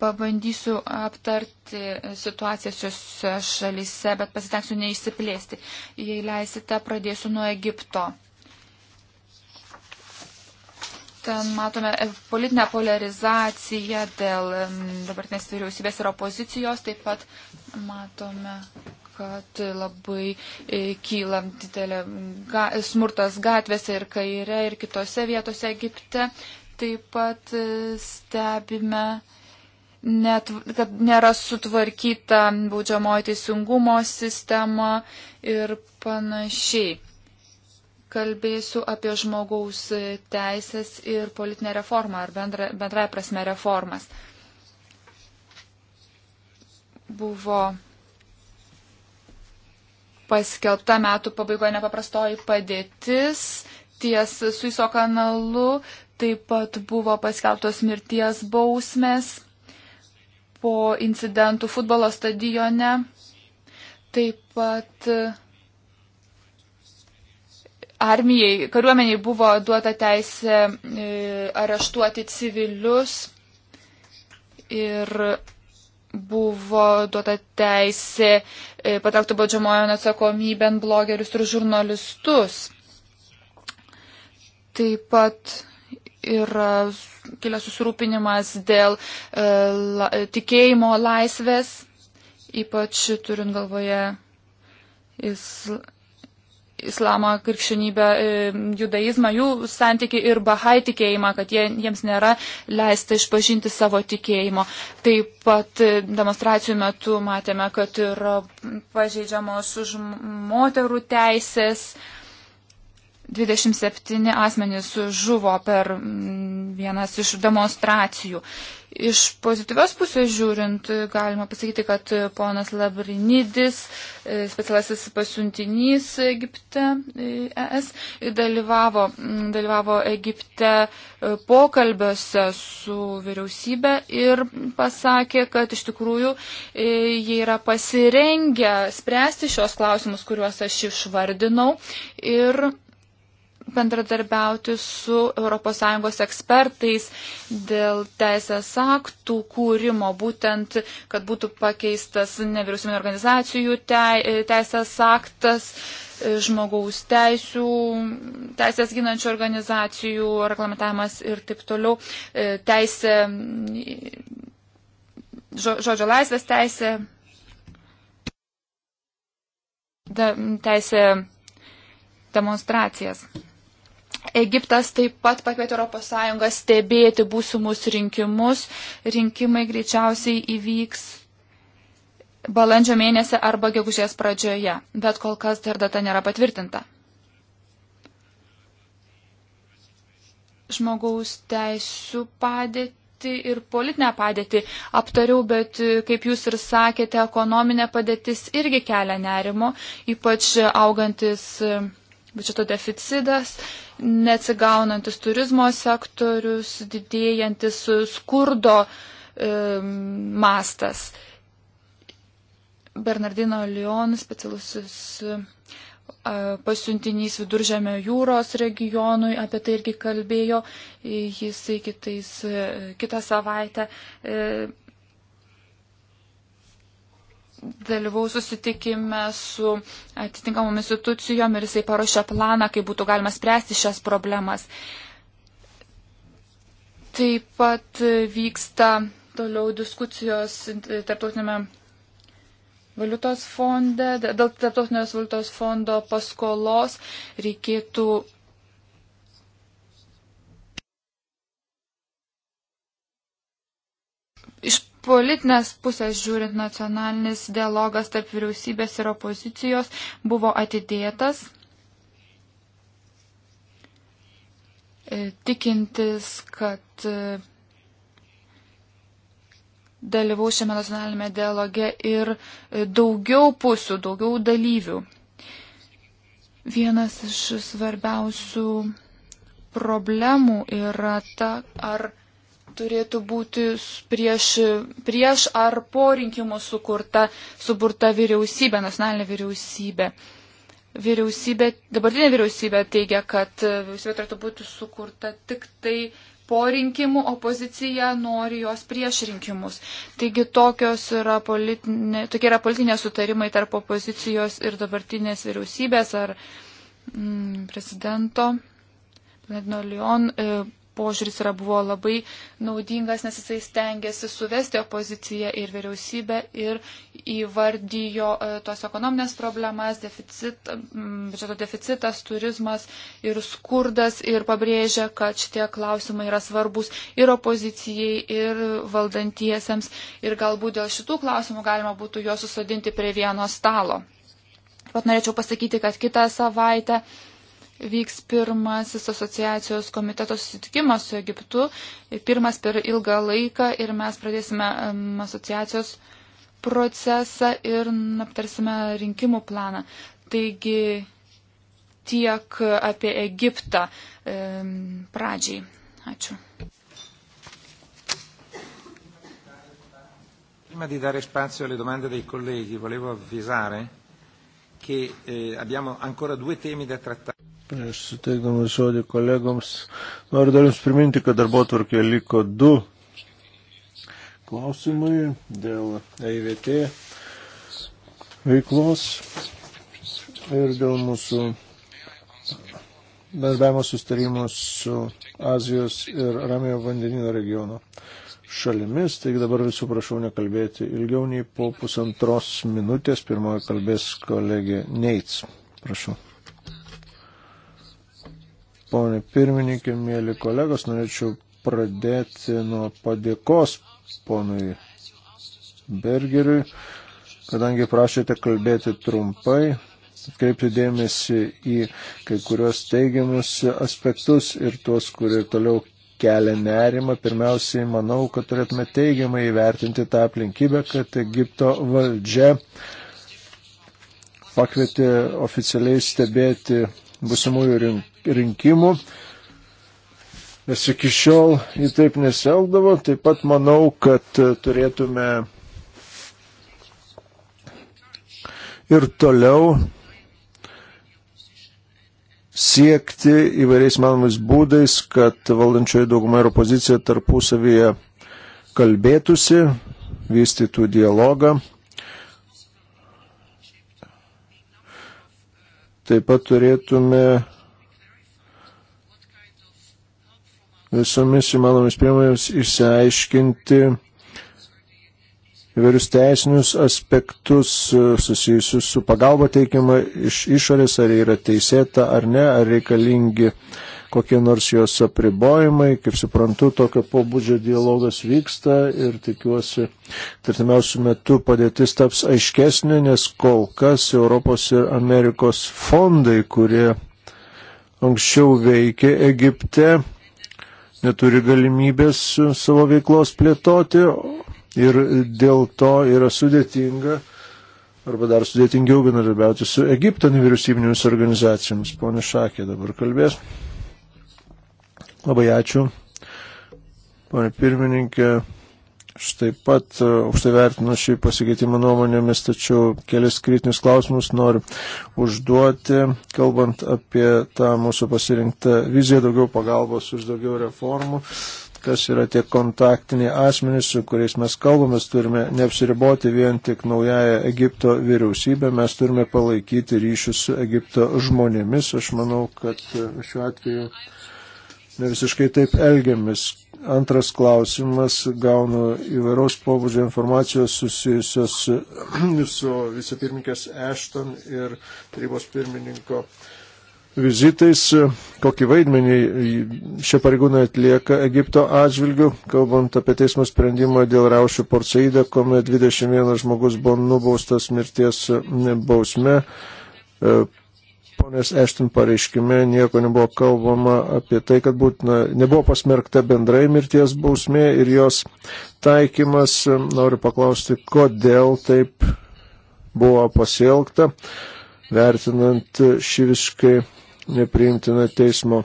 Pabandysiu aptarti situaciją šiose šalise, bet pasitengsiu neišsiplėsti. Jei leisite, pradėsiu nuo Egipto. Ten matome politinę polarizaciją dėl dabartinės vyriausybės ir opozicijos. Taip pat matome, kad labai e, kyla didelė ga, smurtas gatvėse ir kaire ir kitose vietose Egipte. Taip pat e, stebime, net, kad nėra sutvarkyta baudžiamoji teisingumo sistema ir panašiai kalbėsiu apie žmogaus teisės ir politinę reformą ar bendra, bendrai prasme reformas. Buvo paskelbta metų pabaigoje nepaprastoji padėtis ties Suiso kanalu, taip pat buvo paskelbtos mirties bausmės po incidentų futbolo stadione, taip pat armijai, kariuomeniai buvo duota teisė e, areštuoti civilius ir buvo duota teisė e, patraukti baudžiamojo atsakomybę blogerius ir žurnalistus. Taip pat yra kilęs susirūpinimas dėl e, la, e, tikėjimo laisvės, ypač turint galvoje isl islamą, krikščionybę, e, judaizmą, jų santyki ir bahai tikėjimą, kad jie, jiems nėra leista išpažinti savo tikėjimo. Taip pat e, demonstracijų metu matėme, kad yra pažeidžiamos už moterų teisės. Uh, 27 asmenys žuvo per mm, vienas iš demonstracijų. Iš pozityvios pusės žiūrint, galima pasakyti, kad ponas Labrinidis, e, specialasis pasiuntinys Egipte, ES, e dalyvavo, mm, dalyvavo Egipte e, pokalbiuose su vyriausybė ir pasakė, kad iš tikrųjų jie yra pasirengę spręsti šios klausimus, kuriuos aš išvardinau. Ir bendradarbiauti su ES ekspertais dėl teisės aktų kūrimo, būtent, kad būtų pakeistas nevyriausybinio organizacijų teisės aktas, žmogaus teisų, teisės ginančių organizacijų reglamentavimas ir taip toliau, e, teisė, žodžio laisvės teisė, teisė demonstracijas. Egiptas taip pat pakvietė ES stebėti būsimus rinkimus. Rinkimai greičiausiai įvyks balandžio mėnesį arba gegužės pradžioje, bet kol kas dar data nėra patvirtinta. Žmogaus teisų padėtį ir politinę padėtį aptariau, bet kaip jūs ir sakėte, ekonominė padėtis irgi kelia nerimo, ypač augantis biudžeto deficitas, neatsigaunantis turizmo sektorius, didėjantis skurdo e, mastas. Bernardino Leon, specialusis e, pasiuntinys viduržėmio jūros regionui, apie tai irgi kalbėjo, jisai kitais, kitą savaitę e, dalyvau susitikime su atitinkamom institucijom ir jisai paruošė planą, kaip būtų galima spręsti šias problemas. Taip pat vyksta toliau diskusijos tarptautinėme valiutos fonde, dėl tarptautinės valiutos fondo paskolos reikėtų. Iš politinės pusės žiūrint nacionalinis dialogas tarp vyriausybės ir opozicijos buvo atidėtas, e, tikintis, kad e, dalyvau šiame nacionalinėme dialoge ir e, daugiau pusių, daugiau dalyvių. Vienas iš svarbiausių problemų yra ta, ar turėtų būti prieš, prieš ar po rinkimų sukurta, suburta vyriausybė, nacionalinė vyriausybė. Vyriausybė, dabartinė vyriausybė teigia, kad vyriausybė turėtų būti sukurta tik tai po rinkimų, opozicija nori jos prieš rinkimus. Taigi tokios yra politinė, tokie yra politinė sutarimai tarp opozicijos ir dabartinės vyriausybės ar mm, prezidento. Net nuo Lyon. E, požiūris yra buvo labai naudingas, nes jisai stengiasi suvesti opoziciją ir vyriausybę ir įvardyjo e, tos ekonominės problemas, deficit, biudžeto deficitas, turizmas ir skurdas ir pabrėžia, kad šitie klausimai yra svarbus ir opozicijai, ir valdantiesiems ir galbūt dėl šitų klausimų galima būtų juos susodinti prie vieno stalo. Pat norėčiau pasakyti, kad kitą savaitę vyks pirmasis asociacijos komiteto susitikimas su Egiptu, pirmas per ilgą laiką ir mes pradėsime asociacijos procesą ir aptarsime rinkimų planą. Taigi tiek apie Egiptą pradžiai. Ačiū.
Prima di dare spazio alle domande dei colleghi, volevo avvisare che eh, abbiamo ancora due temi da trattare. Prieš suteikdamas žodį kolegoms, noriu dar jums priminti, kad darbo tvarkė liko du klausimai dėl EIVT veiklos ir dėl mūsų bendravimo sustarimo su Azijos ir Ramėjo vandenino regiono šalimis, taigi dabar visų prašau nekalbėti ilgiau nei po pusantros minutės. Pirmoji kalbės kolegė Neits. Prašau. Pone pirmininkė, mėly kolegos, norėčiau pradėti nuo padėkos ponui Bergeriui, kadangi prašėte kalbėti trumpai, atkreipti dėmesį į kai kurios teigiamus aspektus ir tuos, kurie toliau kelia nerimą. Pirmiausiai, manau, kad turėtume teigiamai įvertinti tą aplinkybę, kad Egipto valdžia pakvietė oficialiai stebėti busimųjų rinkimų, nes iki šiol jis taip neseldavo. Taip pat manau, kad e, turėtume ir toliau siekti įvairiais manomais būdais, kad valdančioji dauguma ir opozicija tarpusavyje kalbėtųsi, vystytų dialogą. Taip pat turėtume visomis įmanomis priemonėmis išsiaiškinti įvairius teisinius aspektus susijusius su pagalba teikiama iš išorės, ar yra teisėta ar ne, ar reikalingi uh, kokie nors jos apribojimai. Kaip suprantu, tokio pobūdžio dialogas vyksta ir tikiuosi, kad artimiausių metų padėtis taps aiškesnė, nes kol kas Europos ir Amerikos fondai, kurie anksčiau veikė Egipte, neturi galimybės savo veiklos plėtoti ir dėl to yra sudėtinga arba dar sudėtingiau bendradarbiauti su Egipto nevyriausybinėmis organizacijomis. Pone Šakė dabar kalbės. Labai ačiū. Pane pirmininkė, aš taip pat e, už tai vertinu šį pasikeitimą nuomonėmis, tačiau kelis kritinius klausimus noriu užduoti, kalbant apie tą mūsų pasirinktą viziją daugiau pagalbos už daugiau reformų kas yra tie kontaktiniai asmenys, su kuriais mes kalbamės, turime neapsiriboti vien tik naująją Egipto vyriausybę, mes turime palaikyti ryšius su Egipto žmonėmis. Aš manau, kad e, šiuo atveju ne visiškai taip elgiamis. Antras klausimas, gaunu įvairaus pobūdžio informacijos susijusios [clears throat] su vicepirmininkės Ešton ir tarybos pirmininko vizitais, kokį vaidmenį šie pareigūnai atlieka Egipto atžvilgių, kalbant apie teismo sprendimą dėl Raušių Porceidą, kuomet 21 žmogus buvo nubaustas mirties bausme Ponės Eštin pareiškime nieko nebuvo kalbama apie tai, kad būtina, nebuvo pasmerkta bendrai mirties bausmė ir jos taikymas. Noriu paklausti, kodėl taip buvo pasielgta, vertinant šį visiškai nepriimtiną teismo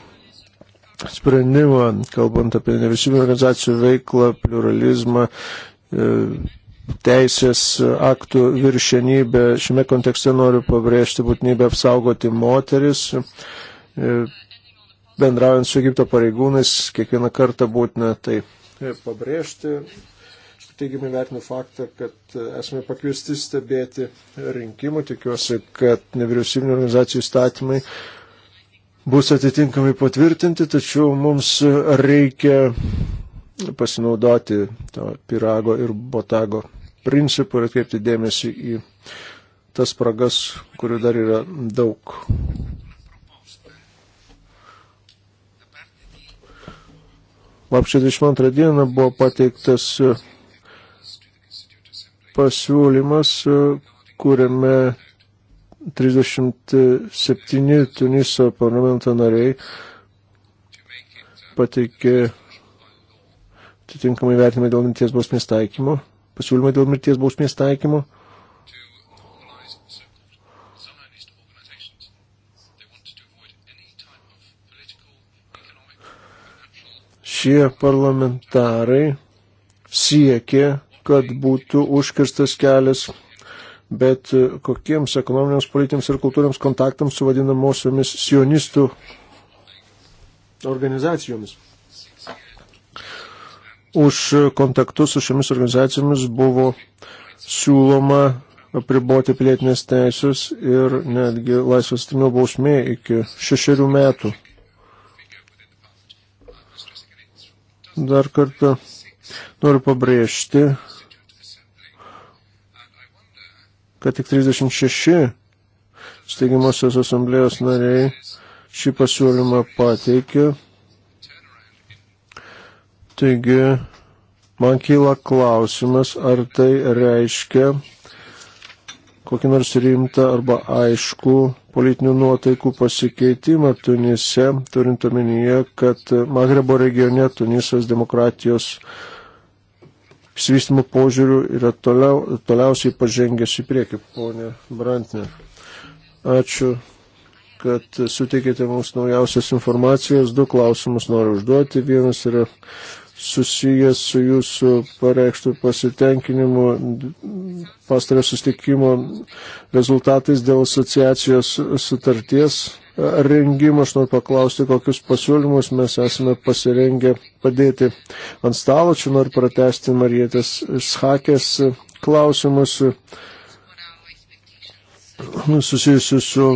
sprendimą, kalbant apie nevisybinio organizacijų veiklą, pluralizmą, e, teisės aktų viršenybę. Šiame kontekste noriu pabrėžti būtinybę apsaugoti moteris. E, bendraujant su Egipto pareigūnais, kiekvieną kartą būtina tai e, pabrėžti. Teigiamai vertinu faktą, kad e, esame pakviesti stebėti rinkimų. Tikiuosi, kad nevyriausybinio organizacijų statymai bus atitinkamai patvirtinti, tačiau mums reikia pasinaudoti to pirago ir botago principų ir atkreipti dėmesį į tas spragas, kurių dar yra daug. Lapčio 22 dieną buvo pateiktas pasiūlymas, kuriame 37 Tuniso parlamento nariai pateikė atitinkamai vertimai dėl minties bausmės taikymo pasiūlymai dėl mirties bausmės taikymo. Šie parlamentarai siekė, kad būtų užkirstas kelias bet kokiems ekonominiams, politiniams ir kultūriams kontaktams su vadinamosiomis sionistų organizacijomis už kontaktus su šiomis organizacijomis buvo siūloma apriboti pilietinės teisės ir netgi laisvės atimimo bausmė iki šešerių metų. Dar kartą noriu pabrėžti, kad tik 36 steigimosios asamblėjos nariai šį pasiūlymą pateikė Taigi, man kyla klausimas, ar tai reiškia kokį nors rimtą arba aišku politinių nuotaikų pasikeitimą Tunise, turint omenyje, kad Magrebo regione Tunisas demokratijos svystimo požiūrių yra toliau, toliausiai pažengęs į priekį, ponė Brantner. Ačiū, kad suteikėte mums naujausios informacijos. Du klausimus noriu užduoti. Vienas yra susijęs su jūsų pareikštų pasitenkinimu pastarė sustikimo rezultatais dėl asociacijos sutarties rengimo. Aš noriu paklausti, kokius pasiūlymus mes esame pasirengę padėti ant stalo. Čia noriu pratesti Marietės Schakės klausimus nu, susijusius su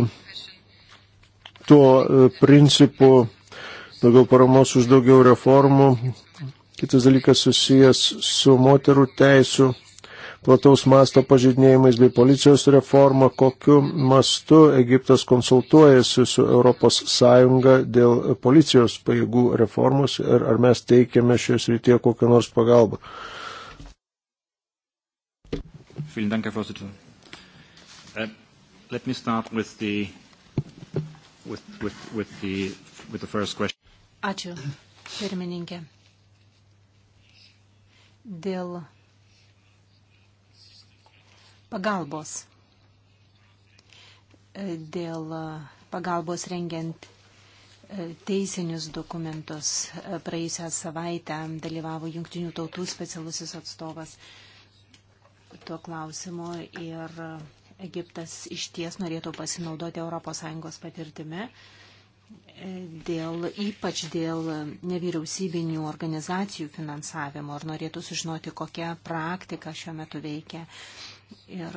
tuo e, principu daugiau paramos už daugiau reformų Kitas dalykas susijęs su moterų teisų plataus masto pažydinėjimais bei policijos reforma, kokiu mastu Egiptas konsultuojasi su ES dėl policijos pajėgų reformos ir ar mes teikiame šioje srityje kokią nors pagalbą.
Dank, Herr uh, let me start with the, with, with, with the, with the first question. Ačiū, pirmininkė dėl pagalbos, dėl pagalbos rengiant e, teisinius dokumentus. E, praėjusią savaitę dalyvavo Junktinių tautų specialusis atstovas tuo klausimu ir Egiptas iš ties norėtų pasinaudoti ES patirtimi dėl, ypač dėl nevyriausybinių organizacijų finansavimo ir norėtų sužinoti, kokia praktika šiuo metu veikia. Ir,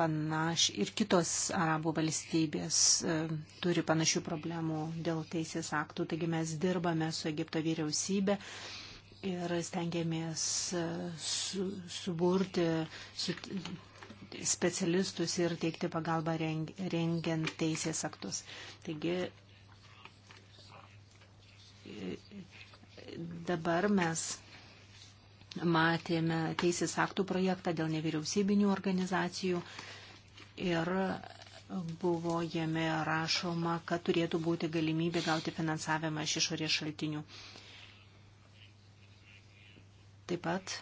panaš, ir kitos arabų valstybės e, turi panašių problemų dėl teisės aktų, taigi mes dirbame su Egipto vyriausybė ir stengiamės e, su, suburti, su, specialistus ir teikti pagalbą rengiant teisės aktus. Taigi dabar mes matėme teisės aktų projektą dėl nevyriausybinių organizacijų ir buvo jame rašoma, kad turėtų būti galimybė gauti finansavimą iš išorės šaltinių. Taip pat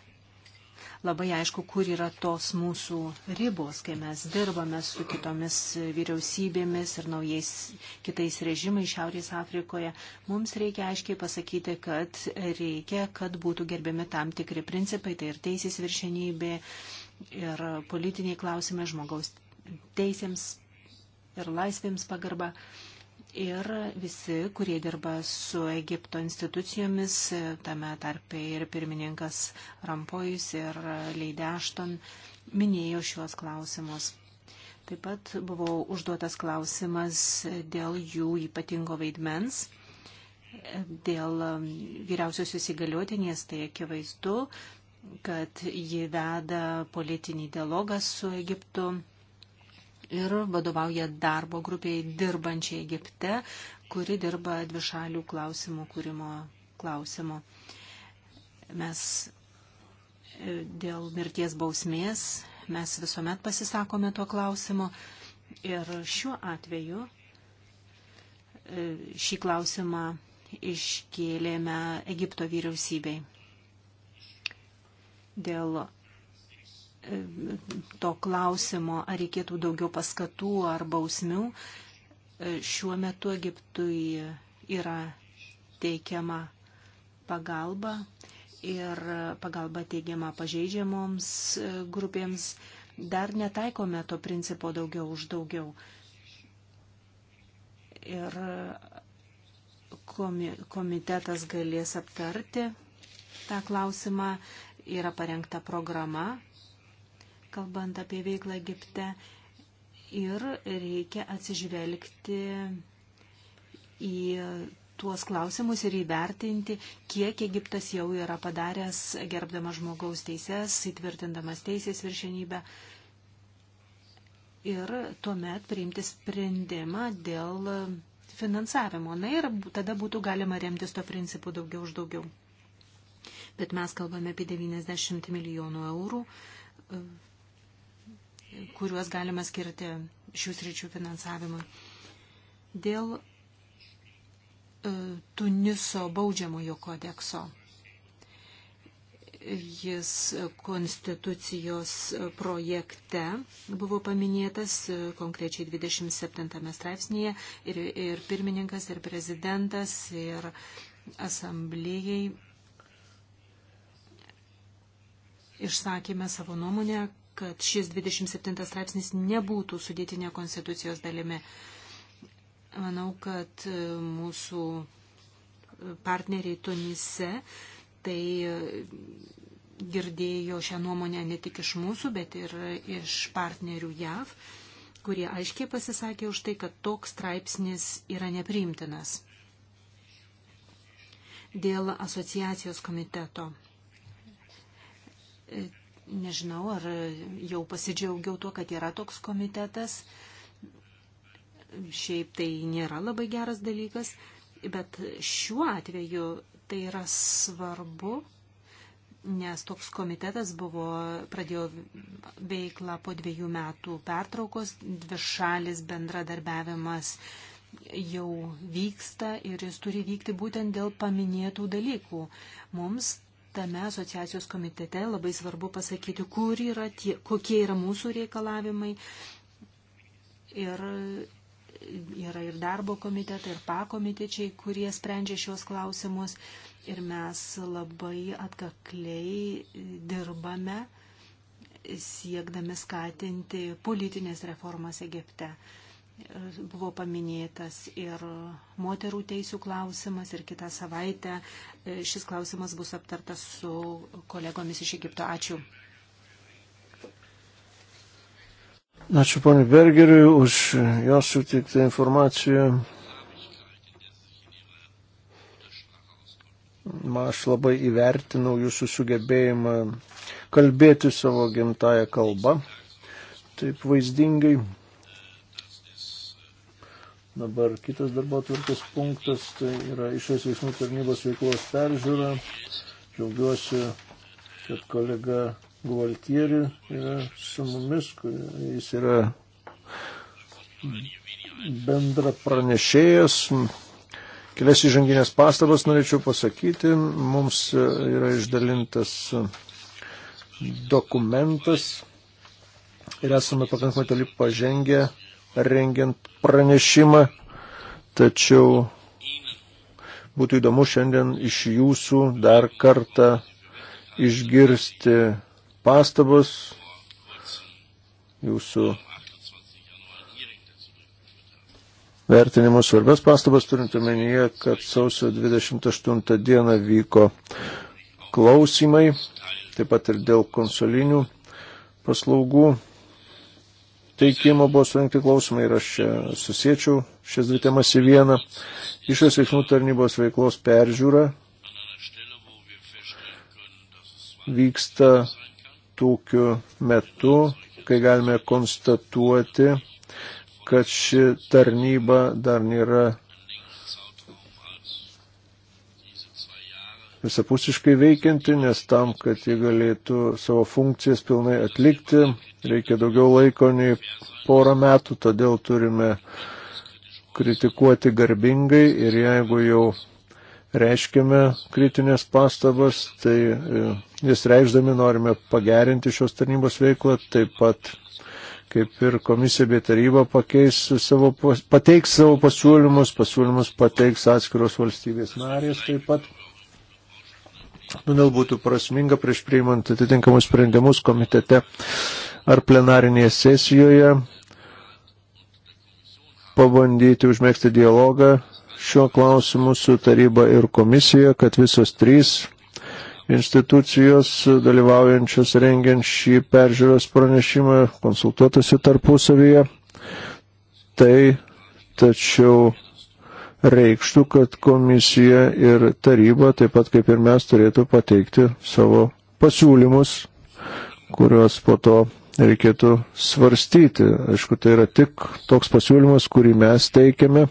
labai aišku, kur yra tos mūsų ribos, kai mes dirbame su kitomis vyriausybėmis ir naujais kitais režimais Šiaurės Afrikoje. Mums reikia aiškiai pasakyti, kad reikia, kad būtų gerbiami tam tikri principai, tai ir teisės viršenybė, ir politiniai klausimai žmogaus teisėms ir laisvėms pagarba ir visi, kurie dirba su Egipto institucijomis, tame tarpe ir pirmininkas Rampojus ir Leidešton, minėjo šiuos klausimus. Taip pat buvo užduotas klausimas dėl jų ypatingo vaidmens dėl vyriausiosios įgaliotinės, tai akivaizdu, kad ji veda politinį dialogą su Egiptu ir vadovauja darbo grupiai dirbančiai Egipte, kuri dirba dvišalių klausimų kūrimo klausimų. Mes e, dėl mirties bausmės, mes visuomet pasisakome tuo klausimu ir šiuo atveju e, šį klausimą iškėlėme Egipto vyriausybei dėl to klausimo, ar reikėtų daugiau paskatų ar bausmių, e, šiuo metu Egiptui yra teikiama pagalba ir pagalba teigiama pažeidžiamoms e, grupėms. Dar netaikome to principo daugiau už daugiau. Ir komitetas galės aptarti tą klausimą. Yra parengta programa kalbant apie veiklą Egipte. Ir reikia atsižvelgti į tuos klausimus ir įvertinti, kiek Egiptas jau yra padaręs, gerbdamas žmogaus teises, įtvirtindamas teisės viršenybę. Ir tuomet priimti sprendimą dėl finansavimo. Na ir tada būtų galima remtis to principu daugiau už daugiau. Bet mes kalbame apie 90 milijonų eurų kuriuos galima skirti šių sričių finansavimui. Dėl e, Tuniso baudžiamojo kodekso. Jis konstitucijos projekte buvo paminėtas e, konkrečiai 27 straipsnėje ir, ir pirmininkas, ir prezidentas, ir asamblėjai išsakėme savo nuomonę, kad šis 27 straipsnis nebūtų sudėtinė konstitucijos dalimi. Manau, kad e, mūsų partneriai Tunise tai e, girdėjo šią nuomonę ne tik iš mūsų, bet ir iš partnerių JAV, kurie aiškiai pasisakė už tai, kad toks straipsnis yra nepriimtinas. Dėl asociacijos komiteto e, Nežinau, ar jau pasidžiaugiau tuo, kad yra toks komitetas. Šiaip tai nėra labai geras dalykas, bet šiuo atveju tai yra svarbu, nes toks komitetas buvo, pradėjo veiklą po dviejų metų pertraukos, dvišalis bendradarbiavimas jau vyksta ir jis turi vykti būtent dėl paminėtų dalykų. Mums tame asociacijos komitete labai svarbu pasakyti, kur yra tie, kokie yra mūsų reikalavimai. Ir yra ir darbo komitetai, ir pakomitečiai, kurie sprendžia šios klausimus. Ir mes labai atkakliai dirbame siekdami skatinti politinės reformas Egipte buvo paminėtas ir moterų teisų klausimas ir kitą savaitę e, šis klausimas bus aptartas su kolegomis iš Egipto. Ačiū.
Ačiū ponui Bergeriui už jos sutiktą informaciją. Aš labai įvertinau jūsų sugebėjimą kalbėti savo gimtają kalbą. Taip vaizdingai Dabar kitas darbo tvarkės punktas, tai yra išės veiksmų tarnybos veiklos peržiūra. Džiaugiuosi, kad kolega Gualtieri yra su mumis, jis yra bendra pranešėjas. Kelias įžanginės pastabas norėčiau pasakyti. Mums yra išdalintas dokumentas ir esame pakankamai toli pažengę rengiant pranešimą, tačiau būtų įdomu šiandien iš jūsų dar kartą išgirsti pastabas, jūsų vertinimus svarbės pastabas, turint omenyje, kad sausio 28 dieną vyko klausimai, taip pat ir dėl konsolinių paslaugų teikimo buvo surinkti klausimai ir aš čia susiečiau šias dvi temas į vieną. Išės veiksmų tarnybos veiklos peržiūra vyksta tokiu metu, kai galime konstatuoti, kad ši tarnyba dar nėra visapusiškai veikianti, nes tam, kad ji galėtų savo funkcijas pilnai atlikti, reikia daugiau laiko nei porą metų, todėl turime kritikuoti garbingai ir jeigu jau reiškiame kritinės pastabas, tai vis e, reikšdami norime pagerinti šios tarnybos veiklą, taip pat kaip ir komisija bei taryba pakeis savo, pateiks savo pasiūlymus, pasiūlymus pateiks atskiros valstybės narės taip pat. Todėl būtų prasminga prieš priimant atitinkamus sprendimus komitete ar plenarinėje sesijoje pabandyti užmėgti dialogą šiuo klausimu su taryba ir komisija, kad visos trys institucijos dalyvaujančios rengiant šį peržiūros pranešimą konsultuotųsi tarpusavyje. Tai tačiau reikštų, kad komisija ir taryba, taip pat kaip ir mes, turėtų pateikti savo pasiūlymus, kuriuos po to reikėtų svarstyti. Aišku, tai yra tik toks pasiūlymas, kurį mes teikiame.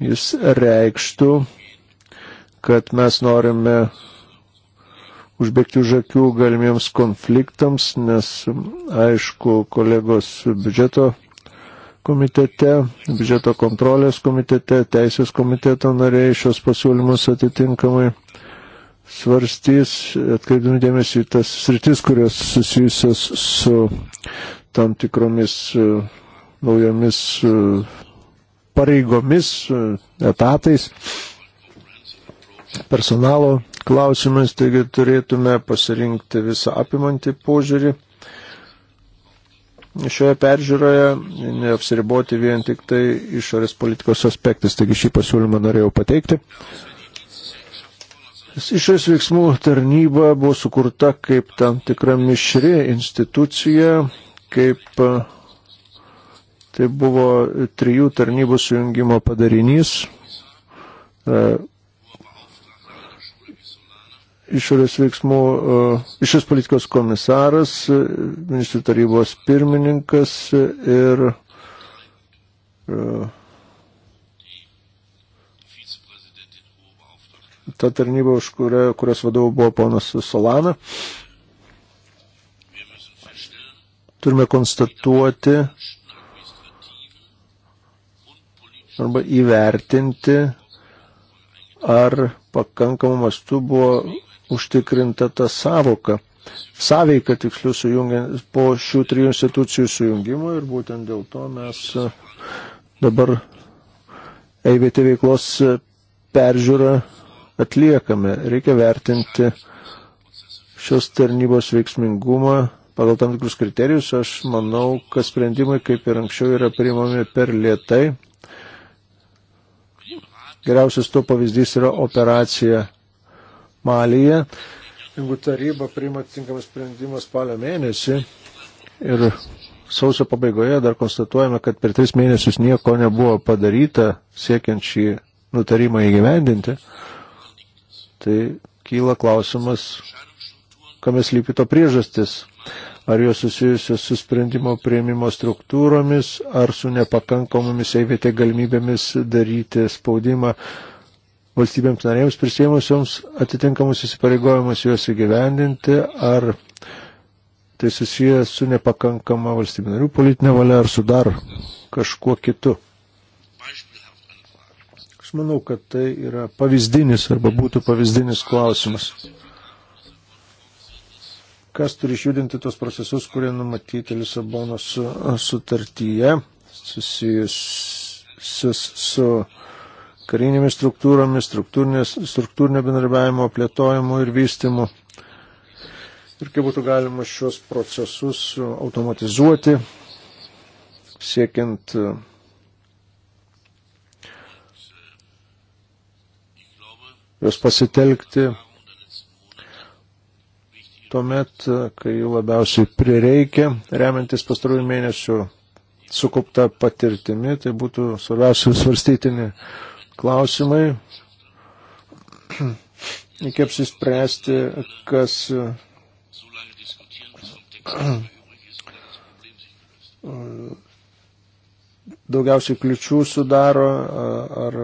Jis reikštų, kad mes norime užbėgti už akių galimiems konfliktams, nes aišku, kolegos biudžeto komitete, biudžeto kontrolės komitete, teisės komiteto nariai šios pasiūlymus atitinkamai svarstys, atkreipdami dėmesį į tas sritis, kurios susijusios su tam tikromis e, naujomis e, pareigomis, e, etatais, personalo klausimais, taigi turėtume pasirinkti visą apimantį požiūrį šioje peržiūroje, neapsiriboti vien tik tai išorės politikos aspektais, taigi šį pasiūlymą norėjau pateikti. Išorės veiksmų tarnyba buvo sukurta kaip tam tikra mišri institucija, kaip e, tai buvo trijų tarnybų sujungimo padarinys. E, išorės veiksmų, e, išorės politikos komisaras, ministrų tarybos pirmininkas ir uh, ta tarnyba, už kurią, kurios vadovų buvo ponas Solana. Turime konstatuoti arba įvertinti, ar pakankamu mastu buvo užtikrinta ta savoka sąveiką tiksliau sujungiant po šių trijų institucijų sujungimo ir būtent dėl to mes e, dabar EIVT veiklos peržiūrą atliekame. Reikia vertinti šios tarnybos veiksmingumą pagal tam tikrus kriterijus. Aš manau, kad sprendimai, kaip ir anksčiau, yra priimami per lietai. Geriausias to pavyzdys yra operacija Malyje. Jeigu taryba priima tinkamas sprendimas spalio mėnesį ir sausio pabaigoje dar konstatuojame, kad per tris mėnesius nieko nebuvo padaryta siekiant šį nutarimą įgyvendinti, Tai kyla klausimas, kames lypi to priežastis. Ar jos susijusios su sprendimo prieimimo struktūromis, ar su nepakankomomis eivėte galimybėmis daryti spaudimą valstybėms narėms prisėmusioms atitinkamus įsipareigojimus juos įgyvendinti, ar tai susijęs su nepakankama valstybė narių politinė valia, ar su dar kažkuo kitu. Aš manau, kad tai yra pavyzdinis arba būtų pavyzdinis klausimas. Kas turi išjudinti tos procesus, kurie numatyti Lisabonos sutartyje, susijusius su karinėmis struktūromis, struktūrinio bendrabiavimo plėtojimu ir vystimu. Ir kaip būtų galima šios procesus automatizuoti, siekiant juos pasitelkti tuomet, kai jų labiausiai prireikia, remiantis pastarųjų mėnesių sukaupta patirtimi, tai būtų svarbiausi svarstytini klausimai. [clears throat] Reikia apsispręsti, kas [clears throat] daugiausiai kliučių sudaro, ar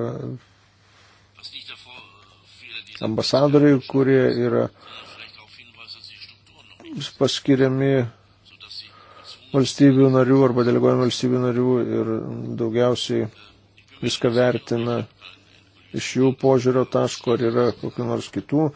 ambasadoriai, kurie yra paskiriami valstybių narių arba deleguojami valstybių narių ir daugiausiai viską vertina iš jų požiūrio taško, ar yra kokiu nors kitų.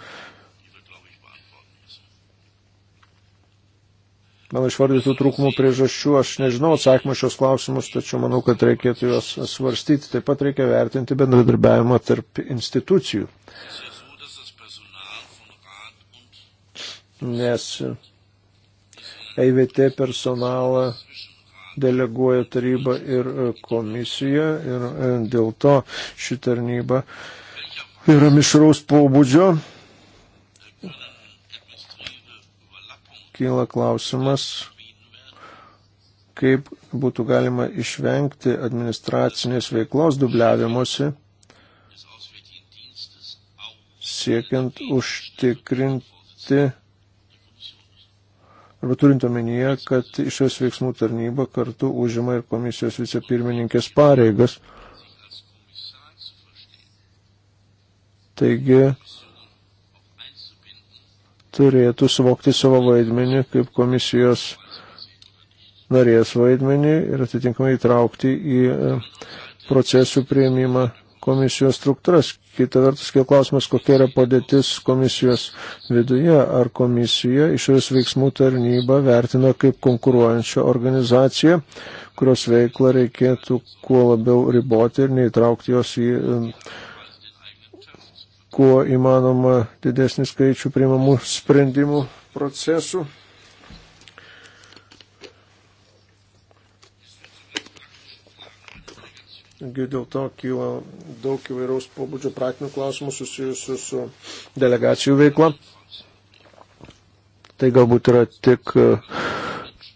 Mano išvardytų trūkumų priežasčių, aš nežinau atsakymą šios klausimus, tačiau manau, kad reikėtų juos svarstyti. Taip pat reikia vertinti bendradarbiavimą tarp institucijų. Uh, nes EIVT personalą deleguoja taryba ir e, komisija ir e, dėl to ši tarnyba yra mišraus pobūdžio. Kyla klausimas, kaip būtų galima išvengti administracinės veiklos dubliavimuose, siekiant užtikrinti arba turint omenyje, kad išės veiksmų tarnyba kartu užima ir komisijos vicepirmininkės pareigas. Taigi turėtų suvokti savo vaidmenį kaip komisijos narės vaidmenį ir atitinkamai įtraukti į e, procesų prieimimą komisijos struktūras. Kita vertus, kiek klausimas, kokia yra padėtis komisijos viduje, ar komisija išorės veiksmų tarnybą vertina kaip konkuruojančią organizaciją, kurios veiklą reikėtų kuo labiau riboti ir neįtraukti jos į kuo įmanoma didesnį skaičių priimamų sprendimų procesų. dėl to kyla daug įvairiaus pobūdžio praktinių klausimų susijusių su delegacijų veikla. Tai galbūt yra tik e,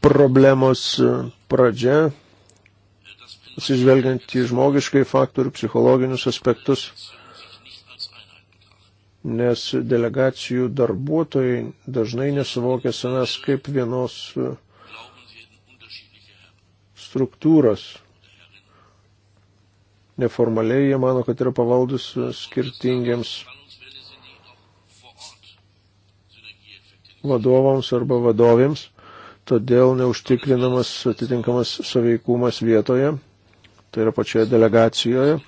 problemos e, pradžia, atsižvelgiant į žmogiškai faktorių, psichologinius aspektus, nes delegacijų darbuotojai dažnai nesuvokia savęs kaip vienos e, struktūros neformaliai jie mano, kad yra pavaldus skirtingiems vadovams arba vadovėms, todėl neužtikrinamas atitinkamas saveikumas vietoje, tai yra pačioje delegacijoje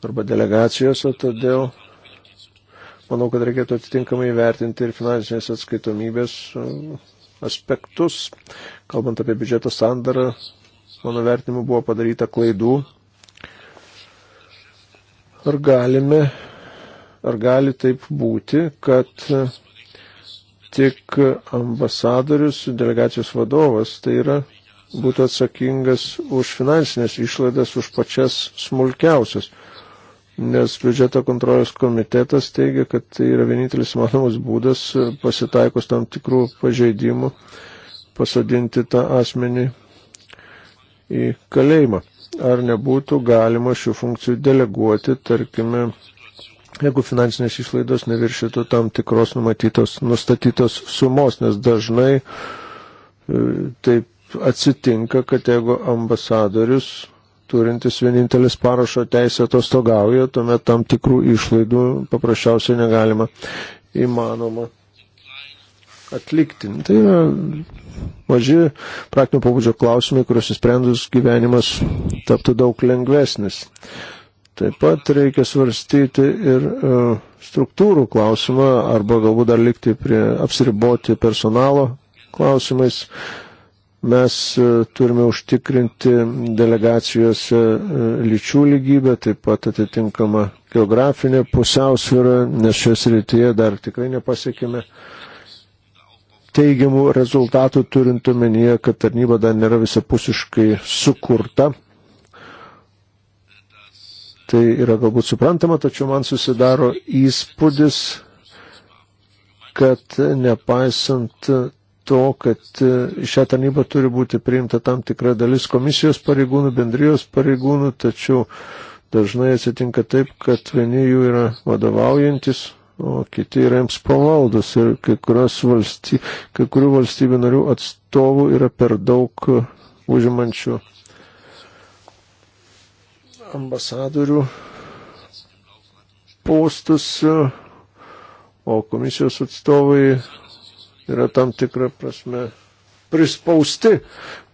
arba delegacijose, todėl manau, kad reikėtų atitinkamai vertinti ir finansinės atskaitomybės uh, aspektus. Kalbant apie biudžeto sandarą, mano vertinimu buvo padaryta klaidų, Ar galime, ar gali taip būti, kad tik ambasadorius, delegacijos vadovas, tai yra būtų atsakingas už finansinės išlaidas, už pačias smulkiausias. Nes biudžeto kontrolės komitetas teigia, kad tai yra vienintelis manomas būdas pasitaikus tam tikrų pažeidimų pasodinti tą asmenį į kalėjimą ar nebūtų galima šių funkcijų deleguoti, tarkime, jeigu finansinės išlaidos neviršytų tam tikros numatytos, nustatytos sumos, nes dažnai e, taip atsitinka, kad jeigu ambasadorius turintis vienintelis parašo teisę atostogauja, tuomet tam tikrų išlaidų paprasčiausiai negalima įmanoma atlikti. Tai yra maži praktinio pobūdžio klausimai, kuriuos įsprendus gyvenimas taptų daug lengvesnis. Taip pat reikia svarstyti ir e, struktūrų klausimą arba galbūt dar likti prie apsiriboti personalo klausimais. Mes e, turime užtikrinti delegacijose e, lyčių lygybę, taip pat atitinkamą geografinę pusiausvyrą, nes šios rytyje dar tikrai nepasiekime uh, teigiamų rezultatų, turint omenyje, kad tarnyba dar nėra visapusiškai sukurta. Tai yra galbūt suprantama, tačiau man susidaro įspūdis, kad nepaisant to, kad šią tarnybą turi būti priimta tam tikra dalis komisijos pareigūnų, bendrijos pareigūnų, tačiau dažnai atsitinka taip, kad vieni jų yra vadovaujantis o kiti yra jiems pavaldus ir kai, valsty, kai kurių valstybių narių atstovų yra per daug e, užimančių ambasadorių postus, e, o komisijos atstovai yra tam tikrą prasme prispausti.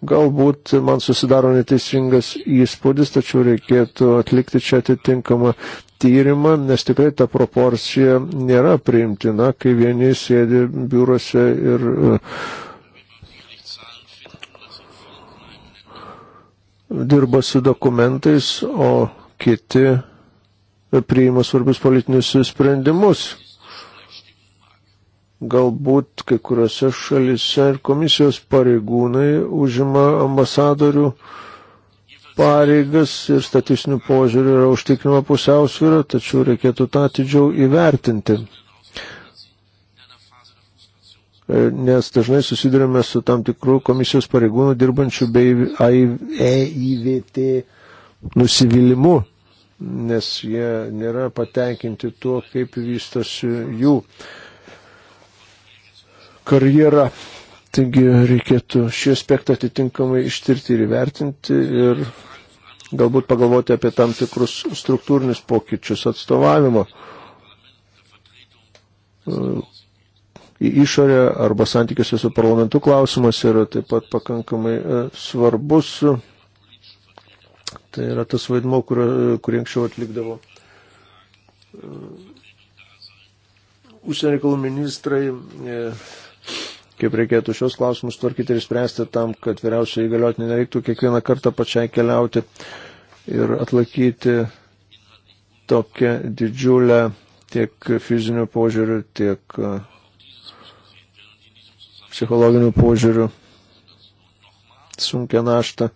Galbūt man susidaro neteisingas įspūdis, tačiau reikėtų atlikti čia atitinkamą tyrimą, nes tikrai ta proporcija nėra priimtina, kai vieni sėdi biurose ir. E, dirba su dokumentais, o kiti priima svarbius politinius sprendimus galbūt kai kuriuose šalise ir komisijos pareigūnai užima ambasadorių pareigas ir statistinių požiūrių yra užtikrinama pusiausvyrą, tačiau reikėtų tą atidžiau įvertinti. E, nes dažnai susidurime su tam tikrų komisijos pareigūnų dirbančių bei EIVT nusivylimu, nes jie nėra patenkinti tuo, kaip vystosi jų uh, karjerą. Taigi reikėtų šį aspektą atitinkamai ištirti ir įvertinti ir galbūt pagalvoti apie tam tikrus struktūrinius pokyčius atstovavimo į išorę arba santykiuose su parlamentu klausimas yra taip pat pakankamai e, svarbus. Tai yra tas vaidmo, kurį anksčiau atlikdavo e, užsienio reikalų ministrai e, kaip reikėtų šios klausimus tvarkyti ir spręsti tam, kad vyriausiai įgaliotinė nereiktų kiekvieną kartą pačiai keliauti ir atlaikyti tokią didžiulę tiek fizinių požiūrių, tiek e, psichologinių požiūrių sunkia našta.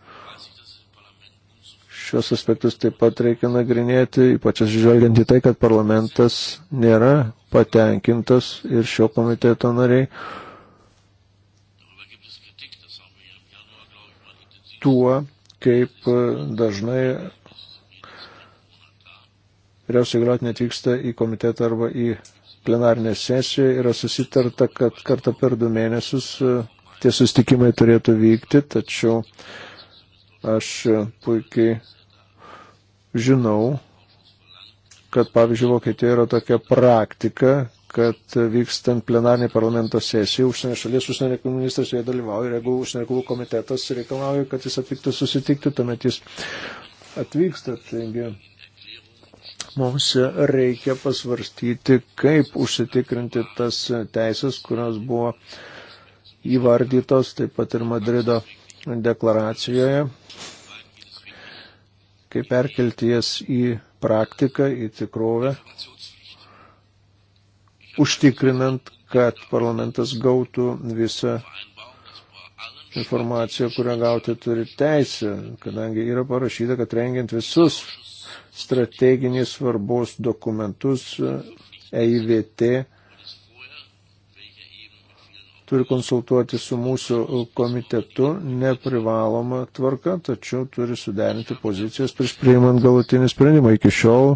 Šios aspektus taip pat reikia nagrinėti, ypač atsižvelgiant į tai, kad parlamentas nėra patenkintas ir šio komiteto nariai tuo, kaip e, dažnai vyriausiai galiotinė atvyksta į komitetą arba į plenarinę sesiją, yra susitarta, kad kartą per du mėnesius e, tie sustikimai turėtų vykti, tačiau aš e, puikiai žinau, kad pavyzdžiui Vokietijoje yra tokia praktika, kad vykstant plenarniai parlamento sesijai užsienio šalies užsienio reikalų ministras joje dalyvauja ir jeigu užsienio reikalų komitetas reikalauja, kad jis atvyktų susitikti, tuomet jis atvyksta. Taigi mums reikia pasvarstyti, kaip užsitikrinti tas teisės, kurios buvo įvardytos taip pat ir Madrido deklaracijoje, kaip perkelti jas į praktiką, į tikrovę užtikrinant, kad parlamentas gautų visą informaciją, kurią gauti turi teisę, kadangi yra parašyta, kad rengiant visus strateginės svarbos dokumentus EIVT turi konsultuoti su mūsų komitetu neprivaloma tvarka, tačiau turi suderinti pozicijas prieš priimant galutinį sprendimą. Iki šiol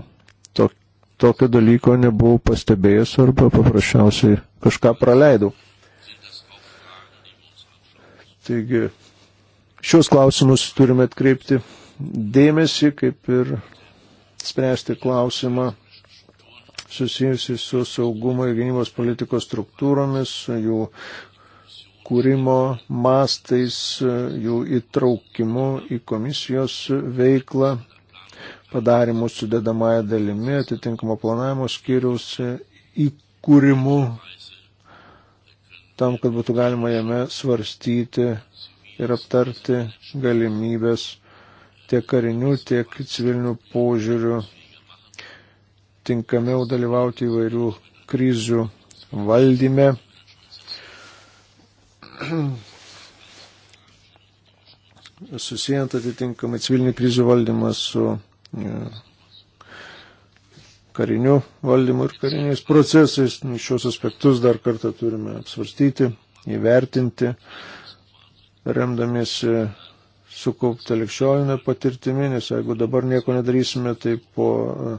tokio dalyko nebuvau pastebėjęs arba paprasčiausiai kažką praleidau. Taigi, šios klausimus turime atkreipti dėmesį, kaip ir spręsti klausimą susijusi su saugumo ir gynybos politikos struktūromis, jų kūrimo mastais, jų įtraukimu į komisijos veiklą padarimų sudėdamąją dalimi, atitinkamo planavimo skyriaus įkūrimu, tam, kad būtų galima jame svarstyti ir aptarti galimybės tiek karinių, tiek civilinių požiūrių tinkamiau dalyvauti įvairių krizių valdyme. Susijęs atitinkamai civilinį krizių valdymą su kariniu valdymu ir kariniais procesais. Šios aspektus dar kartą turime apsvarstyti, įvertinti, remdamiesi sukauptą likščiolinę patirtimį, nes jeigu dabar nieko nedarysime, tai po e,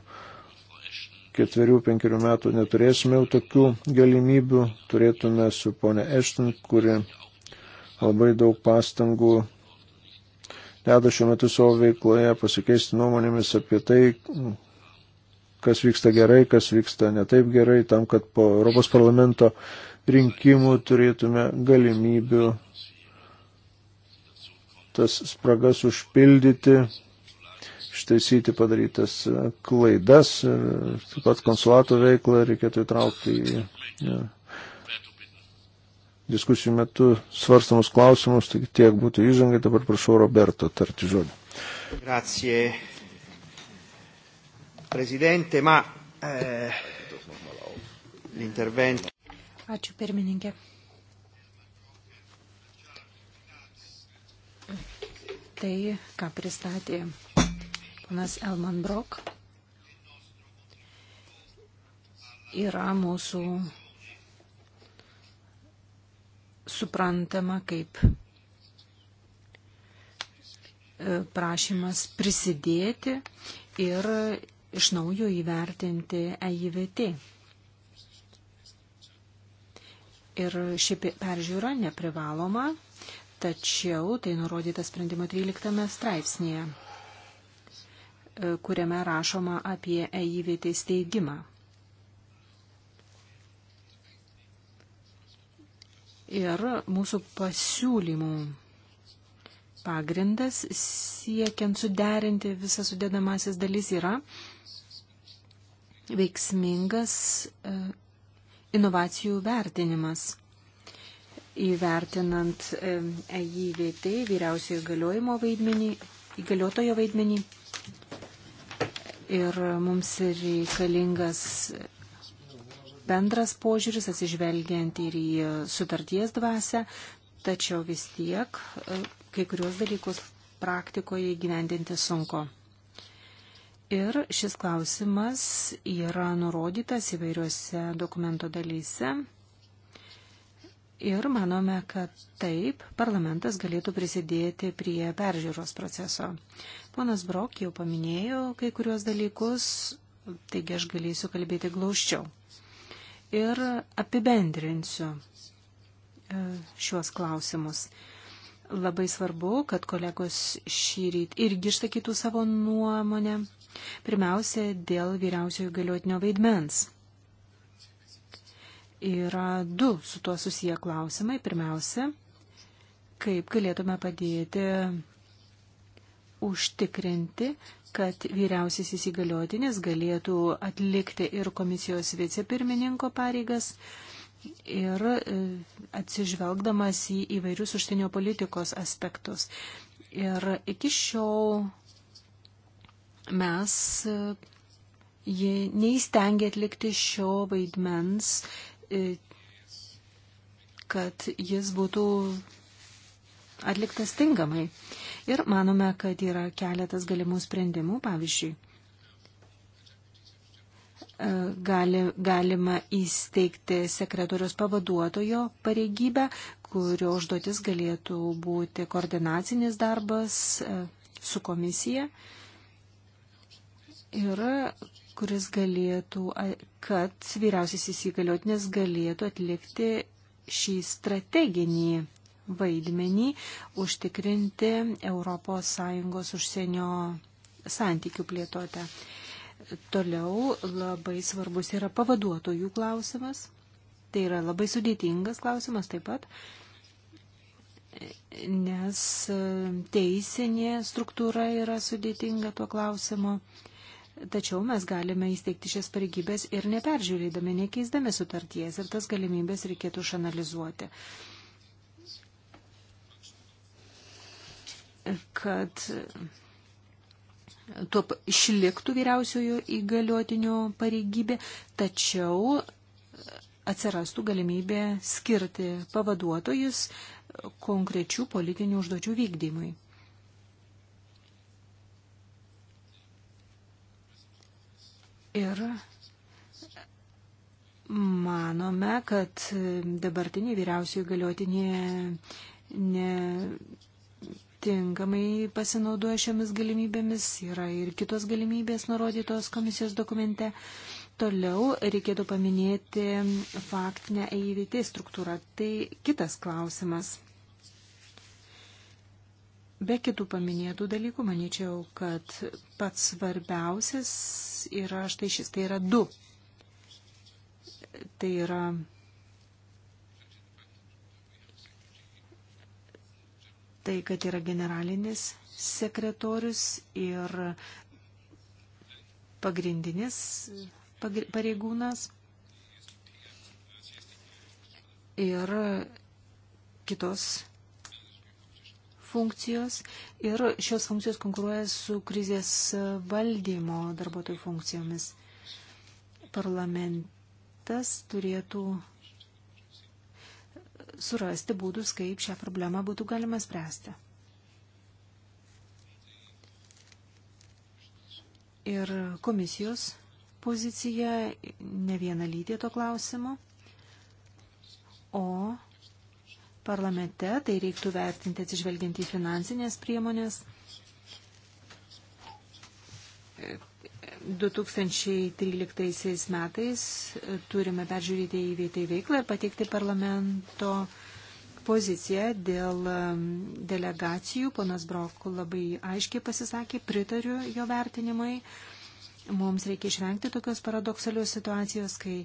ketverių, penkerių metų neturėsime jau tokių galimybių, turėtume su ponė Ešton, kuri labai daug pastangų deda šiuo metu savo veikloje, pasikeisti nuomonėmis apie tai, kas vyksta gerai, kas vyksta netaip gerai, tam, kad po Europos parlamento rinkimų turėtume galimybių tas spragas užpildyti, ištaisyti padarytas klaidas ir taip pat konsulato veiklą reikėtų įtraukti į ja, diskusijų metu svarstamus klausimus, tai tiek būtų įžangai, dabar prašau Roberto tarti žodį. Grazie, prezidente, ma eh, l'intervento.
Ačiū pirmininkė. Tai, ką pristatė ponas Elman Brok, yra mūsų suprantama kaip e, prašymas prisidėti ir iš naujo įvertinti EIVT. Ir ši peržiūra neprivaloma, tačiau tai nurodyta sprendimo 13 straipsnėje, e, kuriame rašoma apie EIVT steigimą. Ir mūsų pasiūlymų pagrindas siekiant suderinti visas sudėdamasis dalis yra veiksmingas e, inovacijų vertinimas. Įvertinant EIVT e vyriausiojo įgaliojimo vaidmenį, įgaliotojo vaidmenį ir mums reikalingas bendras požiūris atsižvelgiant ir į sutarties dvasę, tačiau vis tiek e, kai kurios dalykus praktikoje įgyvendinti sunku. Ir šis klausimas yra nurodytas įvairiuose dokumento dalyse. Ir manome, kad taip parlamentas galėtų prisidėti prie peržiūros proceso. Ponas Brok jau paminėjo kai kuriuos dalykus, taigi aš galėsiu kalbėti glaučiau ir apibendrinsiu e, šiuos klausimus. Labai svarbu, kad kolegos šį rytį irgi išsakytų savo nuomonę. Pirmiausia, dėl vyriausiojo galiotinio vaidmens. Yra du su tuo susiję klausimai. Pirmiausia, kaip galėtume padėti užtikrinti, kad vyriausiasis įgaliotinis galėtų atlikti ir komisijos vicepirmininko pareigas ir e, atsižvelgdamas į įvairius užsienio politikos aspektus. Ir iki šiol mes e, ji neįstengia atlikti šio vaidmens, e, kad jis būtų atliktas tinkamai ir manome, kad yra keletas galimų sprendimų, pavyzdžiui. E, gali, galima įsteigti sekretorius pavaduotojo pareigybę, kurio užduotis galėtų būti koordinacinis darbas e, su komisija ir kuris galėtų, kad vyriausiasis įgaliotinis galėtų atlikti šį strateginį vaidmenį užtikrinti ES užsienio santykių plėtotę. Toliau labai svarbus yra pavaduotojų klausimas. Tai yra labai sudėtingas klausimas taip pat, nes teisinė struktūra yra sudėtinga tuo klausimu. Tačiau mes galime įsteigti šias pareigybės ir neperžiūrėdami, nekeisdami sutarties ir tas galimybės reikėtų išanalizuoti. kad tuo išliktų vyriausiojo įgaliotinio pareigybė, tačiau atsirastų galimybė skirti pavaduotojus konkrečių politinių užduočių vykdymui. Ir manome, kad dabartinė vyriausioji galiotinė ne, tinkamai pasinaudoja šiomis galimybėmis, yra ir kitos galimybės nurodytos komisijos dokumente. Toliau reikėtų paminėti faktinę EIVT struktūrą. Tai kitas klausimas. Be kitų paminėtų dalykų, manyčiau, kad pats svarbiausias yra štai šis. Tai yra du. Tai yra tai, kad yra generalinis sekretorius ir pagrindinis pareigūnas ir kitos funkcijos ir šios funkcijos konkuruoja su krizės valdymo darbuotojų funkcijomis. Parlamentas turėtų surasti būdus, kaip šią problemą būtų galima spręsti. Ir komisijos pozicija ne viena lydė to klausimo, o parlamente tai reiktų vertinti atsižvelgiant į finansinės priemonės 2013 metais turime peržiūrėti įveitą į veiklą ir pateikti parlamento poziciją dėl um, delegacijų. Ponas Brok labai aiškiai pasisakė, pritariu jo vertinimai. Mums reikia išvengti tokios paradoksalios situacijos, kai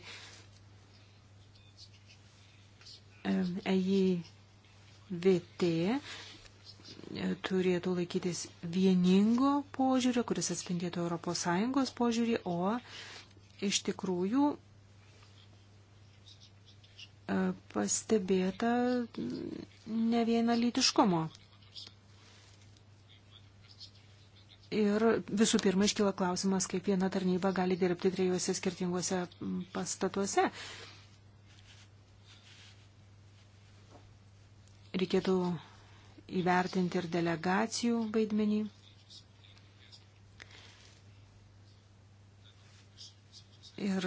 um, EIVT E, turėtų laikytis vieningo požiūrio, kuris atspindėtų ES požiūrį, o iš tikrųjų e, pastebėta ne viena lytiškumo. Ir visų pirma iškyla klausimas, kaip viena tarnyba gali dirbti trijuose skirtinguose pastatuose. Reikėtų įvertinti ir delegacijų vaidmenį. Ir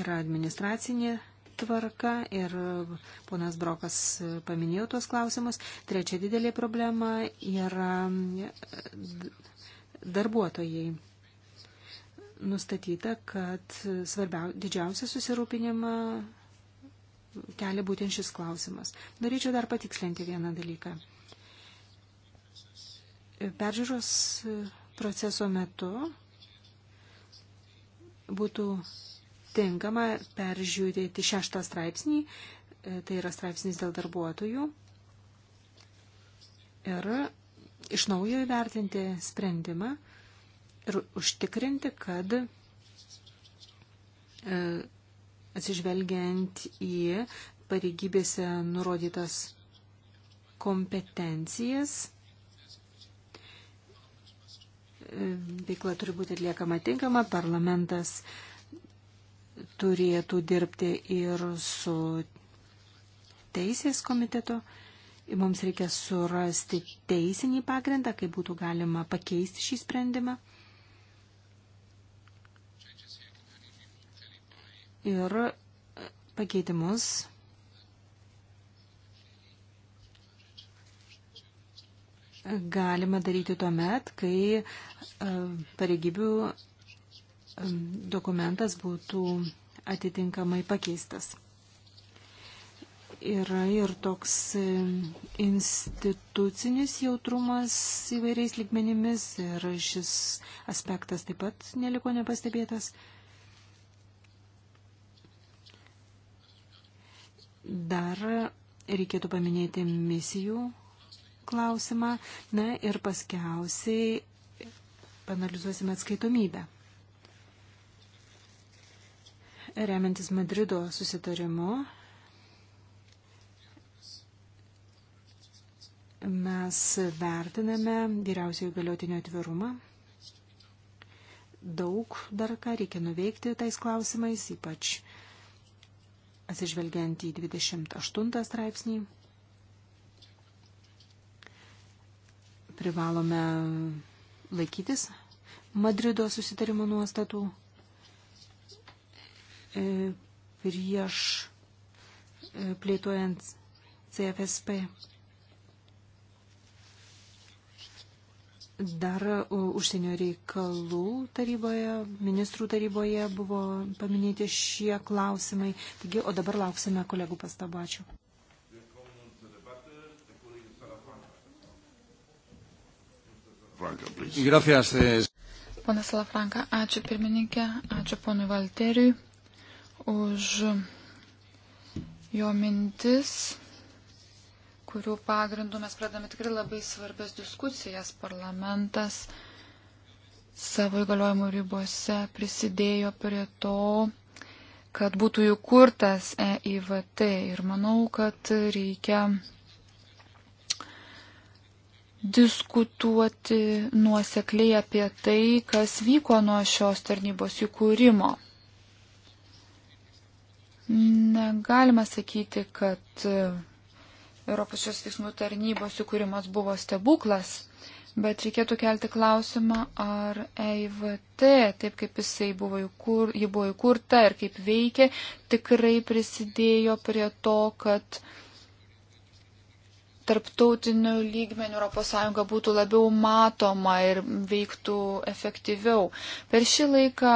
yra administracinė tvarka ir ponas Brokas paminėjo tuos klausimus. Trečia didelė problema yra darbuotojai. Nustatyta, kad svarbiau, didžiausia susirūpinimą kelia būtent šis klausimas. Norėčiau dar patikslinti vieną dalyką peržiūros proceso metu būtų tinkama peržiūrėti šeštą straipsnį, e, tai yra straipsnis dėl darbuotojų, ir iš naujo įvertinti sprendimą ir užtikrinti, kad e, atsižvelgiant į pareigybėse nurodytas kompetencijas, veikla turi būti atliekama tinkama, parlamentas turėtų dirbti ir su teisės komitetu. Mums reikia surasti teisinį pagrindą, kaip būtų galima pakeisti šį sprendimą. Ir pakeitimus galima daryti tuo met, kai e, pareigybių e, dokumentas būtų atitinkamai pakeistas. Yra ir toks e, institucinis jautrumas įvairiais lygmenimis ir šis aspektas taip pat neliko nepastebėtas. Dar reikėtų paminėti misijų klausimą. Na ir paskiausiai panalizuosime atskaitomybę. Remiantis Madrido susitarimu, mes vertiname vyriausiojo galiotinio atvirumą. Daug dar ką reikia nuveikti tais klausimais, ypač atsižvelgiant į 28 straipsnį. privalome laikytis Madrido susitarimo nuostatų e, prieš e, plėtojant CFSP. Dar e, užsienio reikalų taryboje, ministrų taryboje buvo paminėti šie klausimai. Taigi, o dabar lauksime kolegų pastabačių.
Gracias. Eh,
Pana Salafranka, ačiū pirmininkė, ačiū ponui Valteriui už jo mintis, kurių pagrindų mes pradame tikrai labai svarbės diskusijas. Parlamentas savo įgaliojimų ribose prisidėjo prie to, kad būtų įkurtas EIVT ir manau, kad reikia diskutuoti nuosekliai apie tai, kas vyko nuo šios tarnybos įkūrimo. Negalima sakyti, kad e, Europos šios veiksmų tarnybos įkūrimas buvo stebuklas, bet reikėtų kelti klausimą, ar EIVT, taip kaip jisai buvo, įkur, ji buvo įkurta ir kaip veikė, tikrai prisidėjo prie to, kad tarptautiniu lygmeniu ES būtų labiau matoma ir veiktų efektyviau. Per šį laiką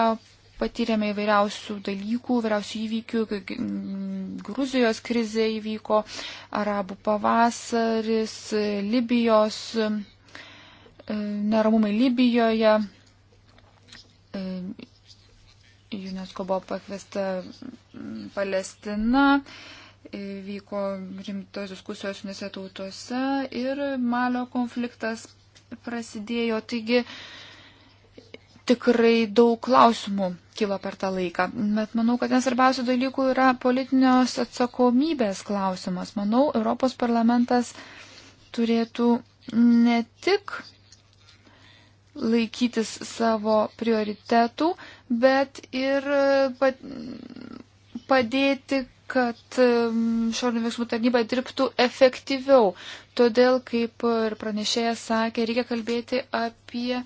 patyrėme įvairiausių dalykų, įvairiausių įvykių, mm, Gruzijos krizė įvyko, arabų pavasaris, Libijos, e, neramumai Libijoje. E, UNESCO buvo pakviesta mm, Palestina vyko rimtos diskusijos jungtinėse tautose ir Malio konfliktas prasidėjo. Taigi tikrai daug klausimų kilo per tą laiką. Bet manau, kad nesvarbiausių dalykų yra politinės atsakomybės klausimas. Manau, Europos parlamentas turėtų ne tik laikytis savo prioritetų, bet ir padėti kad šornių veiksmų tarnyba dirbtų efektyviau. Todėl, kaip ir pranešėjas sakė, reikia kalbėti apie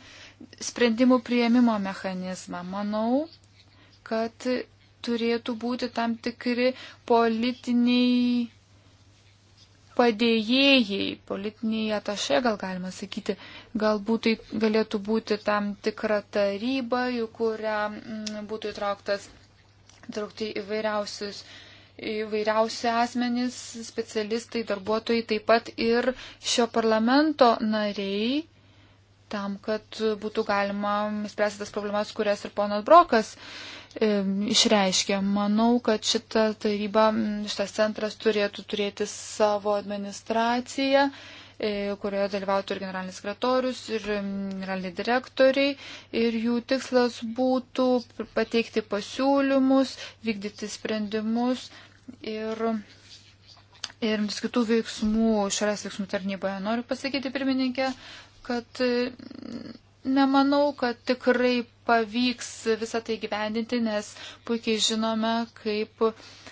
sprendimų prieimimo mechanizmą. Manau, kad turėtų būti tam tikri politiniai padėjėjai, politiniai atašė, gal galima sakyti, galbūt tai galėtų būti tam tikra taryba, į kurią mm, būtų įtrauktas traukti įvairiausius uh, įvairiausi asmenys, specialistai, darbuotojai, taip pat ir šio parlamento nariai, tam, kad būtų galima spręsti tas problemas, kurias ir ponas Brokas e, išreiškė. Manau, kad šita taryba, šitas centras turėtų turėti savo administraciją e, kurioje dalyvautų ir generalinis sekretorius, ir generaliniai direktoriai, ir jų tikslas būtų pateikti pasiūlymus, vykdyti sprendimus ir, ir kitų veiksmų šalies veiksmų tarnyboje. Noriu pasakyti, pirmininkė, kad mm, nemanau, kad tikrai pavyks visą tai gyvendinti, nes puikiai žinome, kaip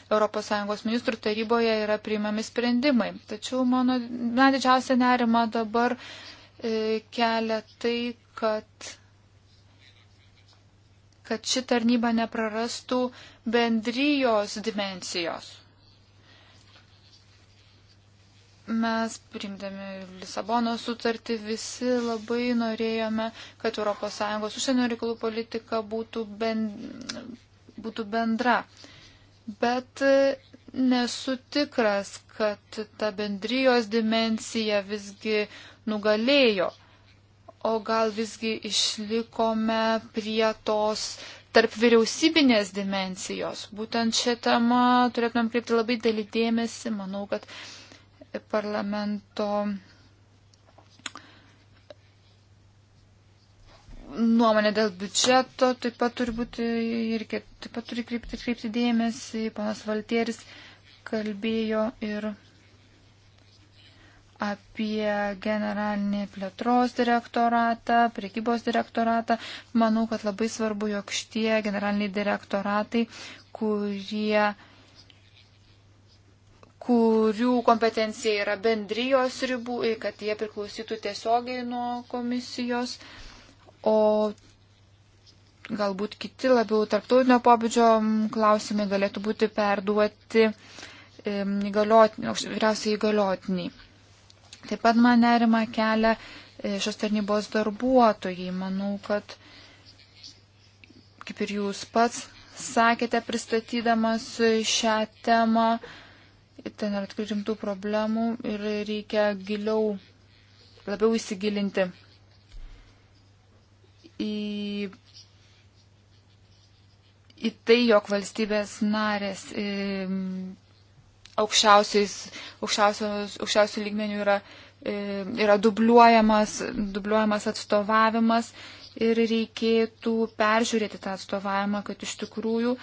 ES ministrų taryboje yra priimami sprendimai. Tačiau mano na, didžiausia nerima dabar e, kelia tai, kad kad ši tarnyba neprarastų bendrijos dimensijos. Mes, primdami Lisabono sutartį, visi labai norėjome, kad ES užsienio reikalų politika būtų, ben, būtų bendra. Bet e, nesu tikras, kad ta bendrijos dimensija visgi nugalėjo o gal visgi išlikome prie tos tarp vyriausybinės dimencijos. Būtent šią temą turėtumėm kreipti labai dėlį dėmesį. Manau, kad parlamento nuomonė dėl biudžeto taip pat turi būti ir taip pat turi kreipti, kreipti dėmesį. Panas Valtieris kalbėjo ir apie generalinį plėtros direktoratą, priekybos direktoratą. Manau, kad labai svarbu, jog šitie generaliniai direktoratai, kurie kurių kompetencija yra bendrijos ribų, kad jie priklausytų tiesiogiai nuo komisijos, o galbūt kiti labiau tarptautinio pobūdžio klausimai galėtų būti perduoti vyriausiai įgaliotiniai. Taip pat man nerima kelia e, šios tarnybos darbuotojai. Manau, kad kaip ir jūs pats sakėte, pristatydamas šią temą, ten yra tikrai rimtų problemų ir reikia giliau, labiau įsigilinti į, į tai, jog valstybės narės. E, aukščiausių lygmenių yra, e, yra dubliuojamas, dubliuojamas atstovavimas ir reikėtų peržiūrėti tą atstovavimą, kad iš tikrųjų e,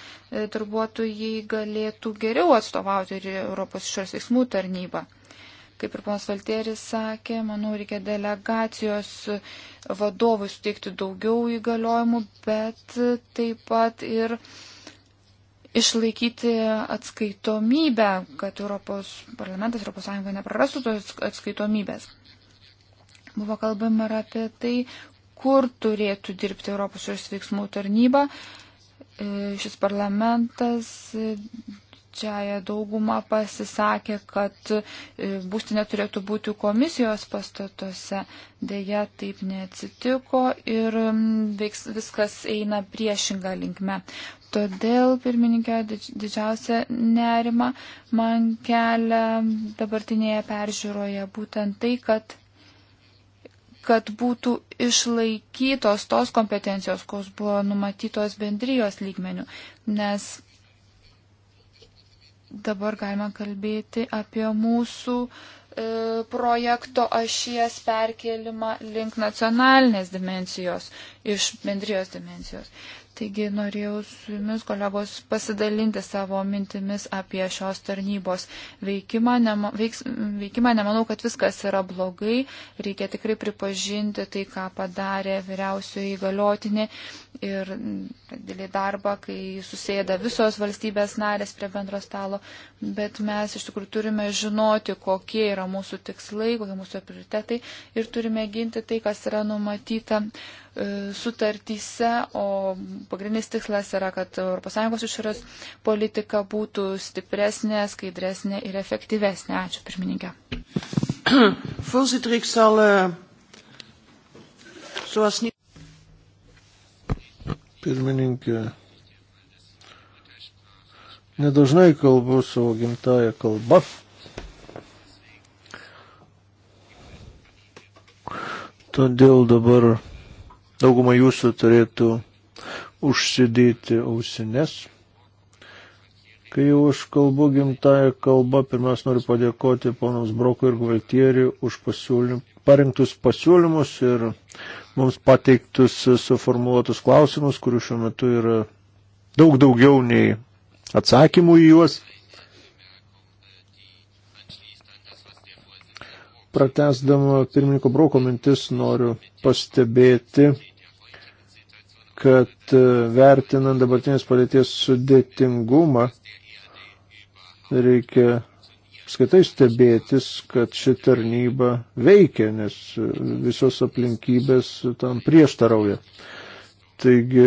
darbuotojai galėtų geriau atstovauti ir Europos išorės veiksmų tarnybą. Kaip ir ponas Valteris sakė, manau, reikia delegacijos vadovui suteikti daugiau įgaliojimų, bet taip pat ir uh, išlaikyti atskaitomybę, kad Europos parlamentas, Europos Sąjunga neprarastų tos atskaitomybės. Buvo kalbama ir apie tai, kur turėtų dirbti Europos šios veiksmų tarnyba. E, šis parlamentas e, didžiaja dauguma pasisakė, kad e, būstinė turėtų būti komisijos pastatuose. Deja, taip neatsitiko ir veiks, viskas eina priešingą linkme. Todėl, pirmininkė, didžiausia nerima man kelia dabartinėje peržiūroje būtent tai, kad, kad būtų išlaikytos tos kompetencijos, kos buvo numatytos bendrijos lygmenių. Nes dabar galima kalbėti apie mūsų e, projekto ašies perkelimą link nacionalinės dimensijos, iš bendrijos dimensijos. Taigi norėjau su jumis, kolegos, pasidalinti savo mintimis apie šios tarnybos veikimą. Nema, veiks, veikimą nemanau, kad viskas yra blogai. Reikia tikrai pripažinti tai, ką padarė vyriausioji įgaliotinė ir didelį darbą, kai susėda visos valstybės narės prie bendro stalo, bet mes iš tikrųjų turime žinoti, kokie yra mūsų tikslai, kokie mūsų prioritetai ir turime ginti tai, kas yra numatyta e, sutartyse, o pagrindinis tikslas yra, kad ES išorės politika būtų stipresnė, skaidresnė ir efektyvesnė. Ačiū, pirmininkė.
Voorzitter, ik zal uh, zoals niet pirmininkė. Nedažnai kalbu savo gimtają kalbą. Todėl dabar dauguma jūsų turėtų užsidėti ausines. Kai jau aš kalbu gimtają kalbą, pirmiausia noriu padėkoti ponams Brokui ir Gvaltieriui už pasiūlym, parinktus pasiūlymus ir mums pateiktus e, suformuotus klausimus, kurių šiuo metu yra daug daugiau nei atsakymų į juos. Pratesdama pirmininko broko mintis noriu pastebėti, kad e, vertinant dabartinės padėties sudėtingumą reikia skaitai stebėtis, kad ši tarnyba veikia, nes visos aplinkybės tam prieštarauja. Taigi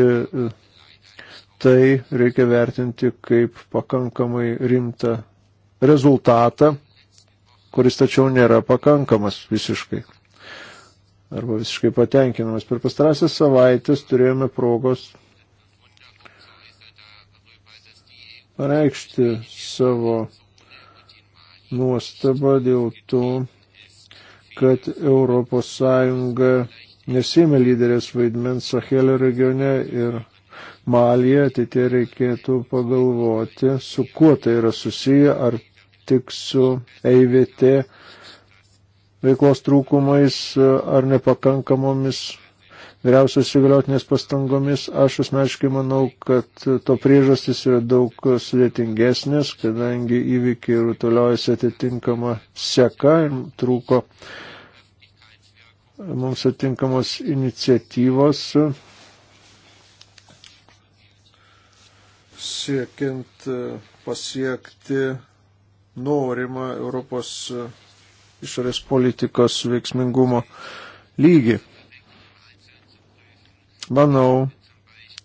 tai reikia vertinti kaip pakankamai rimtą rezultatą, kuris tačiau nėra pakankamas visiškai arba visiškai patenkinamas. Per pastarąsias savaitės turėjome progos pareikšti savo nuostabą dėl to, kad ES nesime lyderės vaidmens Sahelio regione ir Malija, ateitie reikėtų pagalvoti, su kuo tai yra susiję, ar tik su EIVT veiklos trūkumais, ar nepakankamomis vyriausios įgaliotinės pastangomis. Aš asmeniškai manau, kad to priežastis yra daug sudėtingesnės, kadangi įvykiai rutuliojasi atitinkama seka ir trūko mums atitinkamos iniciatyvos siekiant e, pasiekti norimą Europos e, išorės politikos veiksmingumo lygį. Manau,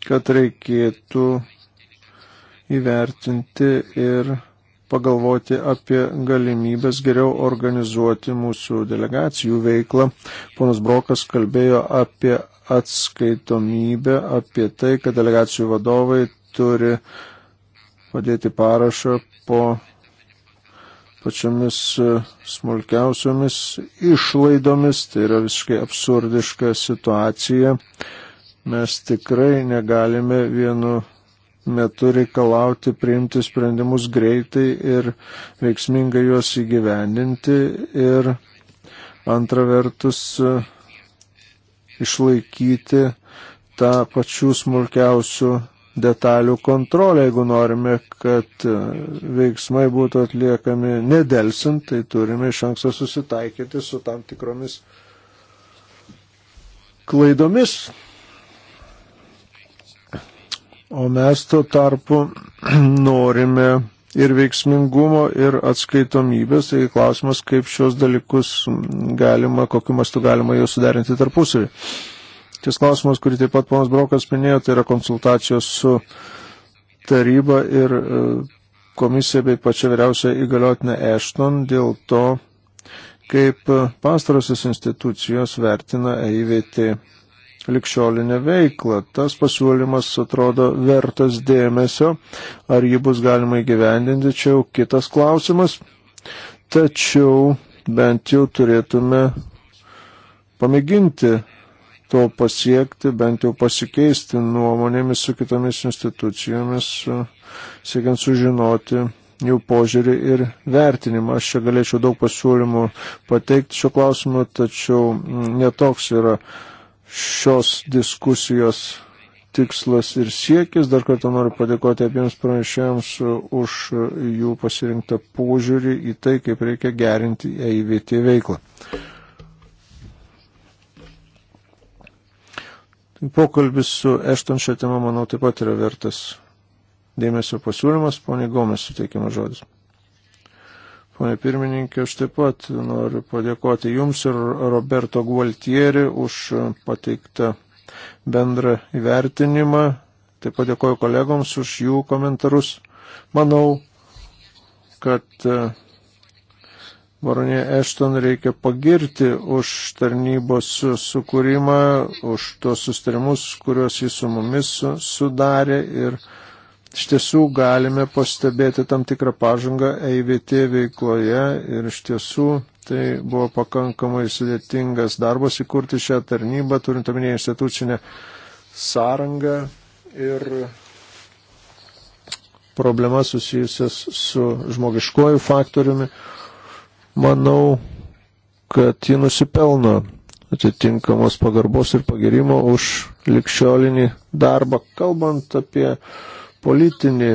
kad reikėtų įvertinti ir pagalvoti apie galimybės geriau organizuoti mūsų delegacijų veiklą. Ponas Brokas kalbėjo apie atskaitomybę, apie tai, kad delegacijų vadovai turi padėti parašą po pačiomis smulkiausiomis išlaidomis. Tai yra visiškai absurdiška situacija. Uh, Mes tikrai negalime vienu metu reikalauti priimti sprendimus greitai ir veiksmingai juos įgyvendinti ir antra vertus išlaikyti tą pačių smulkiausių detalių kontrolę, jeigu norime, kad veiksmai būtų atliekami nedelsint, tai turime iš anksto susitaikyti su tam tikromis klaidomis O mes tuo tarpu [clears throat] norime ir veiksmingumo, ir atskaitomybės. Tai klausimas, kaip šios dalykus galima, kokiu mastu galima juos suderinti tarpusavį. Ties klausimas, kurį taip pat ponas Brokas minėjo, tai yra konsultacijos su taryba ir e, komisija bei pačia vyriausia įgaliotinė Ešton dėl to, kaip e, pastarosios institucijos vertina EIVT likščiolinę veiklą. Tas pasiūlymas atrodo vertas dėmesio, ar jį bus galima įgyvendinti, čia jau kitas klausimas. Tačiau bent jau turėtume pamėginti to pasiekti, bent jau pasikeisti nuomonėmis su kitomis institucijomis, siekiant sužinoti jų požiūrį ir vertinimą. Aš čia galėčiau daug pasiūlymų pateikti šio klausimu, tačiau mm, netoks yra uh, šios diskusijos tikslas ir siekis. Dar kartą noriu padėkoti abiems pranešėjams už jų pasirinktą požiūrį į tai, kaip reikia gerinti EIVT veiklą. Pokalbis su Ešton šią temą, manau, taip pat yra vertas dėmesio pasiūlymas. Pone Gomes suteikimas žodis. Pane pirmininkė, aš taip pat noriu padėkoti Jums ir Roberto Gualtieri už pateiktą bendrą įvertinimą. Taip pat dėkoju kolegoms už jų komentarus. Manau, kad e, Baronė Ešton reikia pagirti už tarnybos sukūrimą, už tos sustarimus, kuriuos jis su mumis sudarė ir iš tiesų galime pastebėti tam tikrą pažangą EIVT veikloje ir iš tiesų tai buvo pakankamai sudėtingas darbas įkurti šią tarnybą, turint omenyje institucinę sąrangą ir problemas susijusias su žmogiškuoju faktoriumi. Manau, kad ji nusipelno atitinkamos pagarbos ir pagirimo už likščiolinį darbą, kalbant apie politinį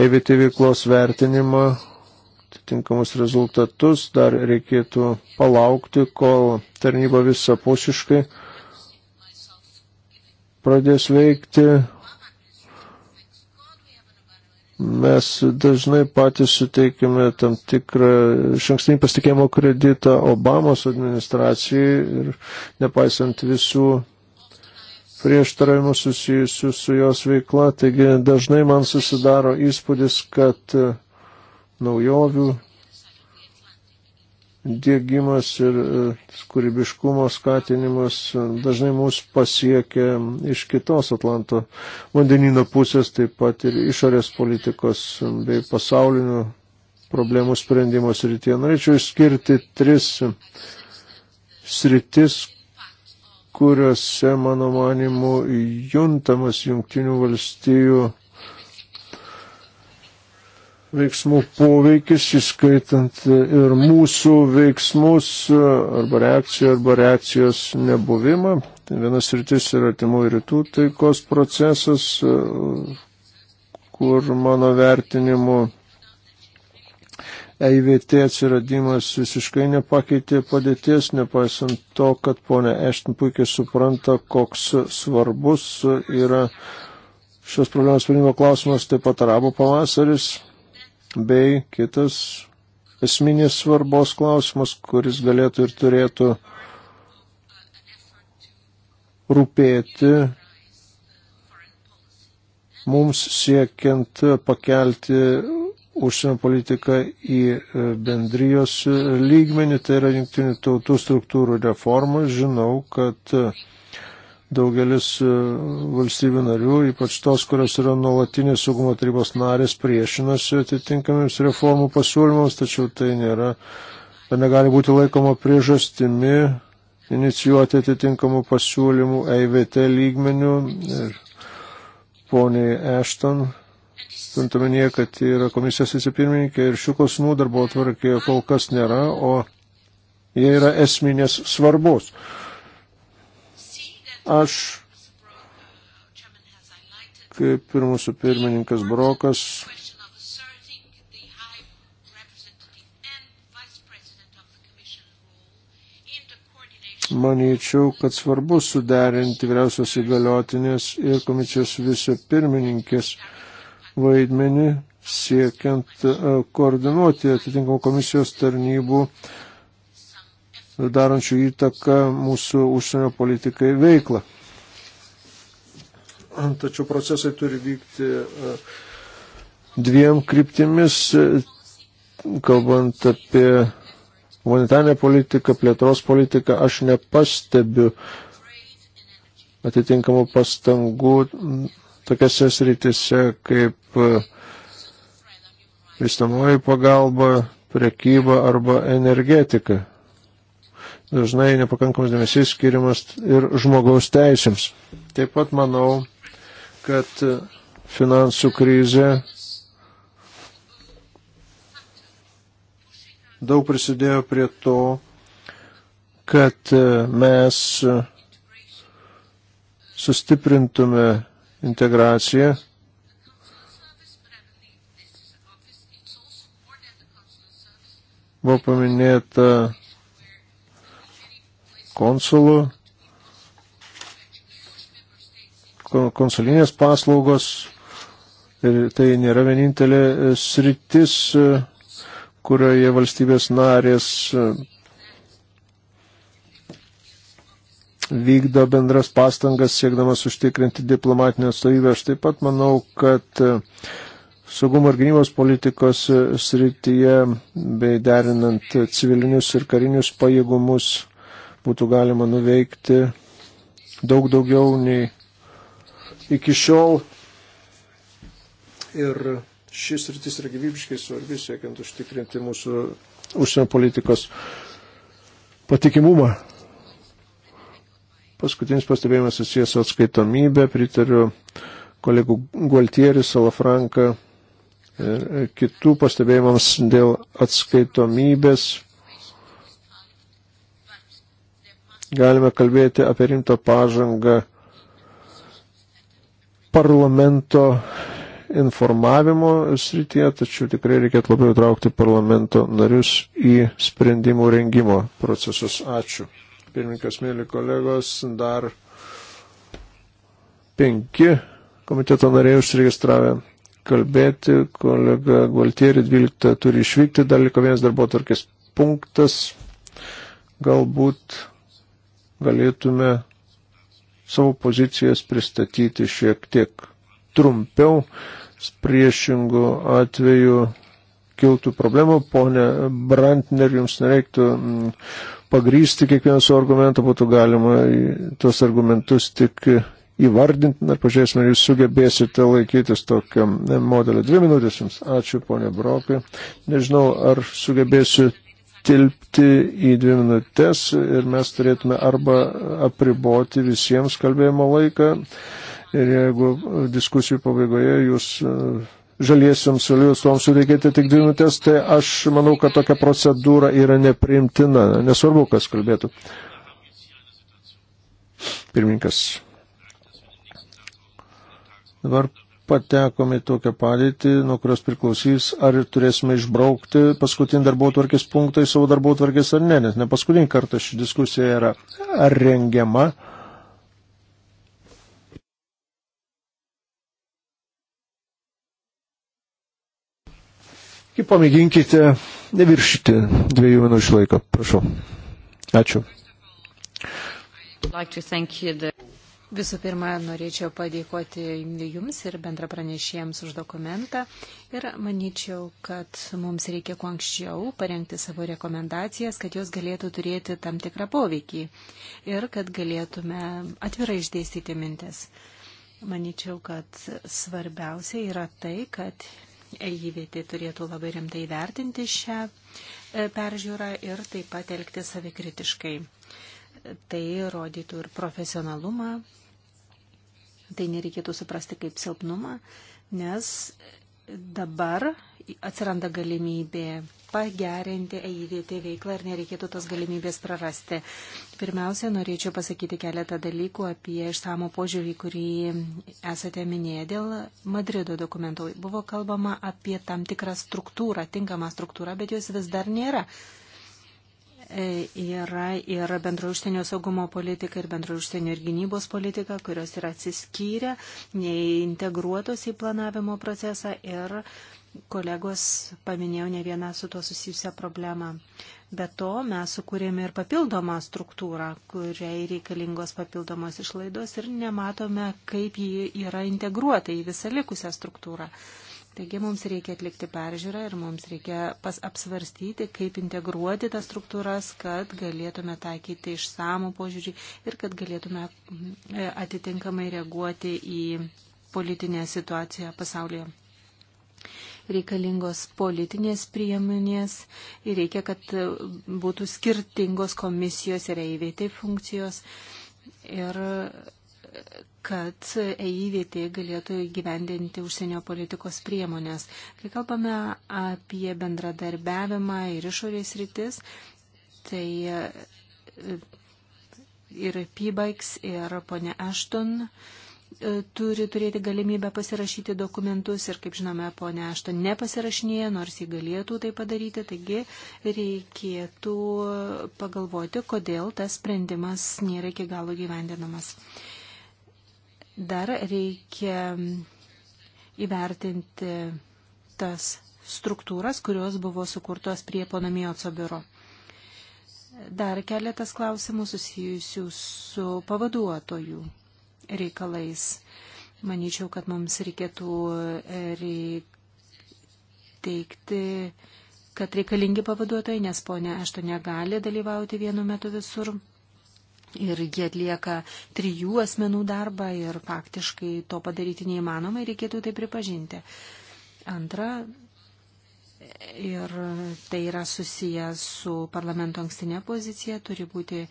EVT veiklos vertinimą, atitinkamus rezultatus, dar reikėtų palaukti, kol tarnyba visapusiškai pradės veikti. Mes dažnai patys suteikime tam tikrą šankstinį pasitikėjimo kreditą Obamos administracijai ir nepaisant visų prieštaravimų susijusių su jos veikla, taigi dažnai man susidaro įspūdis, kad e, naujovių dėgymas ir e, kūrybiškumo skatinimas dažnai mus pasiekia iš kitos Atlanto vandenino pusės, taip pat ir išorės politikos bei pasaulinių problemų sprendimo srityje. Norėčiau išskirti tris sritis, kuriuose, mano manimu, juntamas jungtinių valstijų veiksmų poveikis, įskaitant ir mūsų veiksmus arba reakcijų arba reakcijos nebuvimą. Tai vienas rytis yra timų rytų taikos procesas, kur mano vertinimu EIVT atsiradimas visiškai nepakeitė padėties, nepaisant to, kad ponė Ešten puikiai supranta, koks svarbus yra šios problemos sprendimo klausimas, taip pat arabo pavasaris bei kitas esminės svarbos klausimas, kuris galėtų ir turėtų rūpėti mums siekiant pakelti užsienio politiką į e, bendrijos e, lygmenį, tai yra jungtinių tautų struktūrų reforma. Žinau, kad e, daugelis valstybių narių, ypač tos, kurios yra nuolatinės saugumo tarybos narės, priešinasi atitinkamiems reformų pasiūlymams, tačiau tai nėra, tai negali būti laikoma priežastimi inicijuoti atitinkamų pasiūlymų EIVT lygmenių. Ir poniai Ešton Turintuomenyje, kad yra komisijos vicepirmininkė ir šių klausimų darbo atvarkėje kol kas nėra, o jie yra esminės svarbos. Aš, kaip ir mūsų pirmininkas Brokas, manyčiau, kad svarbu suderinti vyriausios įgaliotinės ir komisijos vicepirmininkės pirmininkės vaidmenį siekiant e, koordinuoti atitinkamų komisijos tarnybų darančių įtaką mūsų užsienio politikai veiklą. Tačiau procesai turi vykti e, dviem kryptimis, kalbant apie humanitarnę politiką, plėtros politiką, aš nepastebiu atitinkamų pastangų tokiose sritise kaip e, vystamoji pagalba, prekyba arba energetika. Dažnai nepakankamas dėmesys skiriamas ir žmogaus teisėms. Taip pat manau, kad e, finansų krizė daug prisidėjo prie to, kad e, mes sustiprintume integracija. Buvo paminėta konsulų, konsulinės paslaugos ir tai nėra vienintelė sritis, kurioje valstybės narės vykdo bendras pastangas siekdamas užtikrinti diplomatinę atstovybę. Aš taip pat manau, kad e, saugumo ir gynybos politikos e, srityje bei derinant civilinius ir karinius pajėgumus būtų galima nuveikti daug daugiau nei iki šiol. Ir šis rytis yra gyvybiškai svarbi, siekiant užtikrinti mūsų užsienio politikos patikimumą. Paskutinis pastebėjimas susijęs su atskaitomybė, pritariu kolegų Gualtieri, Salafranka ir kitų pastebėjimams dėl atskaitomybės. Galime kalbėti apie rimto pažangą parlamento informavimo srityje, tačiau tikrai reikėtų labiau traukti parlamento narius į sprendimų rengimo procesus. Ačiū pirmininkas, mėly kolegos, dar penki komiteto nariai užsiregistravę kalbėti. Kolega Gualtieri 12 turi išvykti, dar liko vienas darbo tarkės punktas. Galbūt galėtume savo pozicijas pristatyti šiek tiek trumpiau, priešingų atveju kiltų problemų. Pone Brantner, jums nereiktų mm, pagrysti kiekvieną savo argumentą, būtų galima tuos argumentus tik įvardinti, ar pažiūrėsime, ar jūs sugebėsite laikytis tokio modelio. Dvi minutės jums. Ačiū, ponė Brokai. Nežinau, ar sugebėsiu tilpti į dvi minutės ir mes turėtume arba apriboti visiems kalbėjimo laiką ir jeigu diskusijų pabaigoje jūs žaliesiams atstovams suteikėte tik dvi minutės, tai aš manau, kad tokia procedūra yra neprimtina, nesvarbu, kas kalbėtų. Pirmininkas. Dabar patekome į tokią padėtį, nuo kurios priklausys, ar turėsime išbraukti paskutinį darbo tvarkės punktą į savo darbo tvarkės ar ne, nes ne paskutinį kartą ši diskusija yra rengiama Kaip pamėginkite neviršyti dviejų minučių laiko. Prašau. Ačiū.
Visų pirma, norėčiau padėkoti Jums ir bendra pranešėjams už dokumentą ir manyčiau, kad mums reikia kuo anksčiau parengti savo rekomendacijas, kad jos galėtų turėti tam tikrą poveikį ir kad galėtume atvirai išdėstyti mintis. Manyčiau, kad svarbiausia yra tai, kad įvyti turėtų labai rimtai vertinti šią e, peržiūrą ir taip pat elgti savikritiškai. Tai rodytų ir profesionalumą, tai nereikėtų suprasti kaip silpnumą, nes dabar atsiranda galimybė pagerinti EIVT veiklą ir nereikėtų tos galimybės prarasti. Pirmiausia, norėčiau pasakyti keletą dalykų apie išsamų požiūrį, kurį esate minėję dėl Madrido dokumentų. Buvo kalbama apie tam tikrą struktūrą, tinkamą struktūrą, bet jos vis dar nėra e, yra ir bendro užsienio saugumo politika ir bendro užsienio ir gynybos politika, kurios yra atsiskyrę, neintegruotos į planavimo procesą ir Kolegos paminėjo ne vieną su tuo susijusią problemą. Be to, mes sukūrėme ir papildomą struktūrą, kuriai reikalingos papildomos išlaidos ir nematome, kaip ji yra integruota į visą likusią struktūrą. Taigi mums reikia atlikti peržiūrą ir mums reikia pas apsvarstyti, kaip integruoti tas struktūras, kad galėtume taikyti išsamų požiūrį ir kad galėtume e, atitinkamai reaguoti į politinę situaciją pasaulyje reikalingos politinės priemonės ir reikia, kad būtų skirtingos komisijos ir EIVT funkcijos ir kad EIVT galėtų gyvendinti užsienio politikos priemonės. Kai kalbame apie bendradarbiavimą ir išorės rytis, tai e, ir Pybaiks, ir ponia Ashton E, turi turėti galimybę pasirašyti dokumentus ir, kaip žinome, ponia Ašto nepasirašinėja, nors jį galėtų tai padaryti, taigi reikėtų pagalvoti, kodėl tas sprendimas nėra iki galo gyvendinamas. Dar reikia įvertinti tas struktūras, kurios buvo sukurtos prie ponamijoco biuro. Dar keletas klausimų susijusių su pavaduotojų reikalais. Manyčiau, kad mums reikėtų e, teikti, kad reikalingi pavaduotojai, nes ponė Ašto negali dalyvauti vienu metu visur. Ir jie atlieka trijų asmenų darbą ir faktiškai to padaryti neįmanoma ir reikėtų tai pripažinti. Antra, ir tai yra susijęs su parlamento ankstinė pozicija, turi būti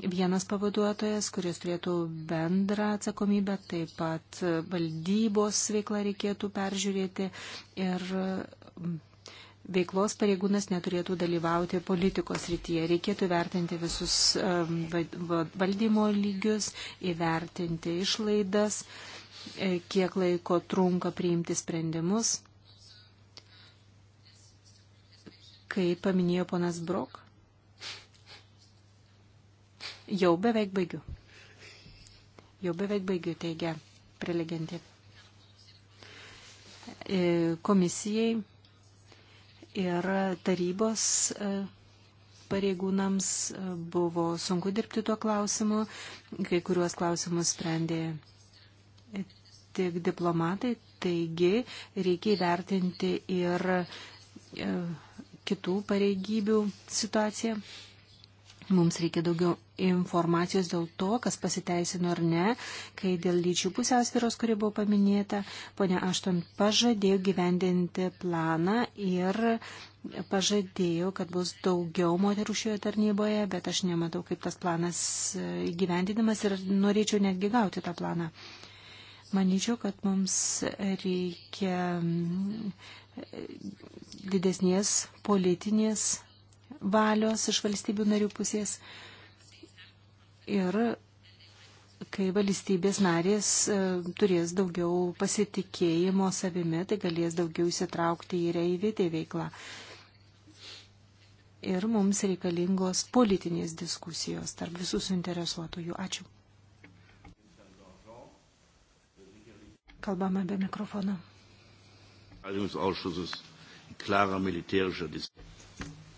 vienas pavaduotojas, kuris turėtų bendrą atsakomybę, taip pat valdybos veiklą reikėtų peržiūrėti ir mm, veiklos pareigūnas neturėtų dalyvauti politikos rytyje. Reikėtų vertinti visus mm, valdymo lygius, įvertinti išlaidas, e, kiek laiko trunka priimti sprendimus. Kaip paminėjo ponas Brok, Jau beveik baigiu. Jau beveik baigiu, teigia prelegentė. E, komisijai ir tarybos e, pareigūnams e, buvo sunku dirbti tuo klausimu, kai kuriuos klausimus sprendė tik diplomatai, taigi reikia įvertinti ir kitų pareigybių situaciją. Mums reikia daugiau informacijos dėl to, kas pasiteisino ar ne, kai dėl lyčių pusiausvėros, kuri buvo paminėta, ponia Ašton pažadėjo gyvendinti planą ir pažadėjo, kad bus daugiau moterų šioje tarnyboje, bet aš nematau, kaip tas planas e, įgyvendinamas ir norėčiau netgi gauti tą planą. Manyčiau, kad mums reikia didesnės politinės valios iš valstybių narių pusės ir kai valstybės narės e, turės daugiau pasitikėjimo savimi, tai galės daugiau įsitraukti į reivitį veiklą. Ir mums reikalingos politinės diskusijos tarp visų suinteresuotųjų. Ačiū. Kalbame be mikrofono.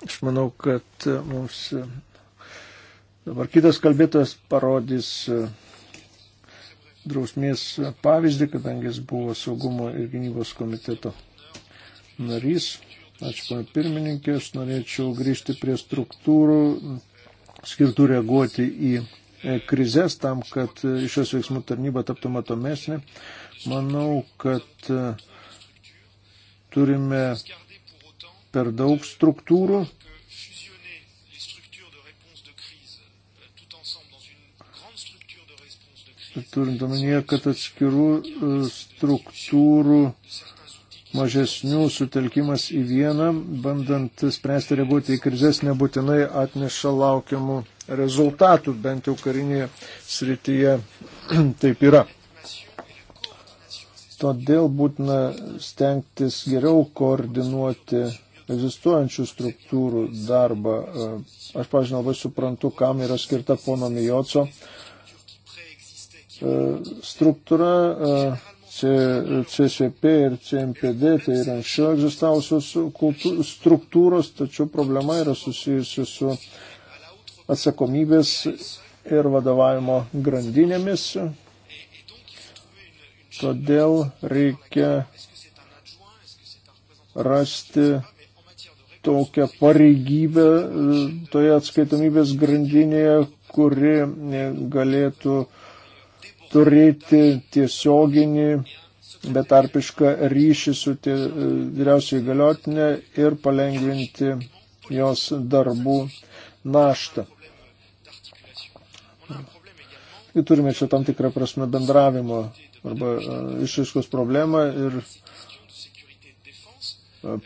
Aš manau, kad mums Dabar kitas kalbėtas parodys e, drausmės pavyzdį, kadangi jis buvo saugumo ir gynybos komiteto narys. Ačiū, pana pirmininkė, aš norėčiau grįžti prie struktūrų skirtų reaguoti į e, krizės tam, kad e, šios veiksmų tarnyba taptų matomesnė. Manau, kad turime per daug struktūrų, turint omenyje, kad atskirų e, struktūrų mažesnių sutelkimas į vieną, bandant spręsti reaguoti į krizės, nebūtinai atneša laukiamų rezultatų, bent jau karinėje srityje [clears throat] taip yra. Todėl būtina stengtis geriau koordinuoti egzistuojančių struktūrų darbą. E, aš, pažiūrėjau, labai suprantu, kam yra skirta pono Mijoco E, struktūra e, CCP ir CMPD, tai yra anksčiau egzistavusios struktūros, tačiau problema yra susijusi su atsakomybės ir vadovavimo grandinėmis. Todėl reikia rasti tokią pareigybę e, toje atskaitomybės grandinėje, kuri galėtų uh, turėti tiesioginį betarpišką ryšį su e, vyriausiai galiotinė ir palengvinti jos darbų naštą. Ir turime čia tam tikrą prasme bendravimo arba e, išaiškos problemą ir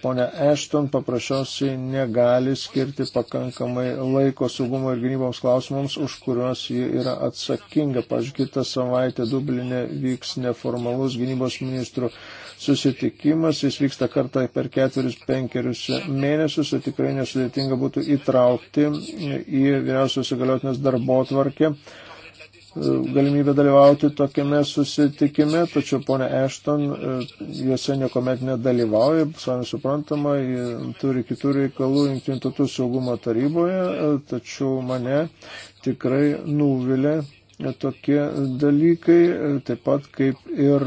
Pone Ešton paprasčiausiai negali skirti pakankamai laiko saugumo ir gynybos klausimams, už kuriuos ji yra atsakinga. Pavyzdžiui, kitą savaitę Dublinė vyks neformalus gynybos ministrų susitikimas. Jis vyksta kartą per ketverius, penkerius mėnesius ir tikrai nesudėtinga būtų įtraukti į vyriausios įgaliotinės darbo tvarkę galimybę dalyvauti tokiame susitikime, tačiau ponia Ešton e, juose niekuomet nedalyvauja, savai suprantama, turi kitų reikalų Junktinių tautų saugumo taryboje, e, tačiau mane tikrai nuvilė e, tokie dalykai, taip pat kaip ir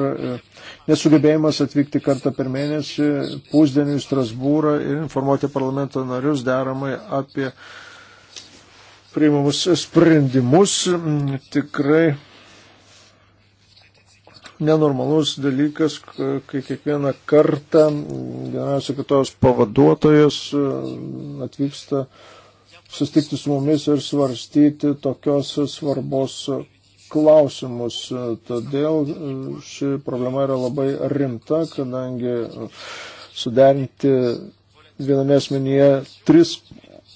nesugebėjimas atvykti kartą per mėnesį pusdienį į Strasbūrą ir informuoti parlamento narius deramai apie priimamus sprendimus. Tikrai nenormalus dalykas, kai kiekvieną kartą vienas kitos pavaduotojas atvyksta sustikti su mumis ir svarstyti tokios svarbos klausimus. Todėl ši problema yra labai rimta, kadangi suderinti viename asmenyje tris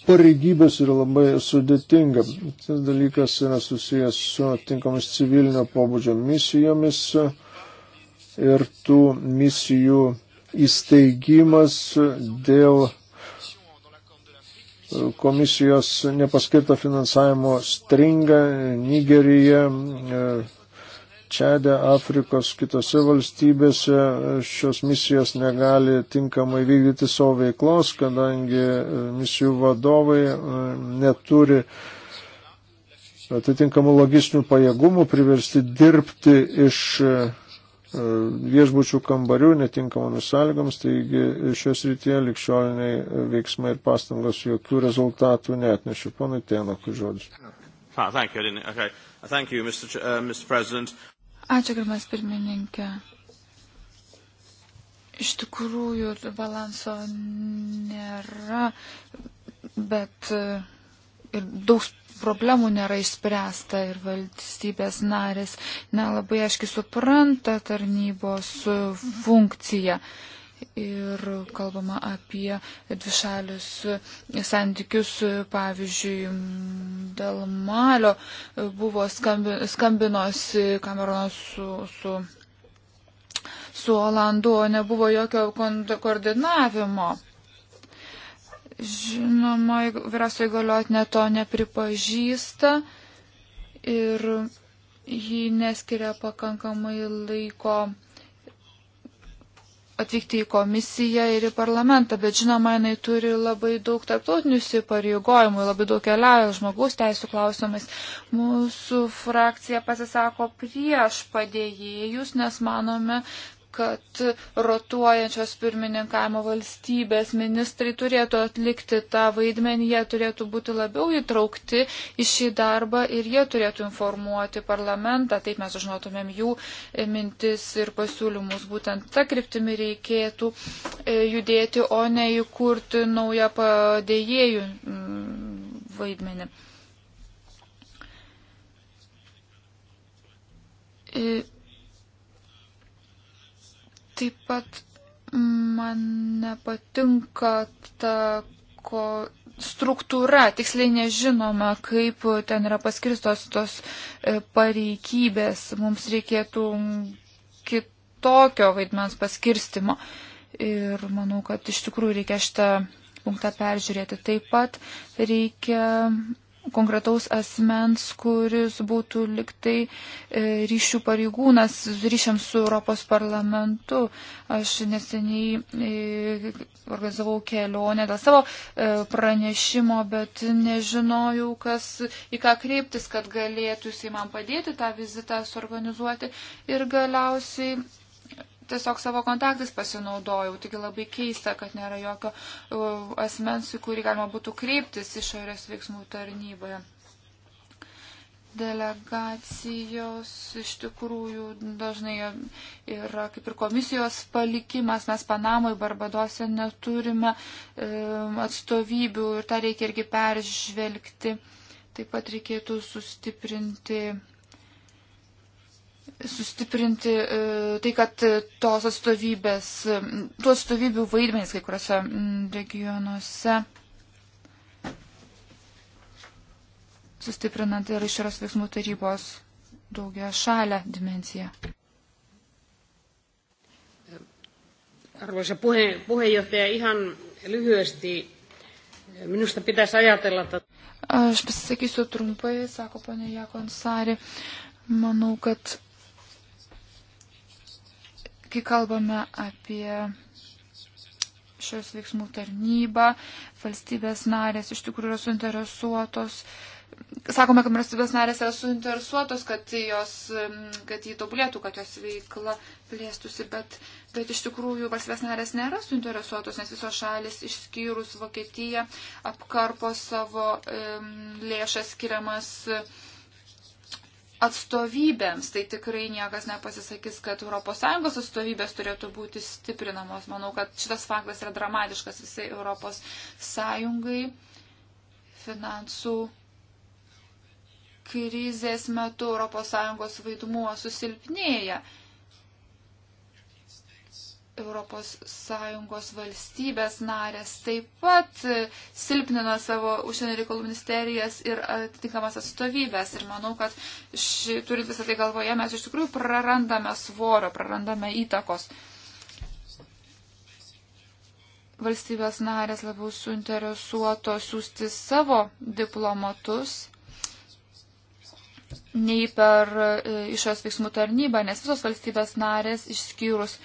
pareigybės yra labai sudėtinga. Tas dalykas yra susijęs su tinkamis civilinio pobūdžio misijomis ir tų misijų įsteigimas dėl komisijos nepaskirto finansavimo stringa Nigerija, Čadė, Afrikos, kitose valstybėse e, šios misijos negali tinkamai vykdyti savo veiklos, kadangi e, misijų vadovai e, neturi atitinkamų logistinių pajėgumų priversti dirbti iš viešbučių kambarių netinkamomis sąlygomis, taigi šios rytyje likščioliniai veiksmai ir pastangos jokių rezultatų netnešiu. Ponai Tenokui žodis.
Ah, thank you, I didn't. Okay. Thank you, Mr. Ch- uh, Mr. President.
Ačiū, gerbiamas pirmininkė. Iš tikrųjų, balanso nėra, bet e, ir daug problemų nėra išspręsta ir valstybės narės nelabai aiškiai supranta tarnybos funkciją. Mm ir kalbama apie dvišalius santykius, pavyzdžiui, dėl Malio buvo skambi, skambinosi Kameronas su, su, su Olandu, o nebuvo jokio koordinavimo. Žinoma, vyriausioji galiotinė to nepripažįsta ir ji neskiria pakankamai laiko atvykti į komisiją ir į parlamentą, bet žinoma, jinai turi labai daug tarptautinių įsipareigojimų, labai daug keliauja žmogaus teisų klausimais. Mūsų frakcija pasisako prieš padėjėjus, nes manome, kad rotuojančios pirmininkavimo valstybės ministrai turėtų atlikti tą vaidmenį, jie turėtų būti labiau įtraukti į šį darbą ir jie turėtų informuoti parlamentą, taip mes žinotumėm jų e, mintis ir pasiūlymus. Būtent tą kryptimį reikėtų e, judėti, o ne įkurti naują padėjėjų mm, vaidmenį. E, Taip pat man nepatinka ta ko struktūra, tiksliai nežinoma, kaip ten yra paskirstos tos e, pareikybės. Mums reikėtų kitokio vaidmens paskirstimo. Ir manau, kad iš tikrųjų reikia šitą punktą peržiūrėti. Taip pat reikia konkretaus asmens, kuris būtų liktai e, ryšių pareigūnas ryšiams su Europos parlamentu. Aš neseniai e, organizavau kelionę dėl savo e, pranešimo, bet nežinojau, kas, į ką kreiptis, kad galėtų jisai man padėti tą vizitą suorganizuoti. Ir galiausiai tiesiog savo kontaktais pasinaudojau. Taigi labai keista, kad nėra jokio e, asmens, į kurį galima būtų kreiptis išorės veiksmų tarnyboje. Delegacijos iš tikrųjų dažnai yra kaip ir komisijos palikimas. Mes Panamoje, Barbadose neturime e, atstovybių ir tą reikia irgi peržvelgti. Taip pat reikėtų sustiprinti sustiprinti e, tai, kad tos atstovybės, tų atstovybių vaidmenys kai kuriuose regionuose sustiprinant ir išras veiksmų tarybos daugia šalia dimensiją.
Arvoisa puhe, puheenjohtaja, ihan lyhyesti. Minusta pitäisi ajatella, että...
Aš pasisakysiu trumpai, sako ponė Jakonsari. Manau, kad Kai kalbame apie šios veiksmų tarnybą, valstybės narės iš tikrųjų yra suinteresuotos. Sakome, kad valstybės narės yra suinteresuotos, kad, jos, mm, kad jį tobulėtų, kad jos veikla plėstusi, bet, bet iš tikrųjų valstybės narės nėra suinteresuotos, nes visos šalis išskyrus Vokietiją apkarpo savo um, lėšas skiriamas. Um, atstovybėms, tai tikrai niekas nepasisakys, kad ES atstovybės turėtų būti stiprinamos. Manau, kad šitas faktas yra dramatiškas visai ES finansų krizės metu ES vaidmuo susilpnėja. ES valstybės narės taip pat silpnino savo užsienio reikalų ministerijas ir atitinkamas atstovybės. Ir manau, kad ši, turint visą tai galvoje, mes iš tikrųjų prarandame svorio, prarandame įtakos. Valstybės narės labiau suinteresuoto siūsti savo diplomatus nei per e, išos veiksmų tarnybą, nes visos valstybės narės išskyrus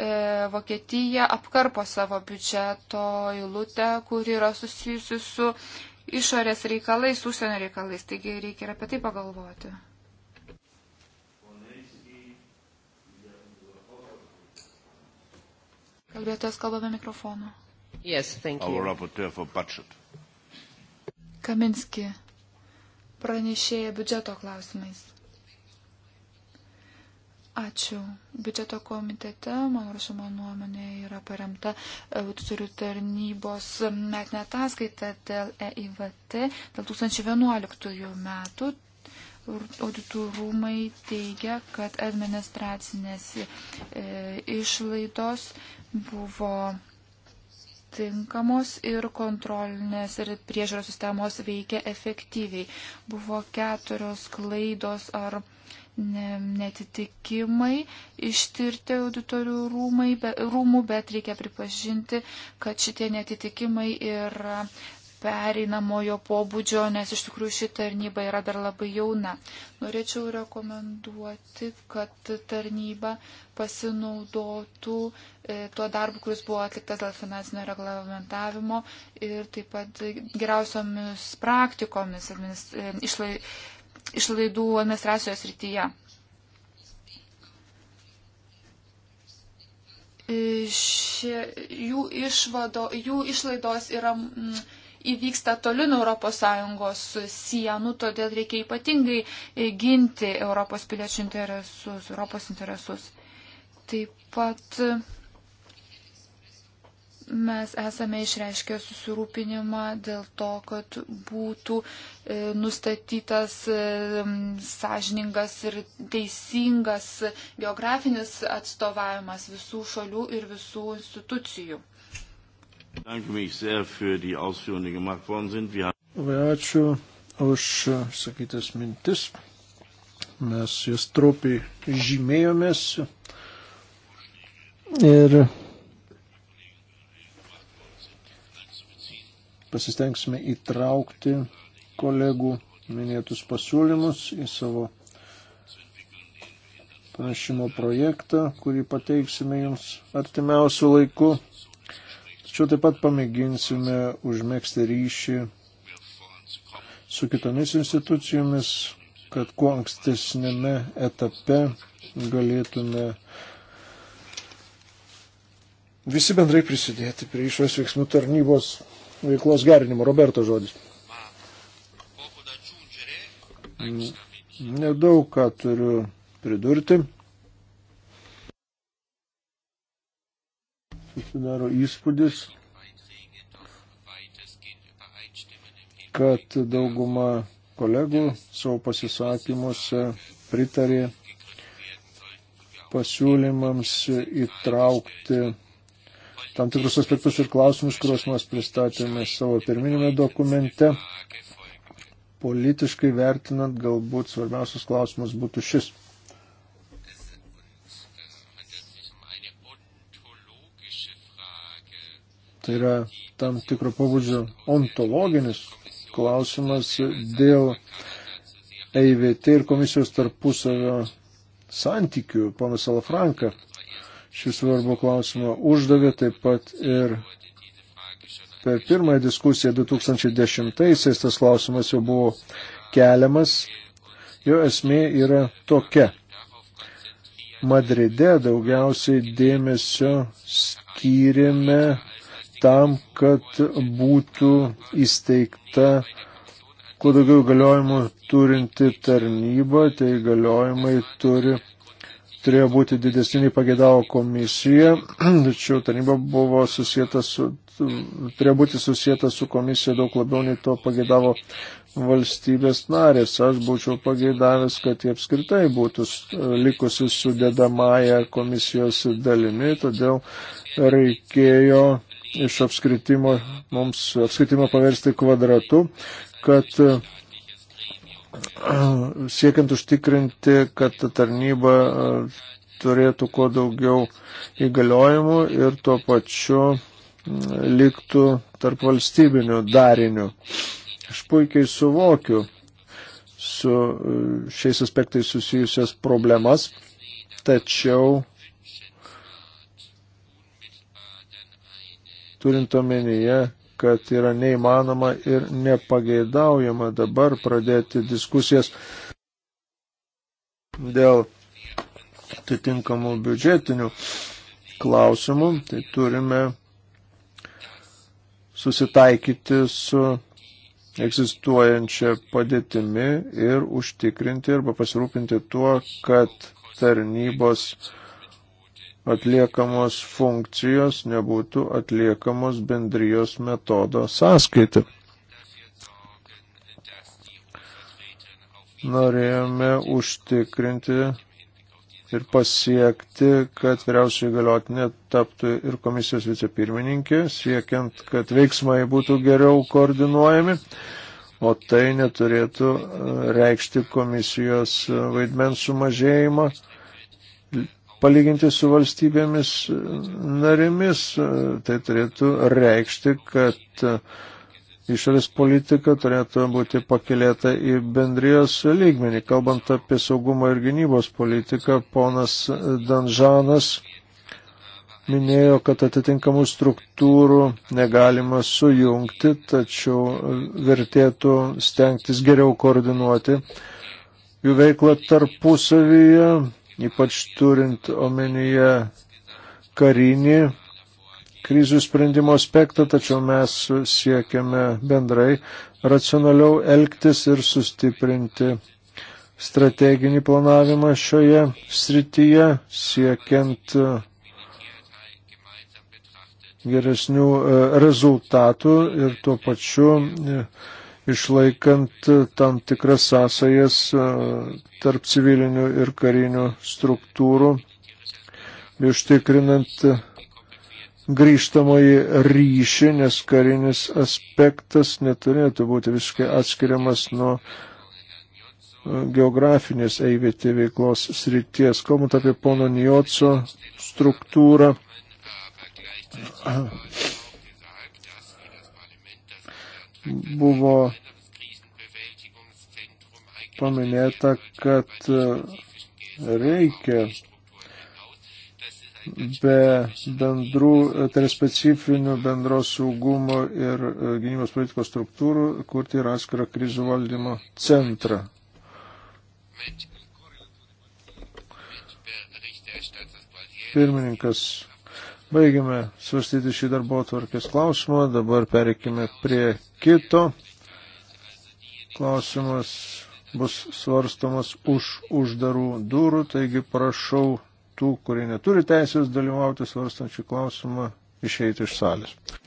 E, Vokietija apkarpo savo biudžeto įlūtę, kuri yra susijusi su išorės reikalais, užsienio reikalais. Taigi reikia ir apie tai pagalvoti. Kalbėtojas kalbame mikrofonu. Yes, thank
you.
Kaminski, pranešėja biudžeto klausimais. Ačiū. Biudžeto komitete, mano rašoma nuomonė, yra paremta e, auditorių tarnybos metinė ataskaita dėl EIVT dėl 2011 metų. Auditų rūmai teigia, kad administracinės e, išlaidos buvo tinkamos ir kontrolinės ir priežiūros sistemos veikia efektyviai. Buvo keturios klaidos ar netitikimai ištirti auditorių rūmai, be, rūmų, bet reikia pripažinti, kad šitie netitikimai yra pereinamojo pobūdžio, nes iš tikrųjų ši tarnyba yra dar labai jauna. Norėčiau rekomenduoti, kad tarnyba pasinaudotų e, tuo darbu, kuris buvo atliktas dėl finansinio reglamentavimo ir taip pat geriausiomis praktikomis administ... E, išlai išlaidų administracijos rytyje. Šie, jų, išvado, jų išlaidos yra, m, mm, įvyksta toli nuo ES sienų, todėl reikia ypatingai e, ginti Europos piliečių interesus, Europos interesus. Taip pat mes esame išreiškę susirūpinimą dėl to, kad būtų e, nustatytas e, sąžiningas ir teisingas geografinis atstovavimas visų šalių ir visų institucijų.
Labai ačiū už sakytas mintis. Mes jas trupiai žymėjomės ir pasistengsime įtraukti kolegų minėtus pasiūlymus į savo pranešimo projektą, kurį pateiksime jums artimiausių laikų. Tačiau taip pat pamėginsime užmėgsti ryšį su kitomis institucijomis, kad kuo ankstesnėme etape galėtume visi bendrai prisidėti prie išvės veiksmų tarnybos veiklos gerinimo. Roberto žodis. Nedaug ką turiu pridurti. Susidaro įspūdis, kad dauguma kolegų savo pasisakymuose pritarė pasiūlymams įtraukti tam tikrus aspektus ir klausimus, kuriuos mes pristatėme savo pirminėme dokumente. Politiškai vertinant, galbūt svarbiausias klausimas būtų šis. Tai yra tam tikro pavudžio ontologinis klausimas dėl EIVT ir komisijos tarpusavio santykių, ponas Alafranka šį svarbų klausimą uždavė taip pat ir per pirmąją diskusiją 2010-aisiais tas klausimas jau buvo keliamas. Jo esmė yra tokia. Madride daugiausiai dėmesio skyrėme tam, kad būtų įsteigta kuo daugiau galiojimų turinti tarnyba, tai galiojimai turi turėjo būti didesnį nei pagėdavo komisija, [clears throat] tačiau taryba buvo susijęta su, turėjo būti susijęta su komisija daug labiau nei to pagėdavo valstybės narės. Aš būčiau pagėdavęs, kad jie apskritai būtų likusi sudėdamąją komisijos dalimi, todėl reikėjo iš apskritimo, mums apskritimo paversti kvadratu, kad siekiant užtikrinti, kad tarnyba turėtų kuo daugiau įgaliojimų ir tuo pačiu liktų tarp valstybinių darinių. Aš puikiai suvokiu su e, šiais aspektais susijusias problemas, tačiau turint omenyje, kad yra neįmanoma ir nepageidaujama dabar pradėti diskusijas dėl atitinkamų biudžetinių klausimų. Tai turime susitaikyti su egzistuojančia padėtimi ir užtikrinti arba pasirūpinti tuo, kad tarnybos atliekamos funkcijos nebūtų atliekamos bendrijos metodo sąskaita. Norėjome užtikrinti ir pasiekti, kad vyriausiai galiotinė taptų ir komisijos vicepirmininkė, siekiant, kad veiksmai būtų geriau koordinuojami, o tai neturėtų reikšti komisijos vaidmens sumažėjimą palyginti su valstybėmis narėmis. Tai turėtų reikšti, kad išorės politika turėtų būti pakelėta į bendrijos lygmenį. Kalbant apie saugumo ir gynybos politiką, ponas Danžanas minėjo, kad atitinkamų struktūrų negalima sujungti, tačiau vertėtų stengtis geriau koordinuoti jų veiklą tarpusavyje ypač turint omenyje karinį krizių sprendimo aspektą, tačiau mes siekiame bendrai racionaliau elgtis ir sustiprinti strateginį planavimą šioje srityje, siekiant e, geresnių e, rezultatų ir tuo pačiu e, išlaikant tam tikras sąsajas e, tarp civilinių ir karinių struktūrų, užtikrinant grįžtamąjį ryšį, nes karinis aspektas neturėtų būti visiškai atskiriamas nuo geografinės EIVT veiklos srities. Kalbant apie pono Nioco struktūrą, buvo paminėta, kad reikia be bendrų, tai specifinių bendros saugumo ir e, gynybos politikos struktūrų kurti ir atskirą krizių valdymo centrą. Pirmininkas, baigiame svarstyti šį darbo tvarkės klausimą, dabar pereikime prie kito. Klausimas bus svarstomas už uždarų durų, taigi prašau tų, kurie neturi teisės dalyvauti svarstančių klausimą, išeiti iš salės.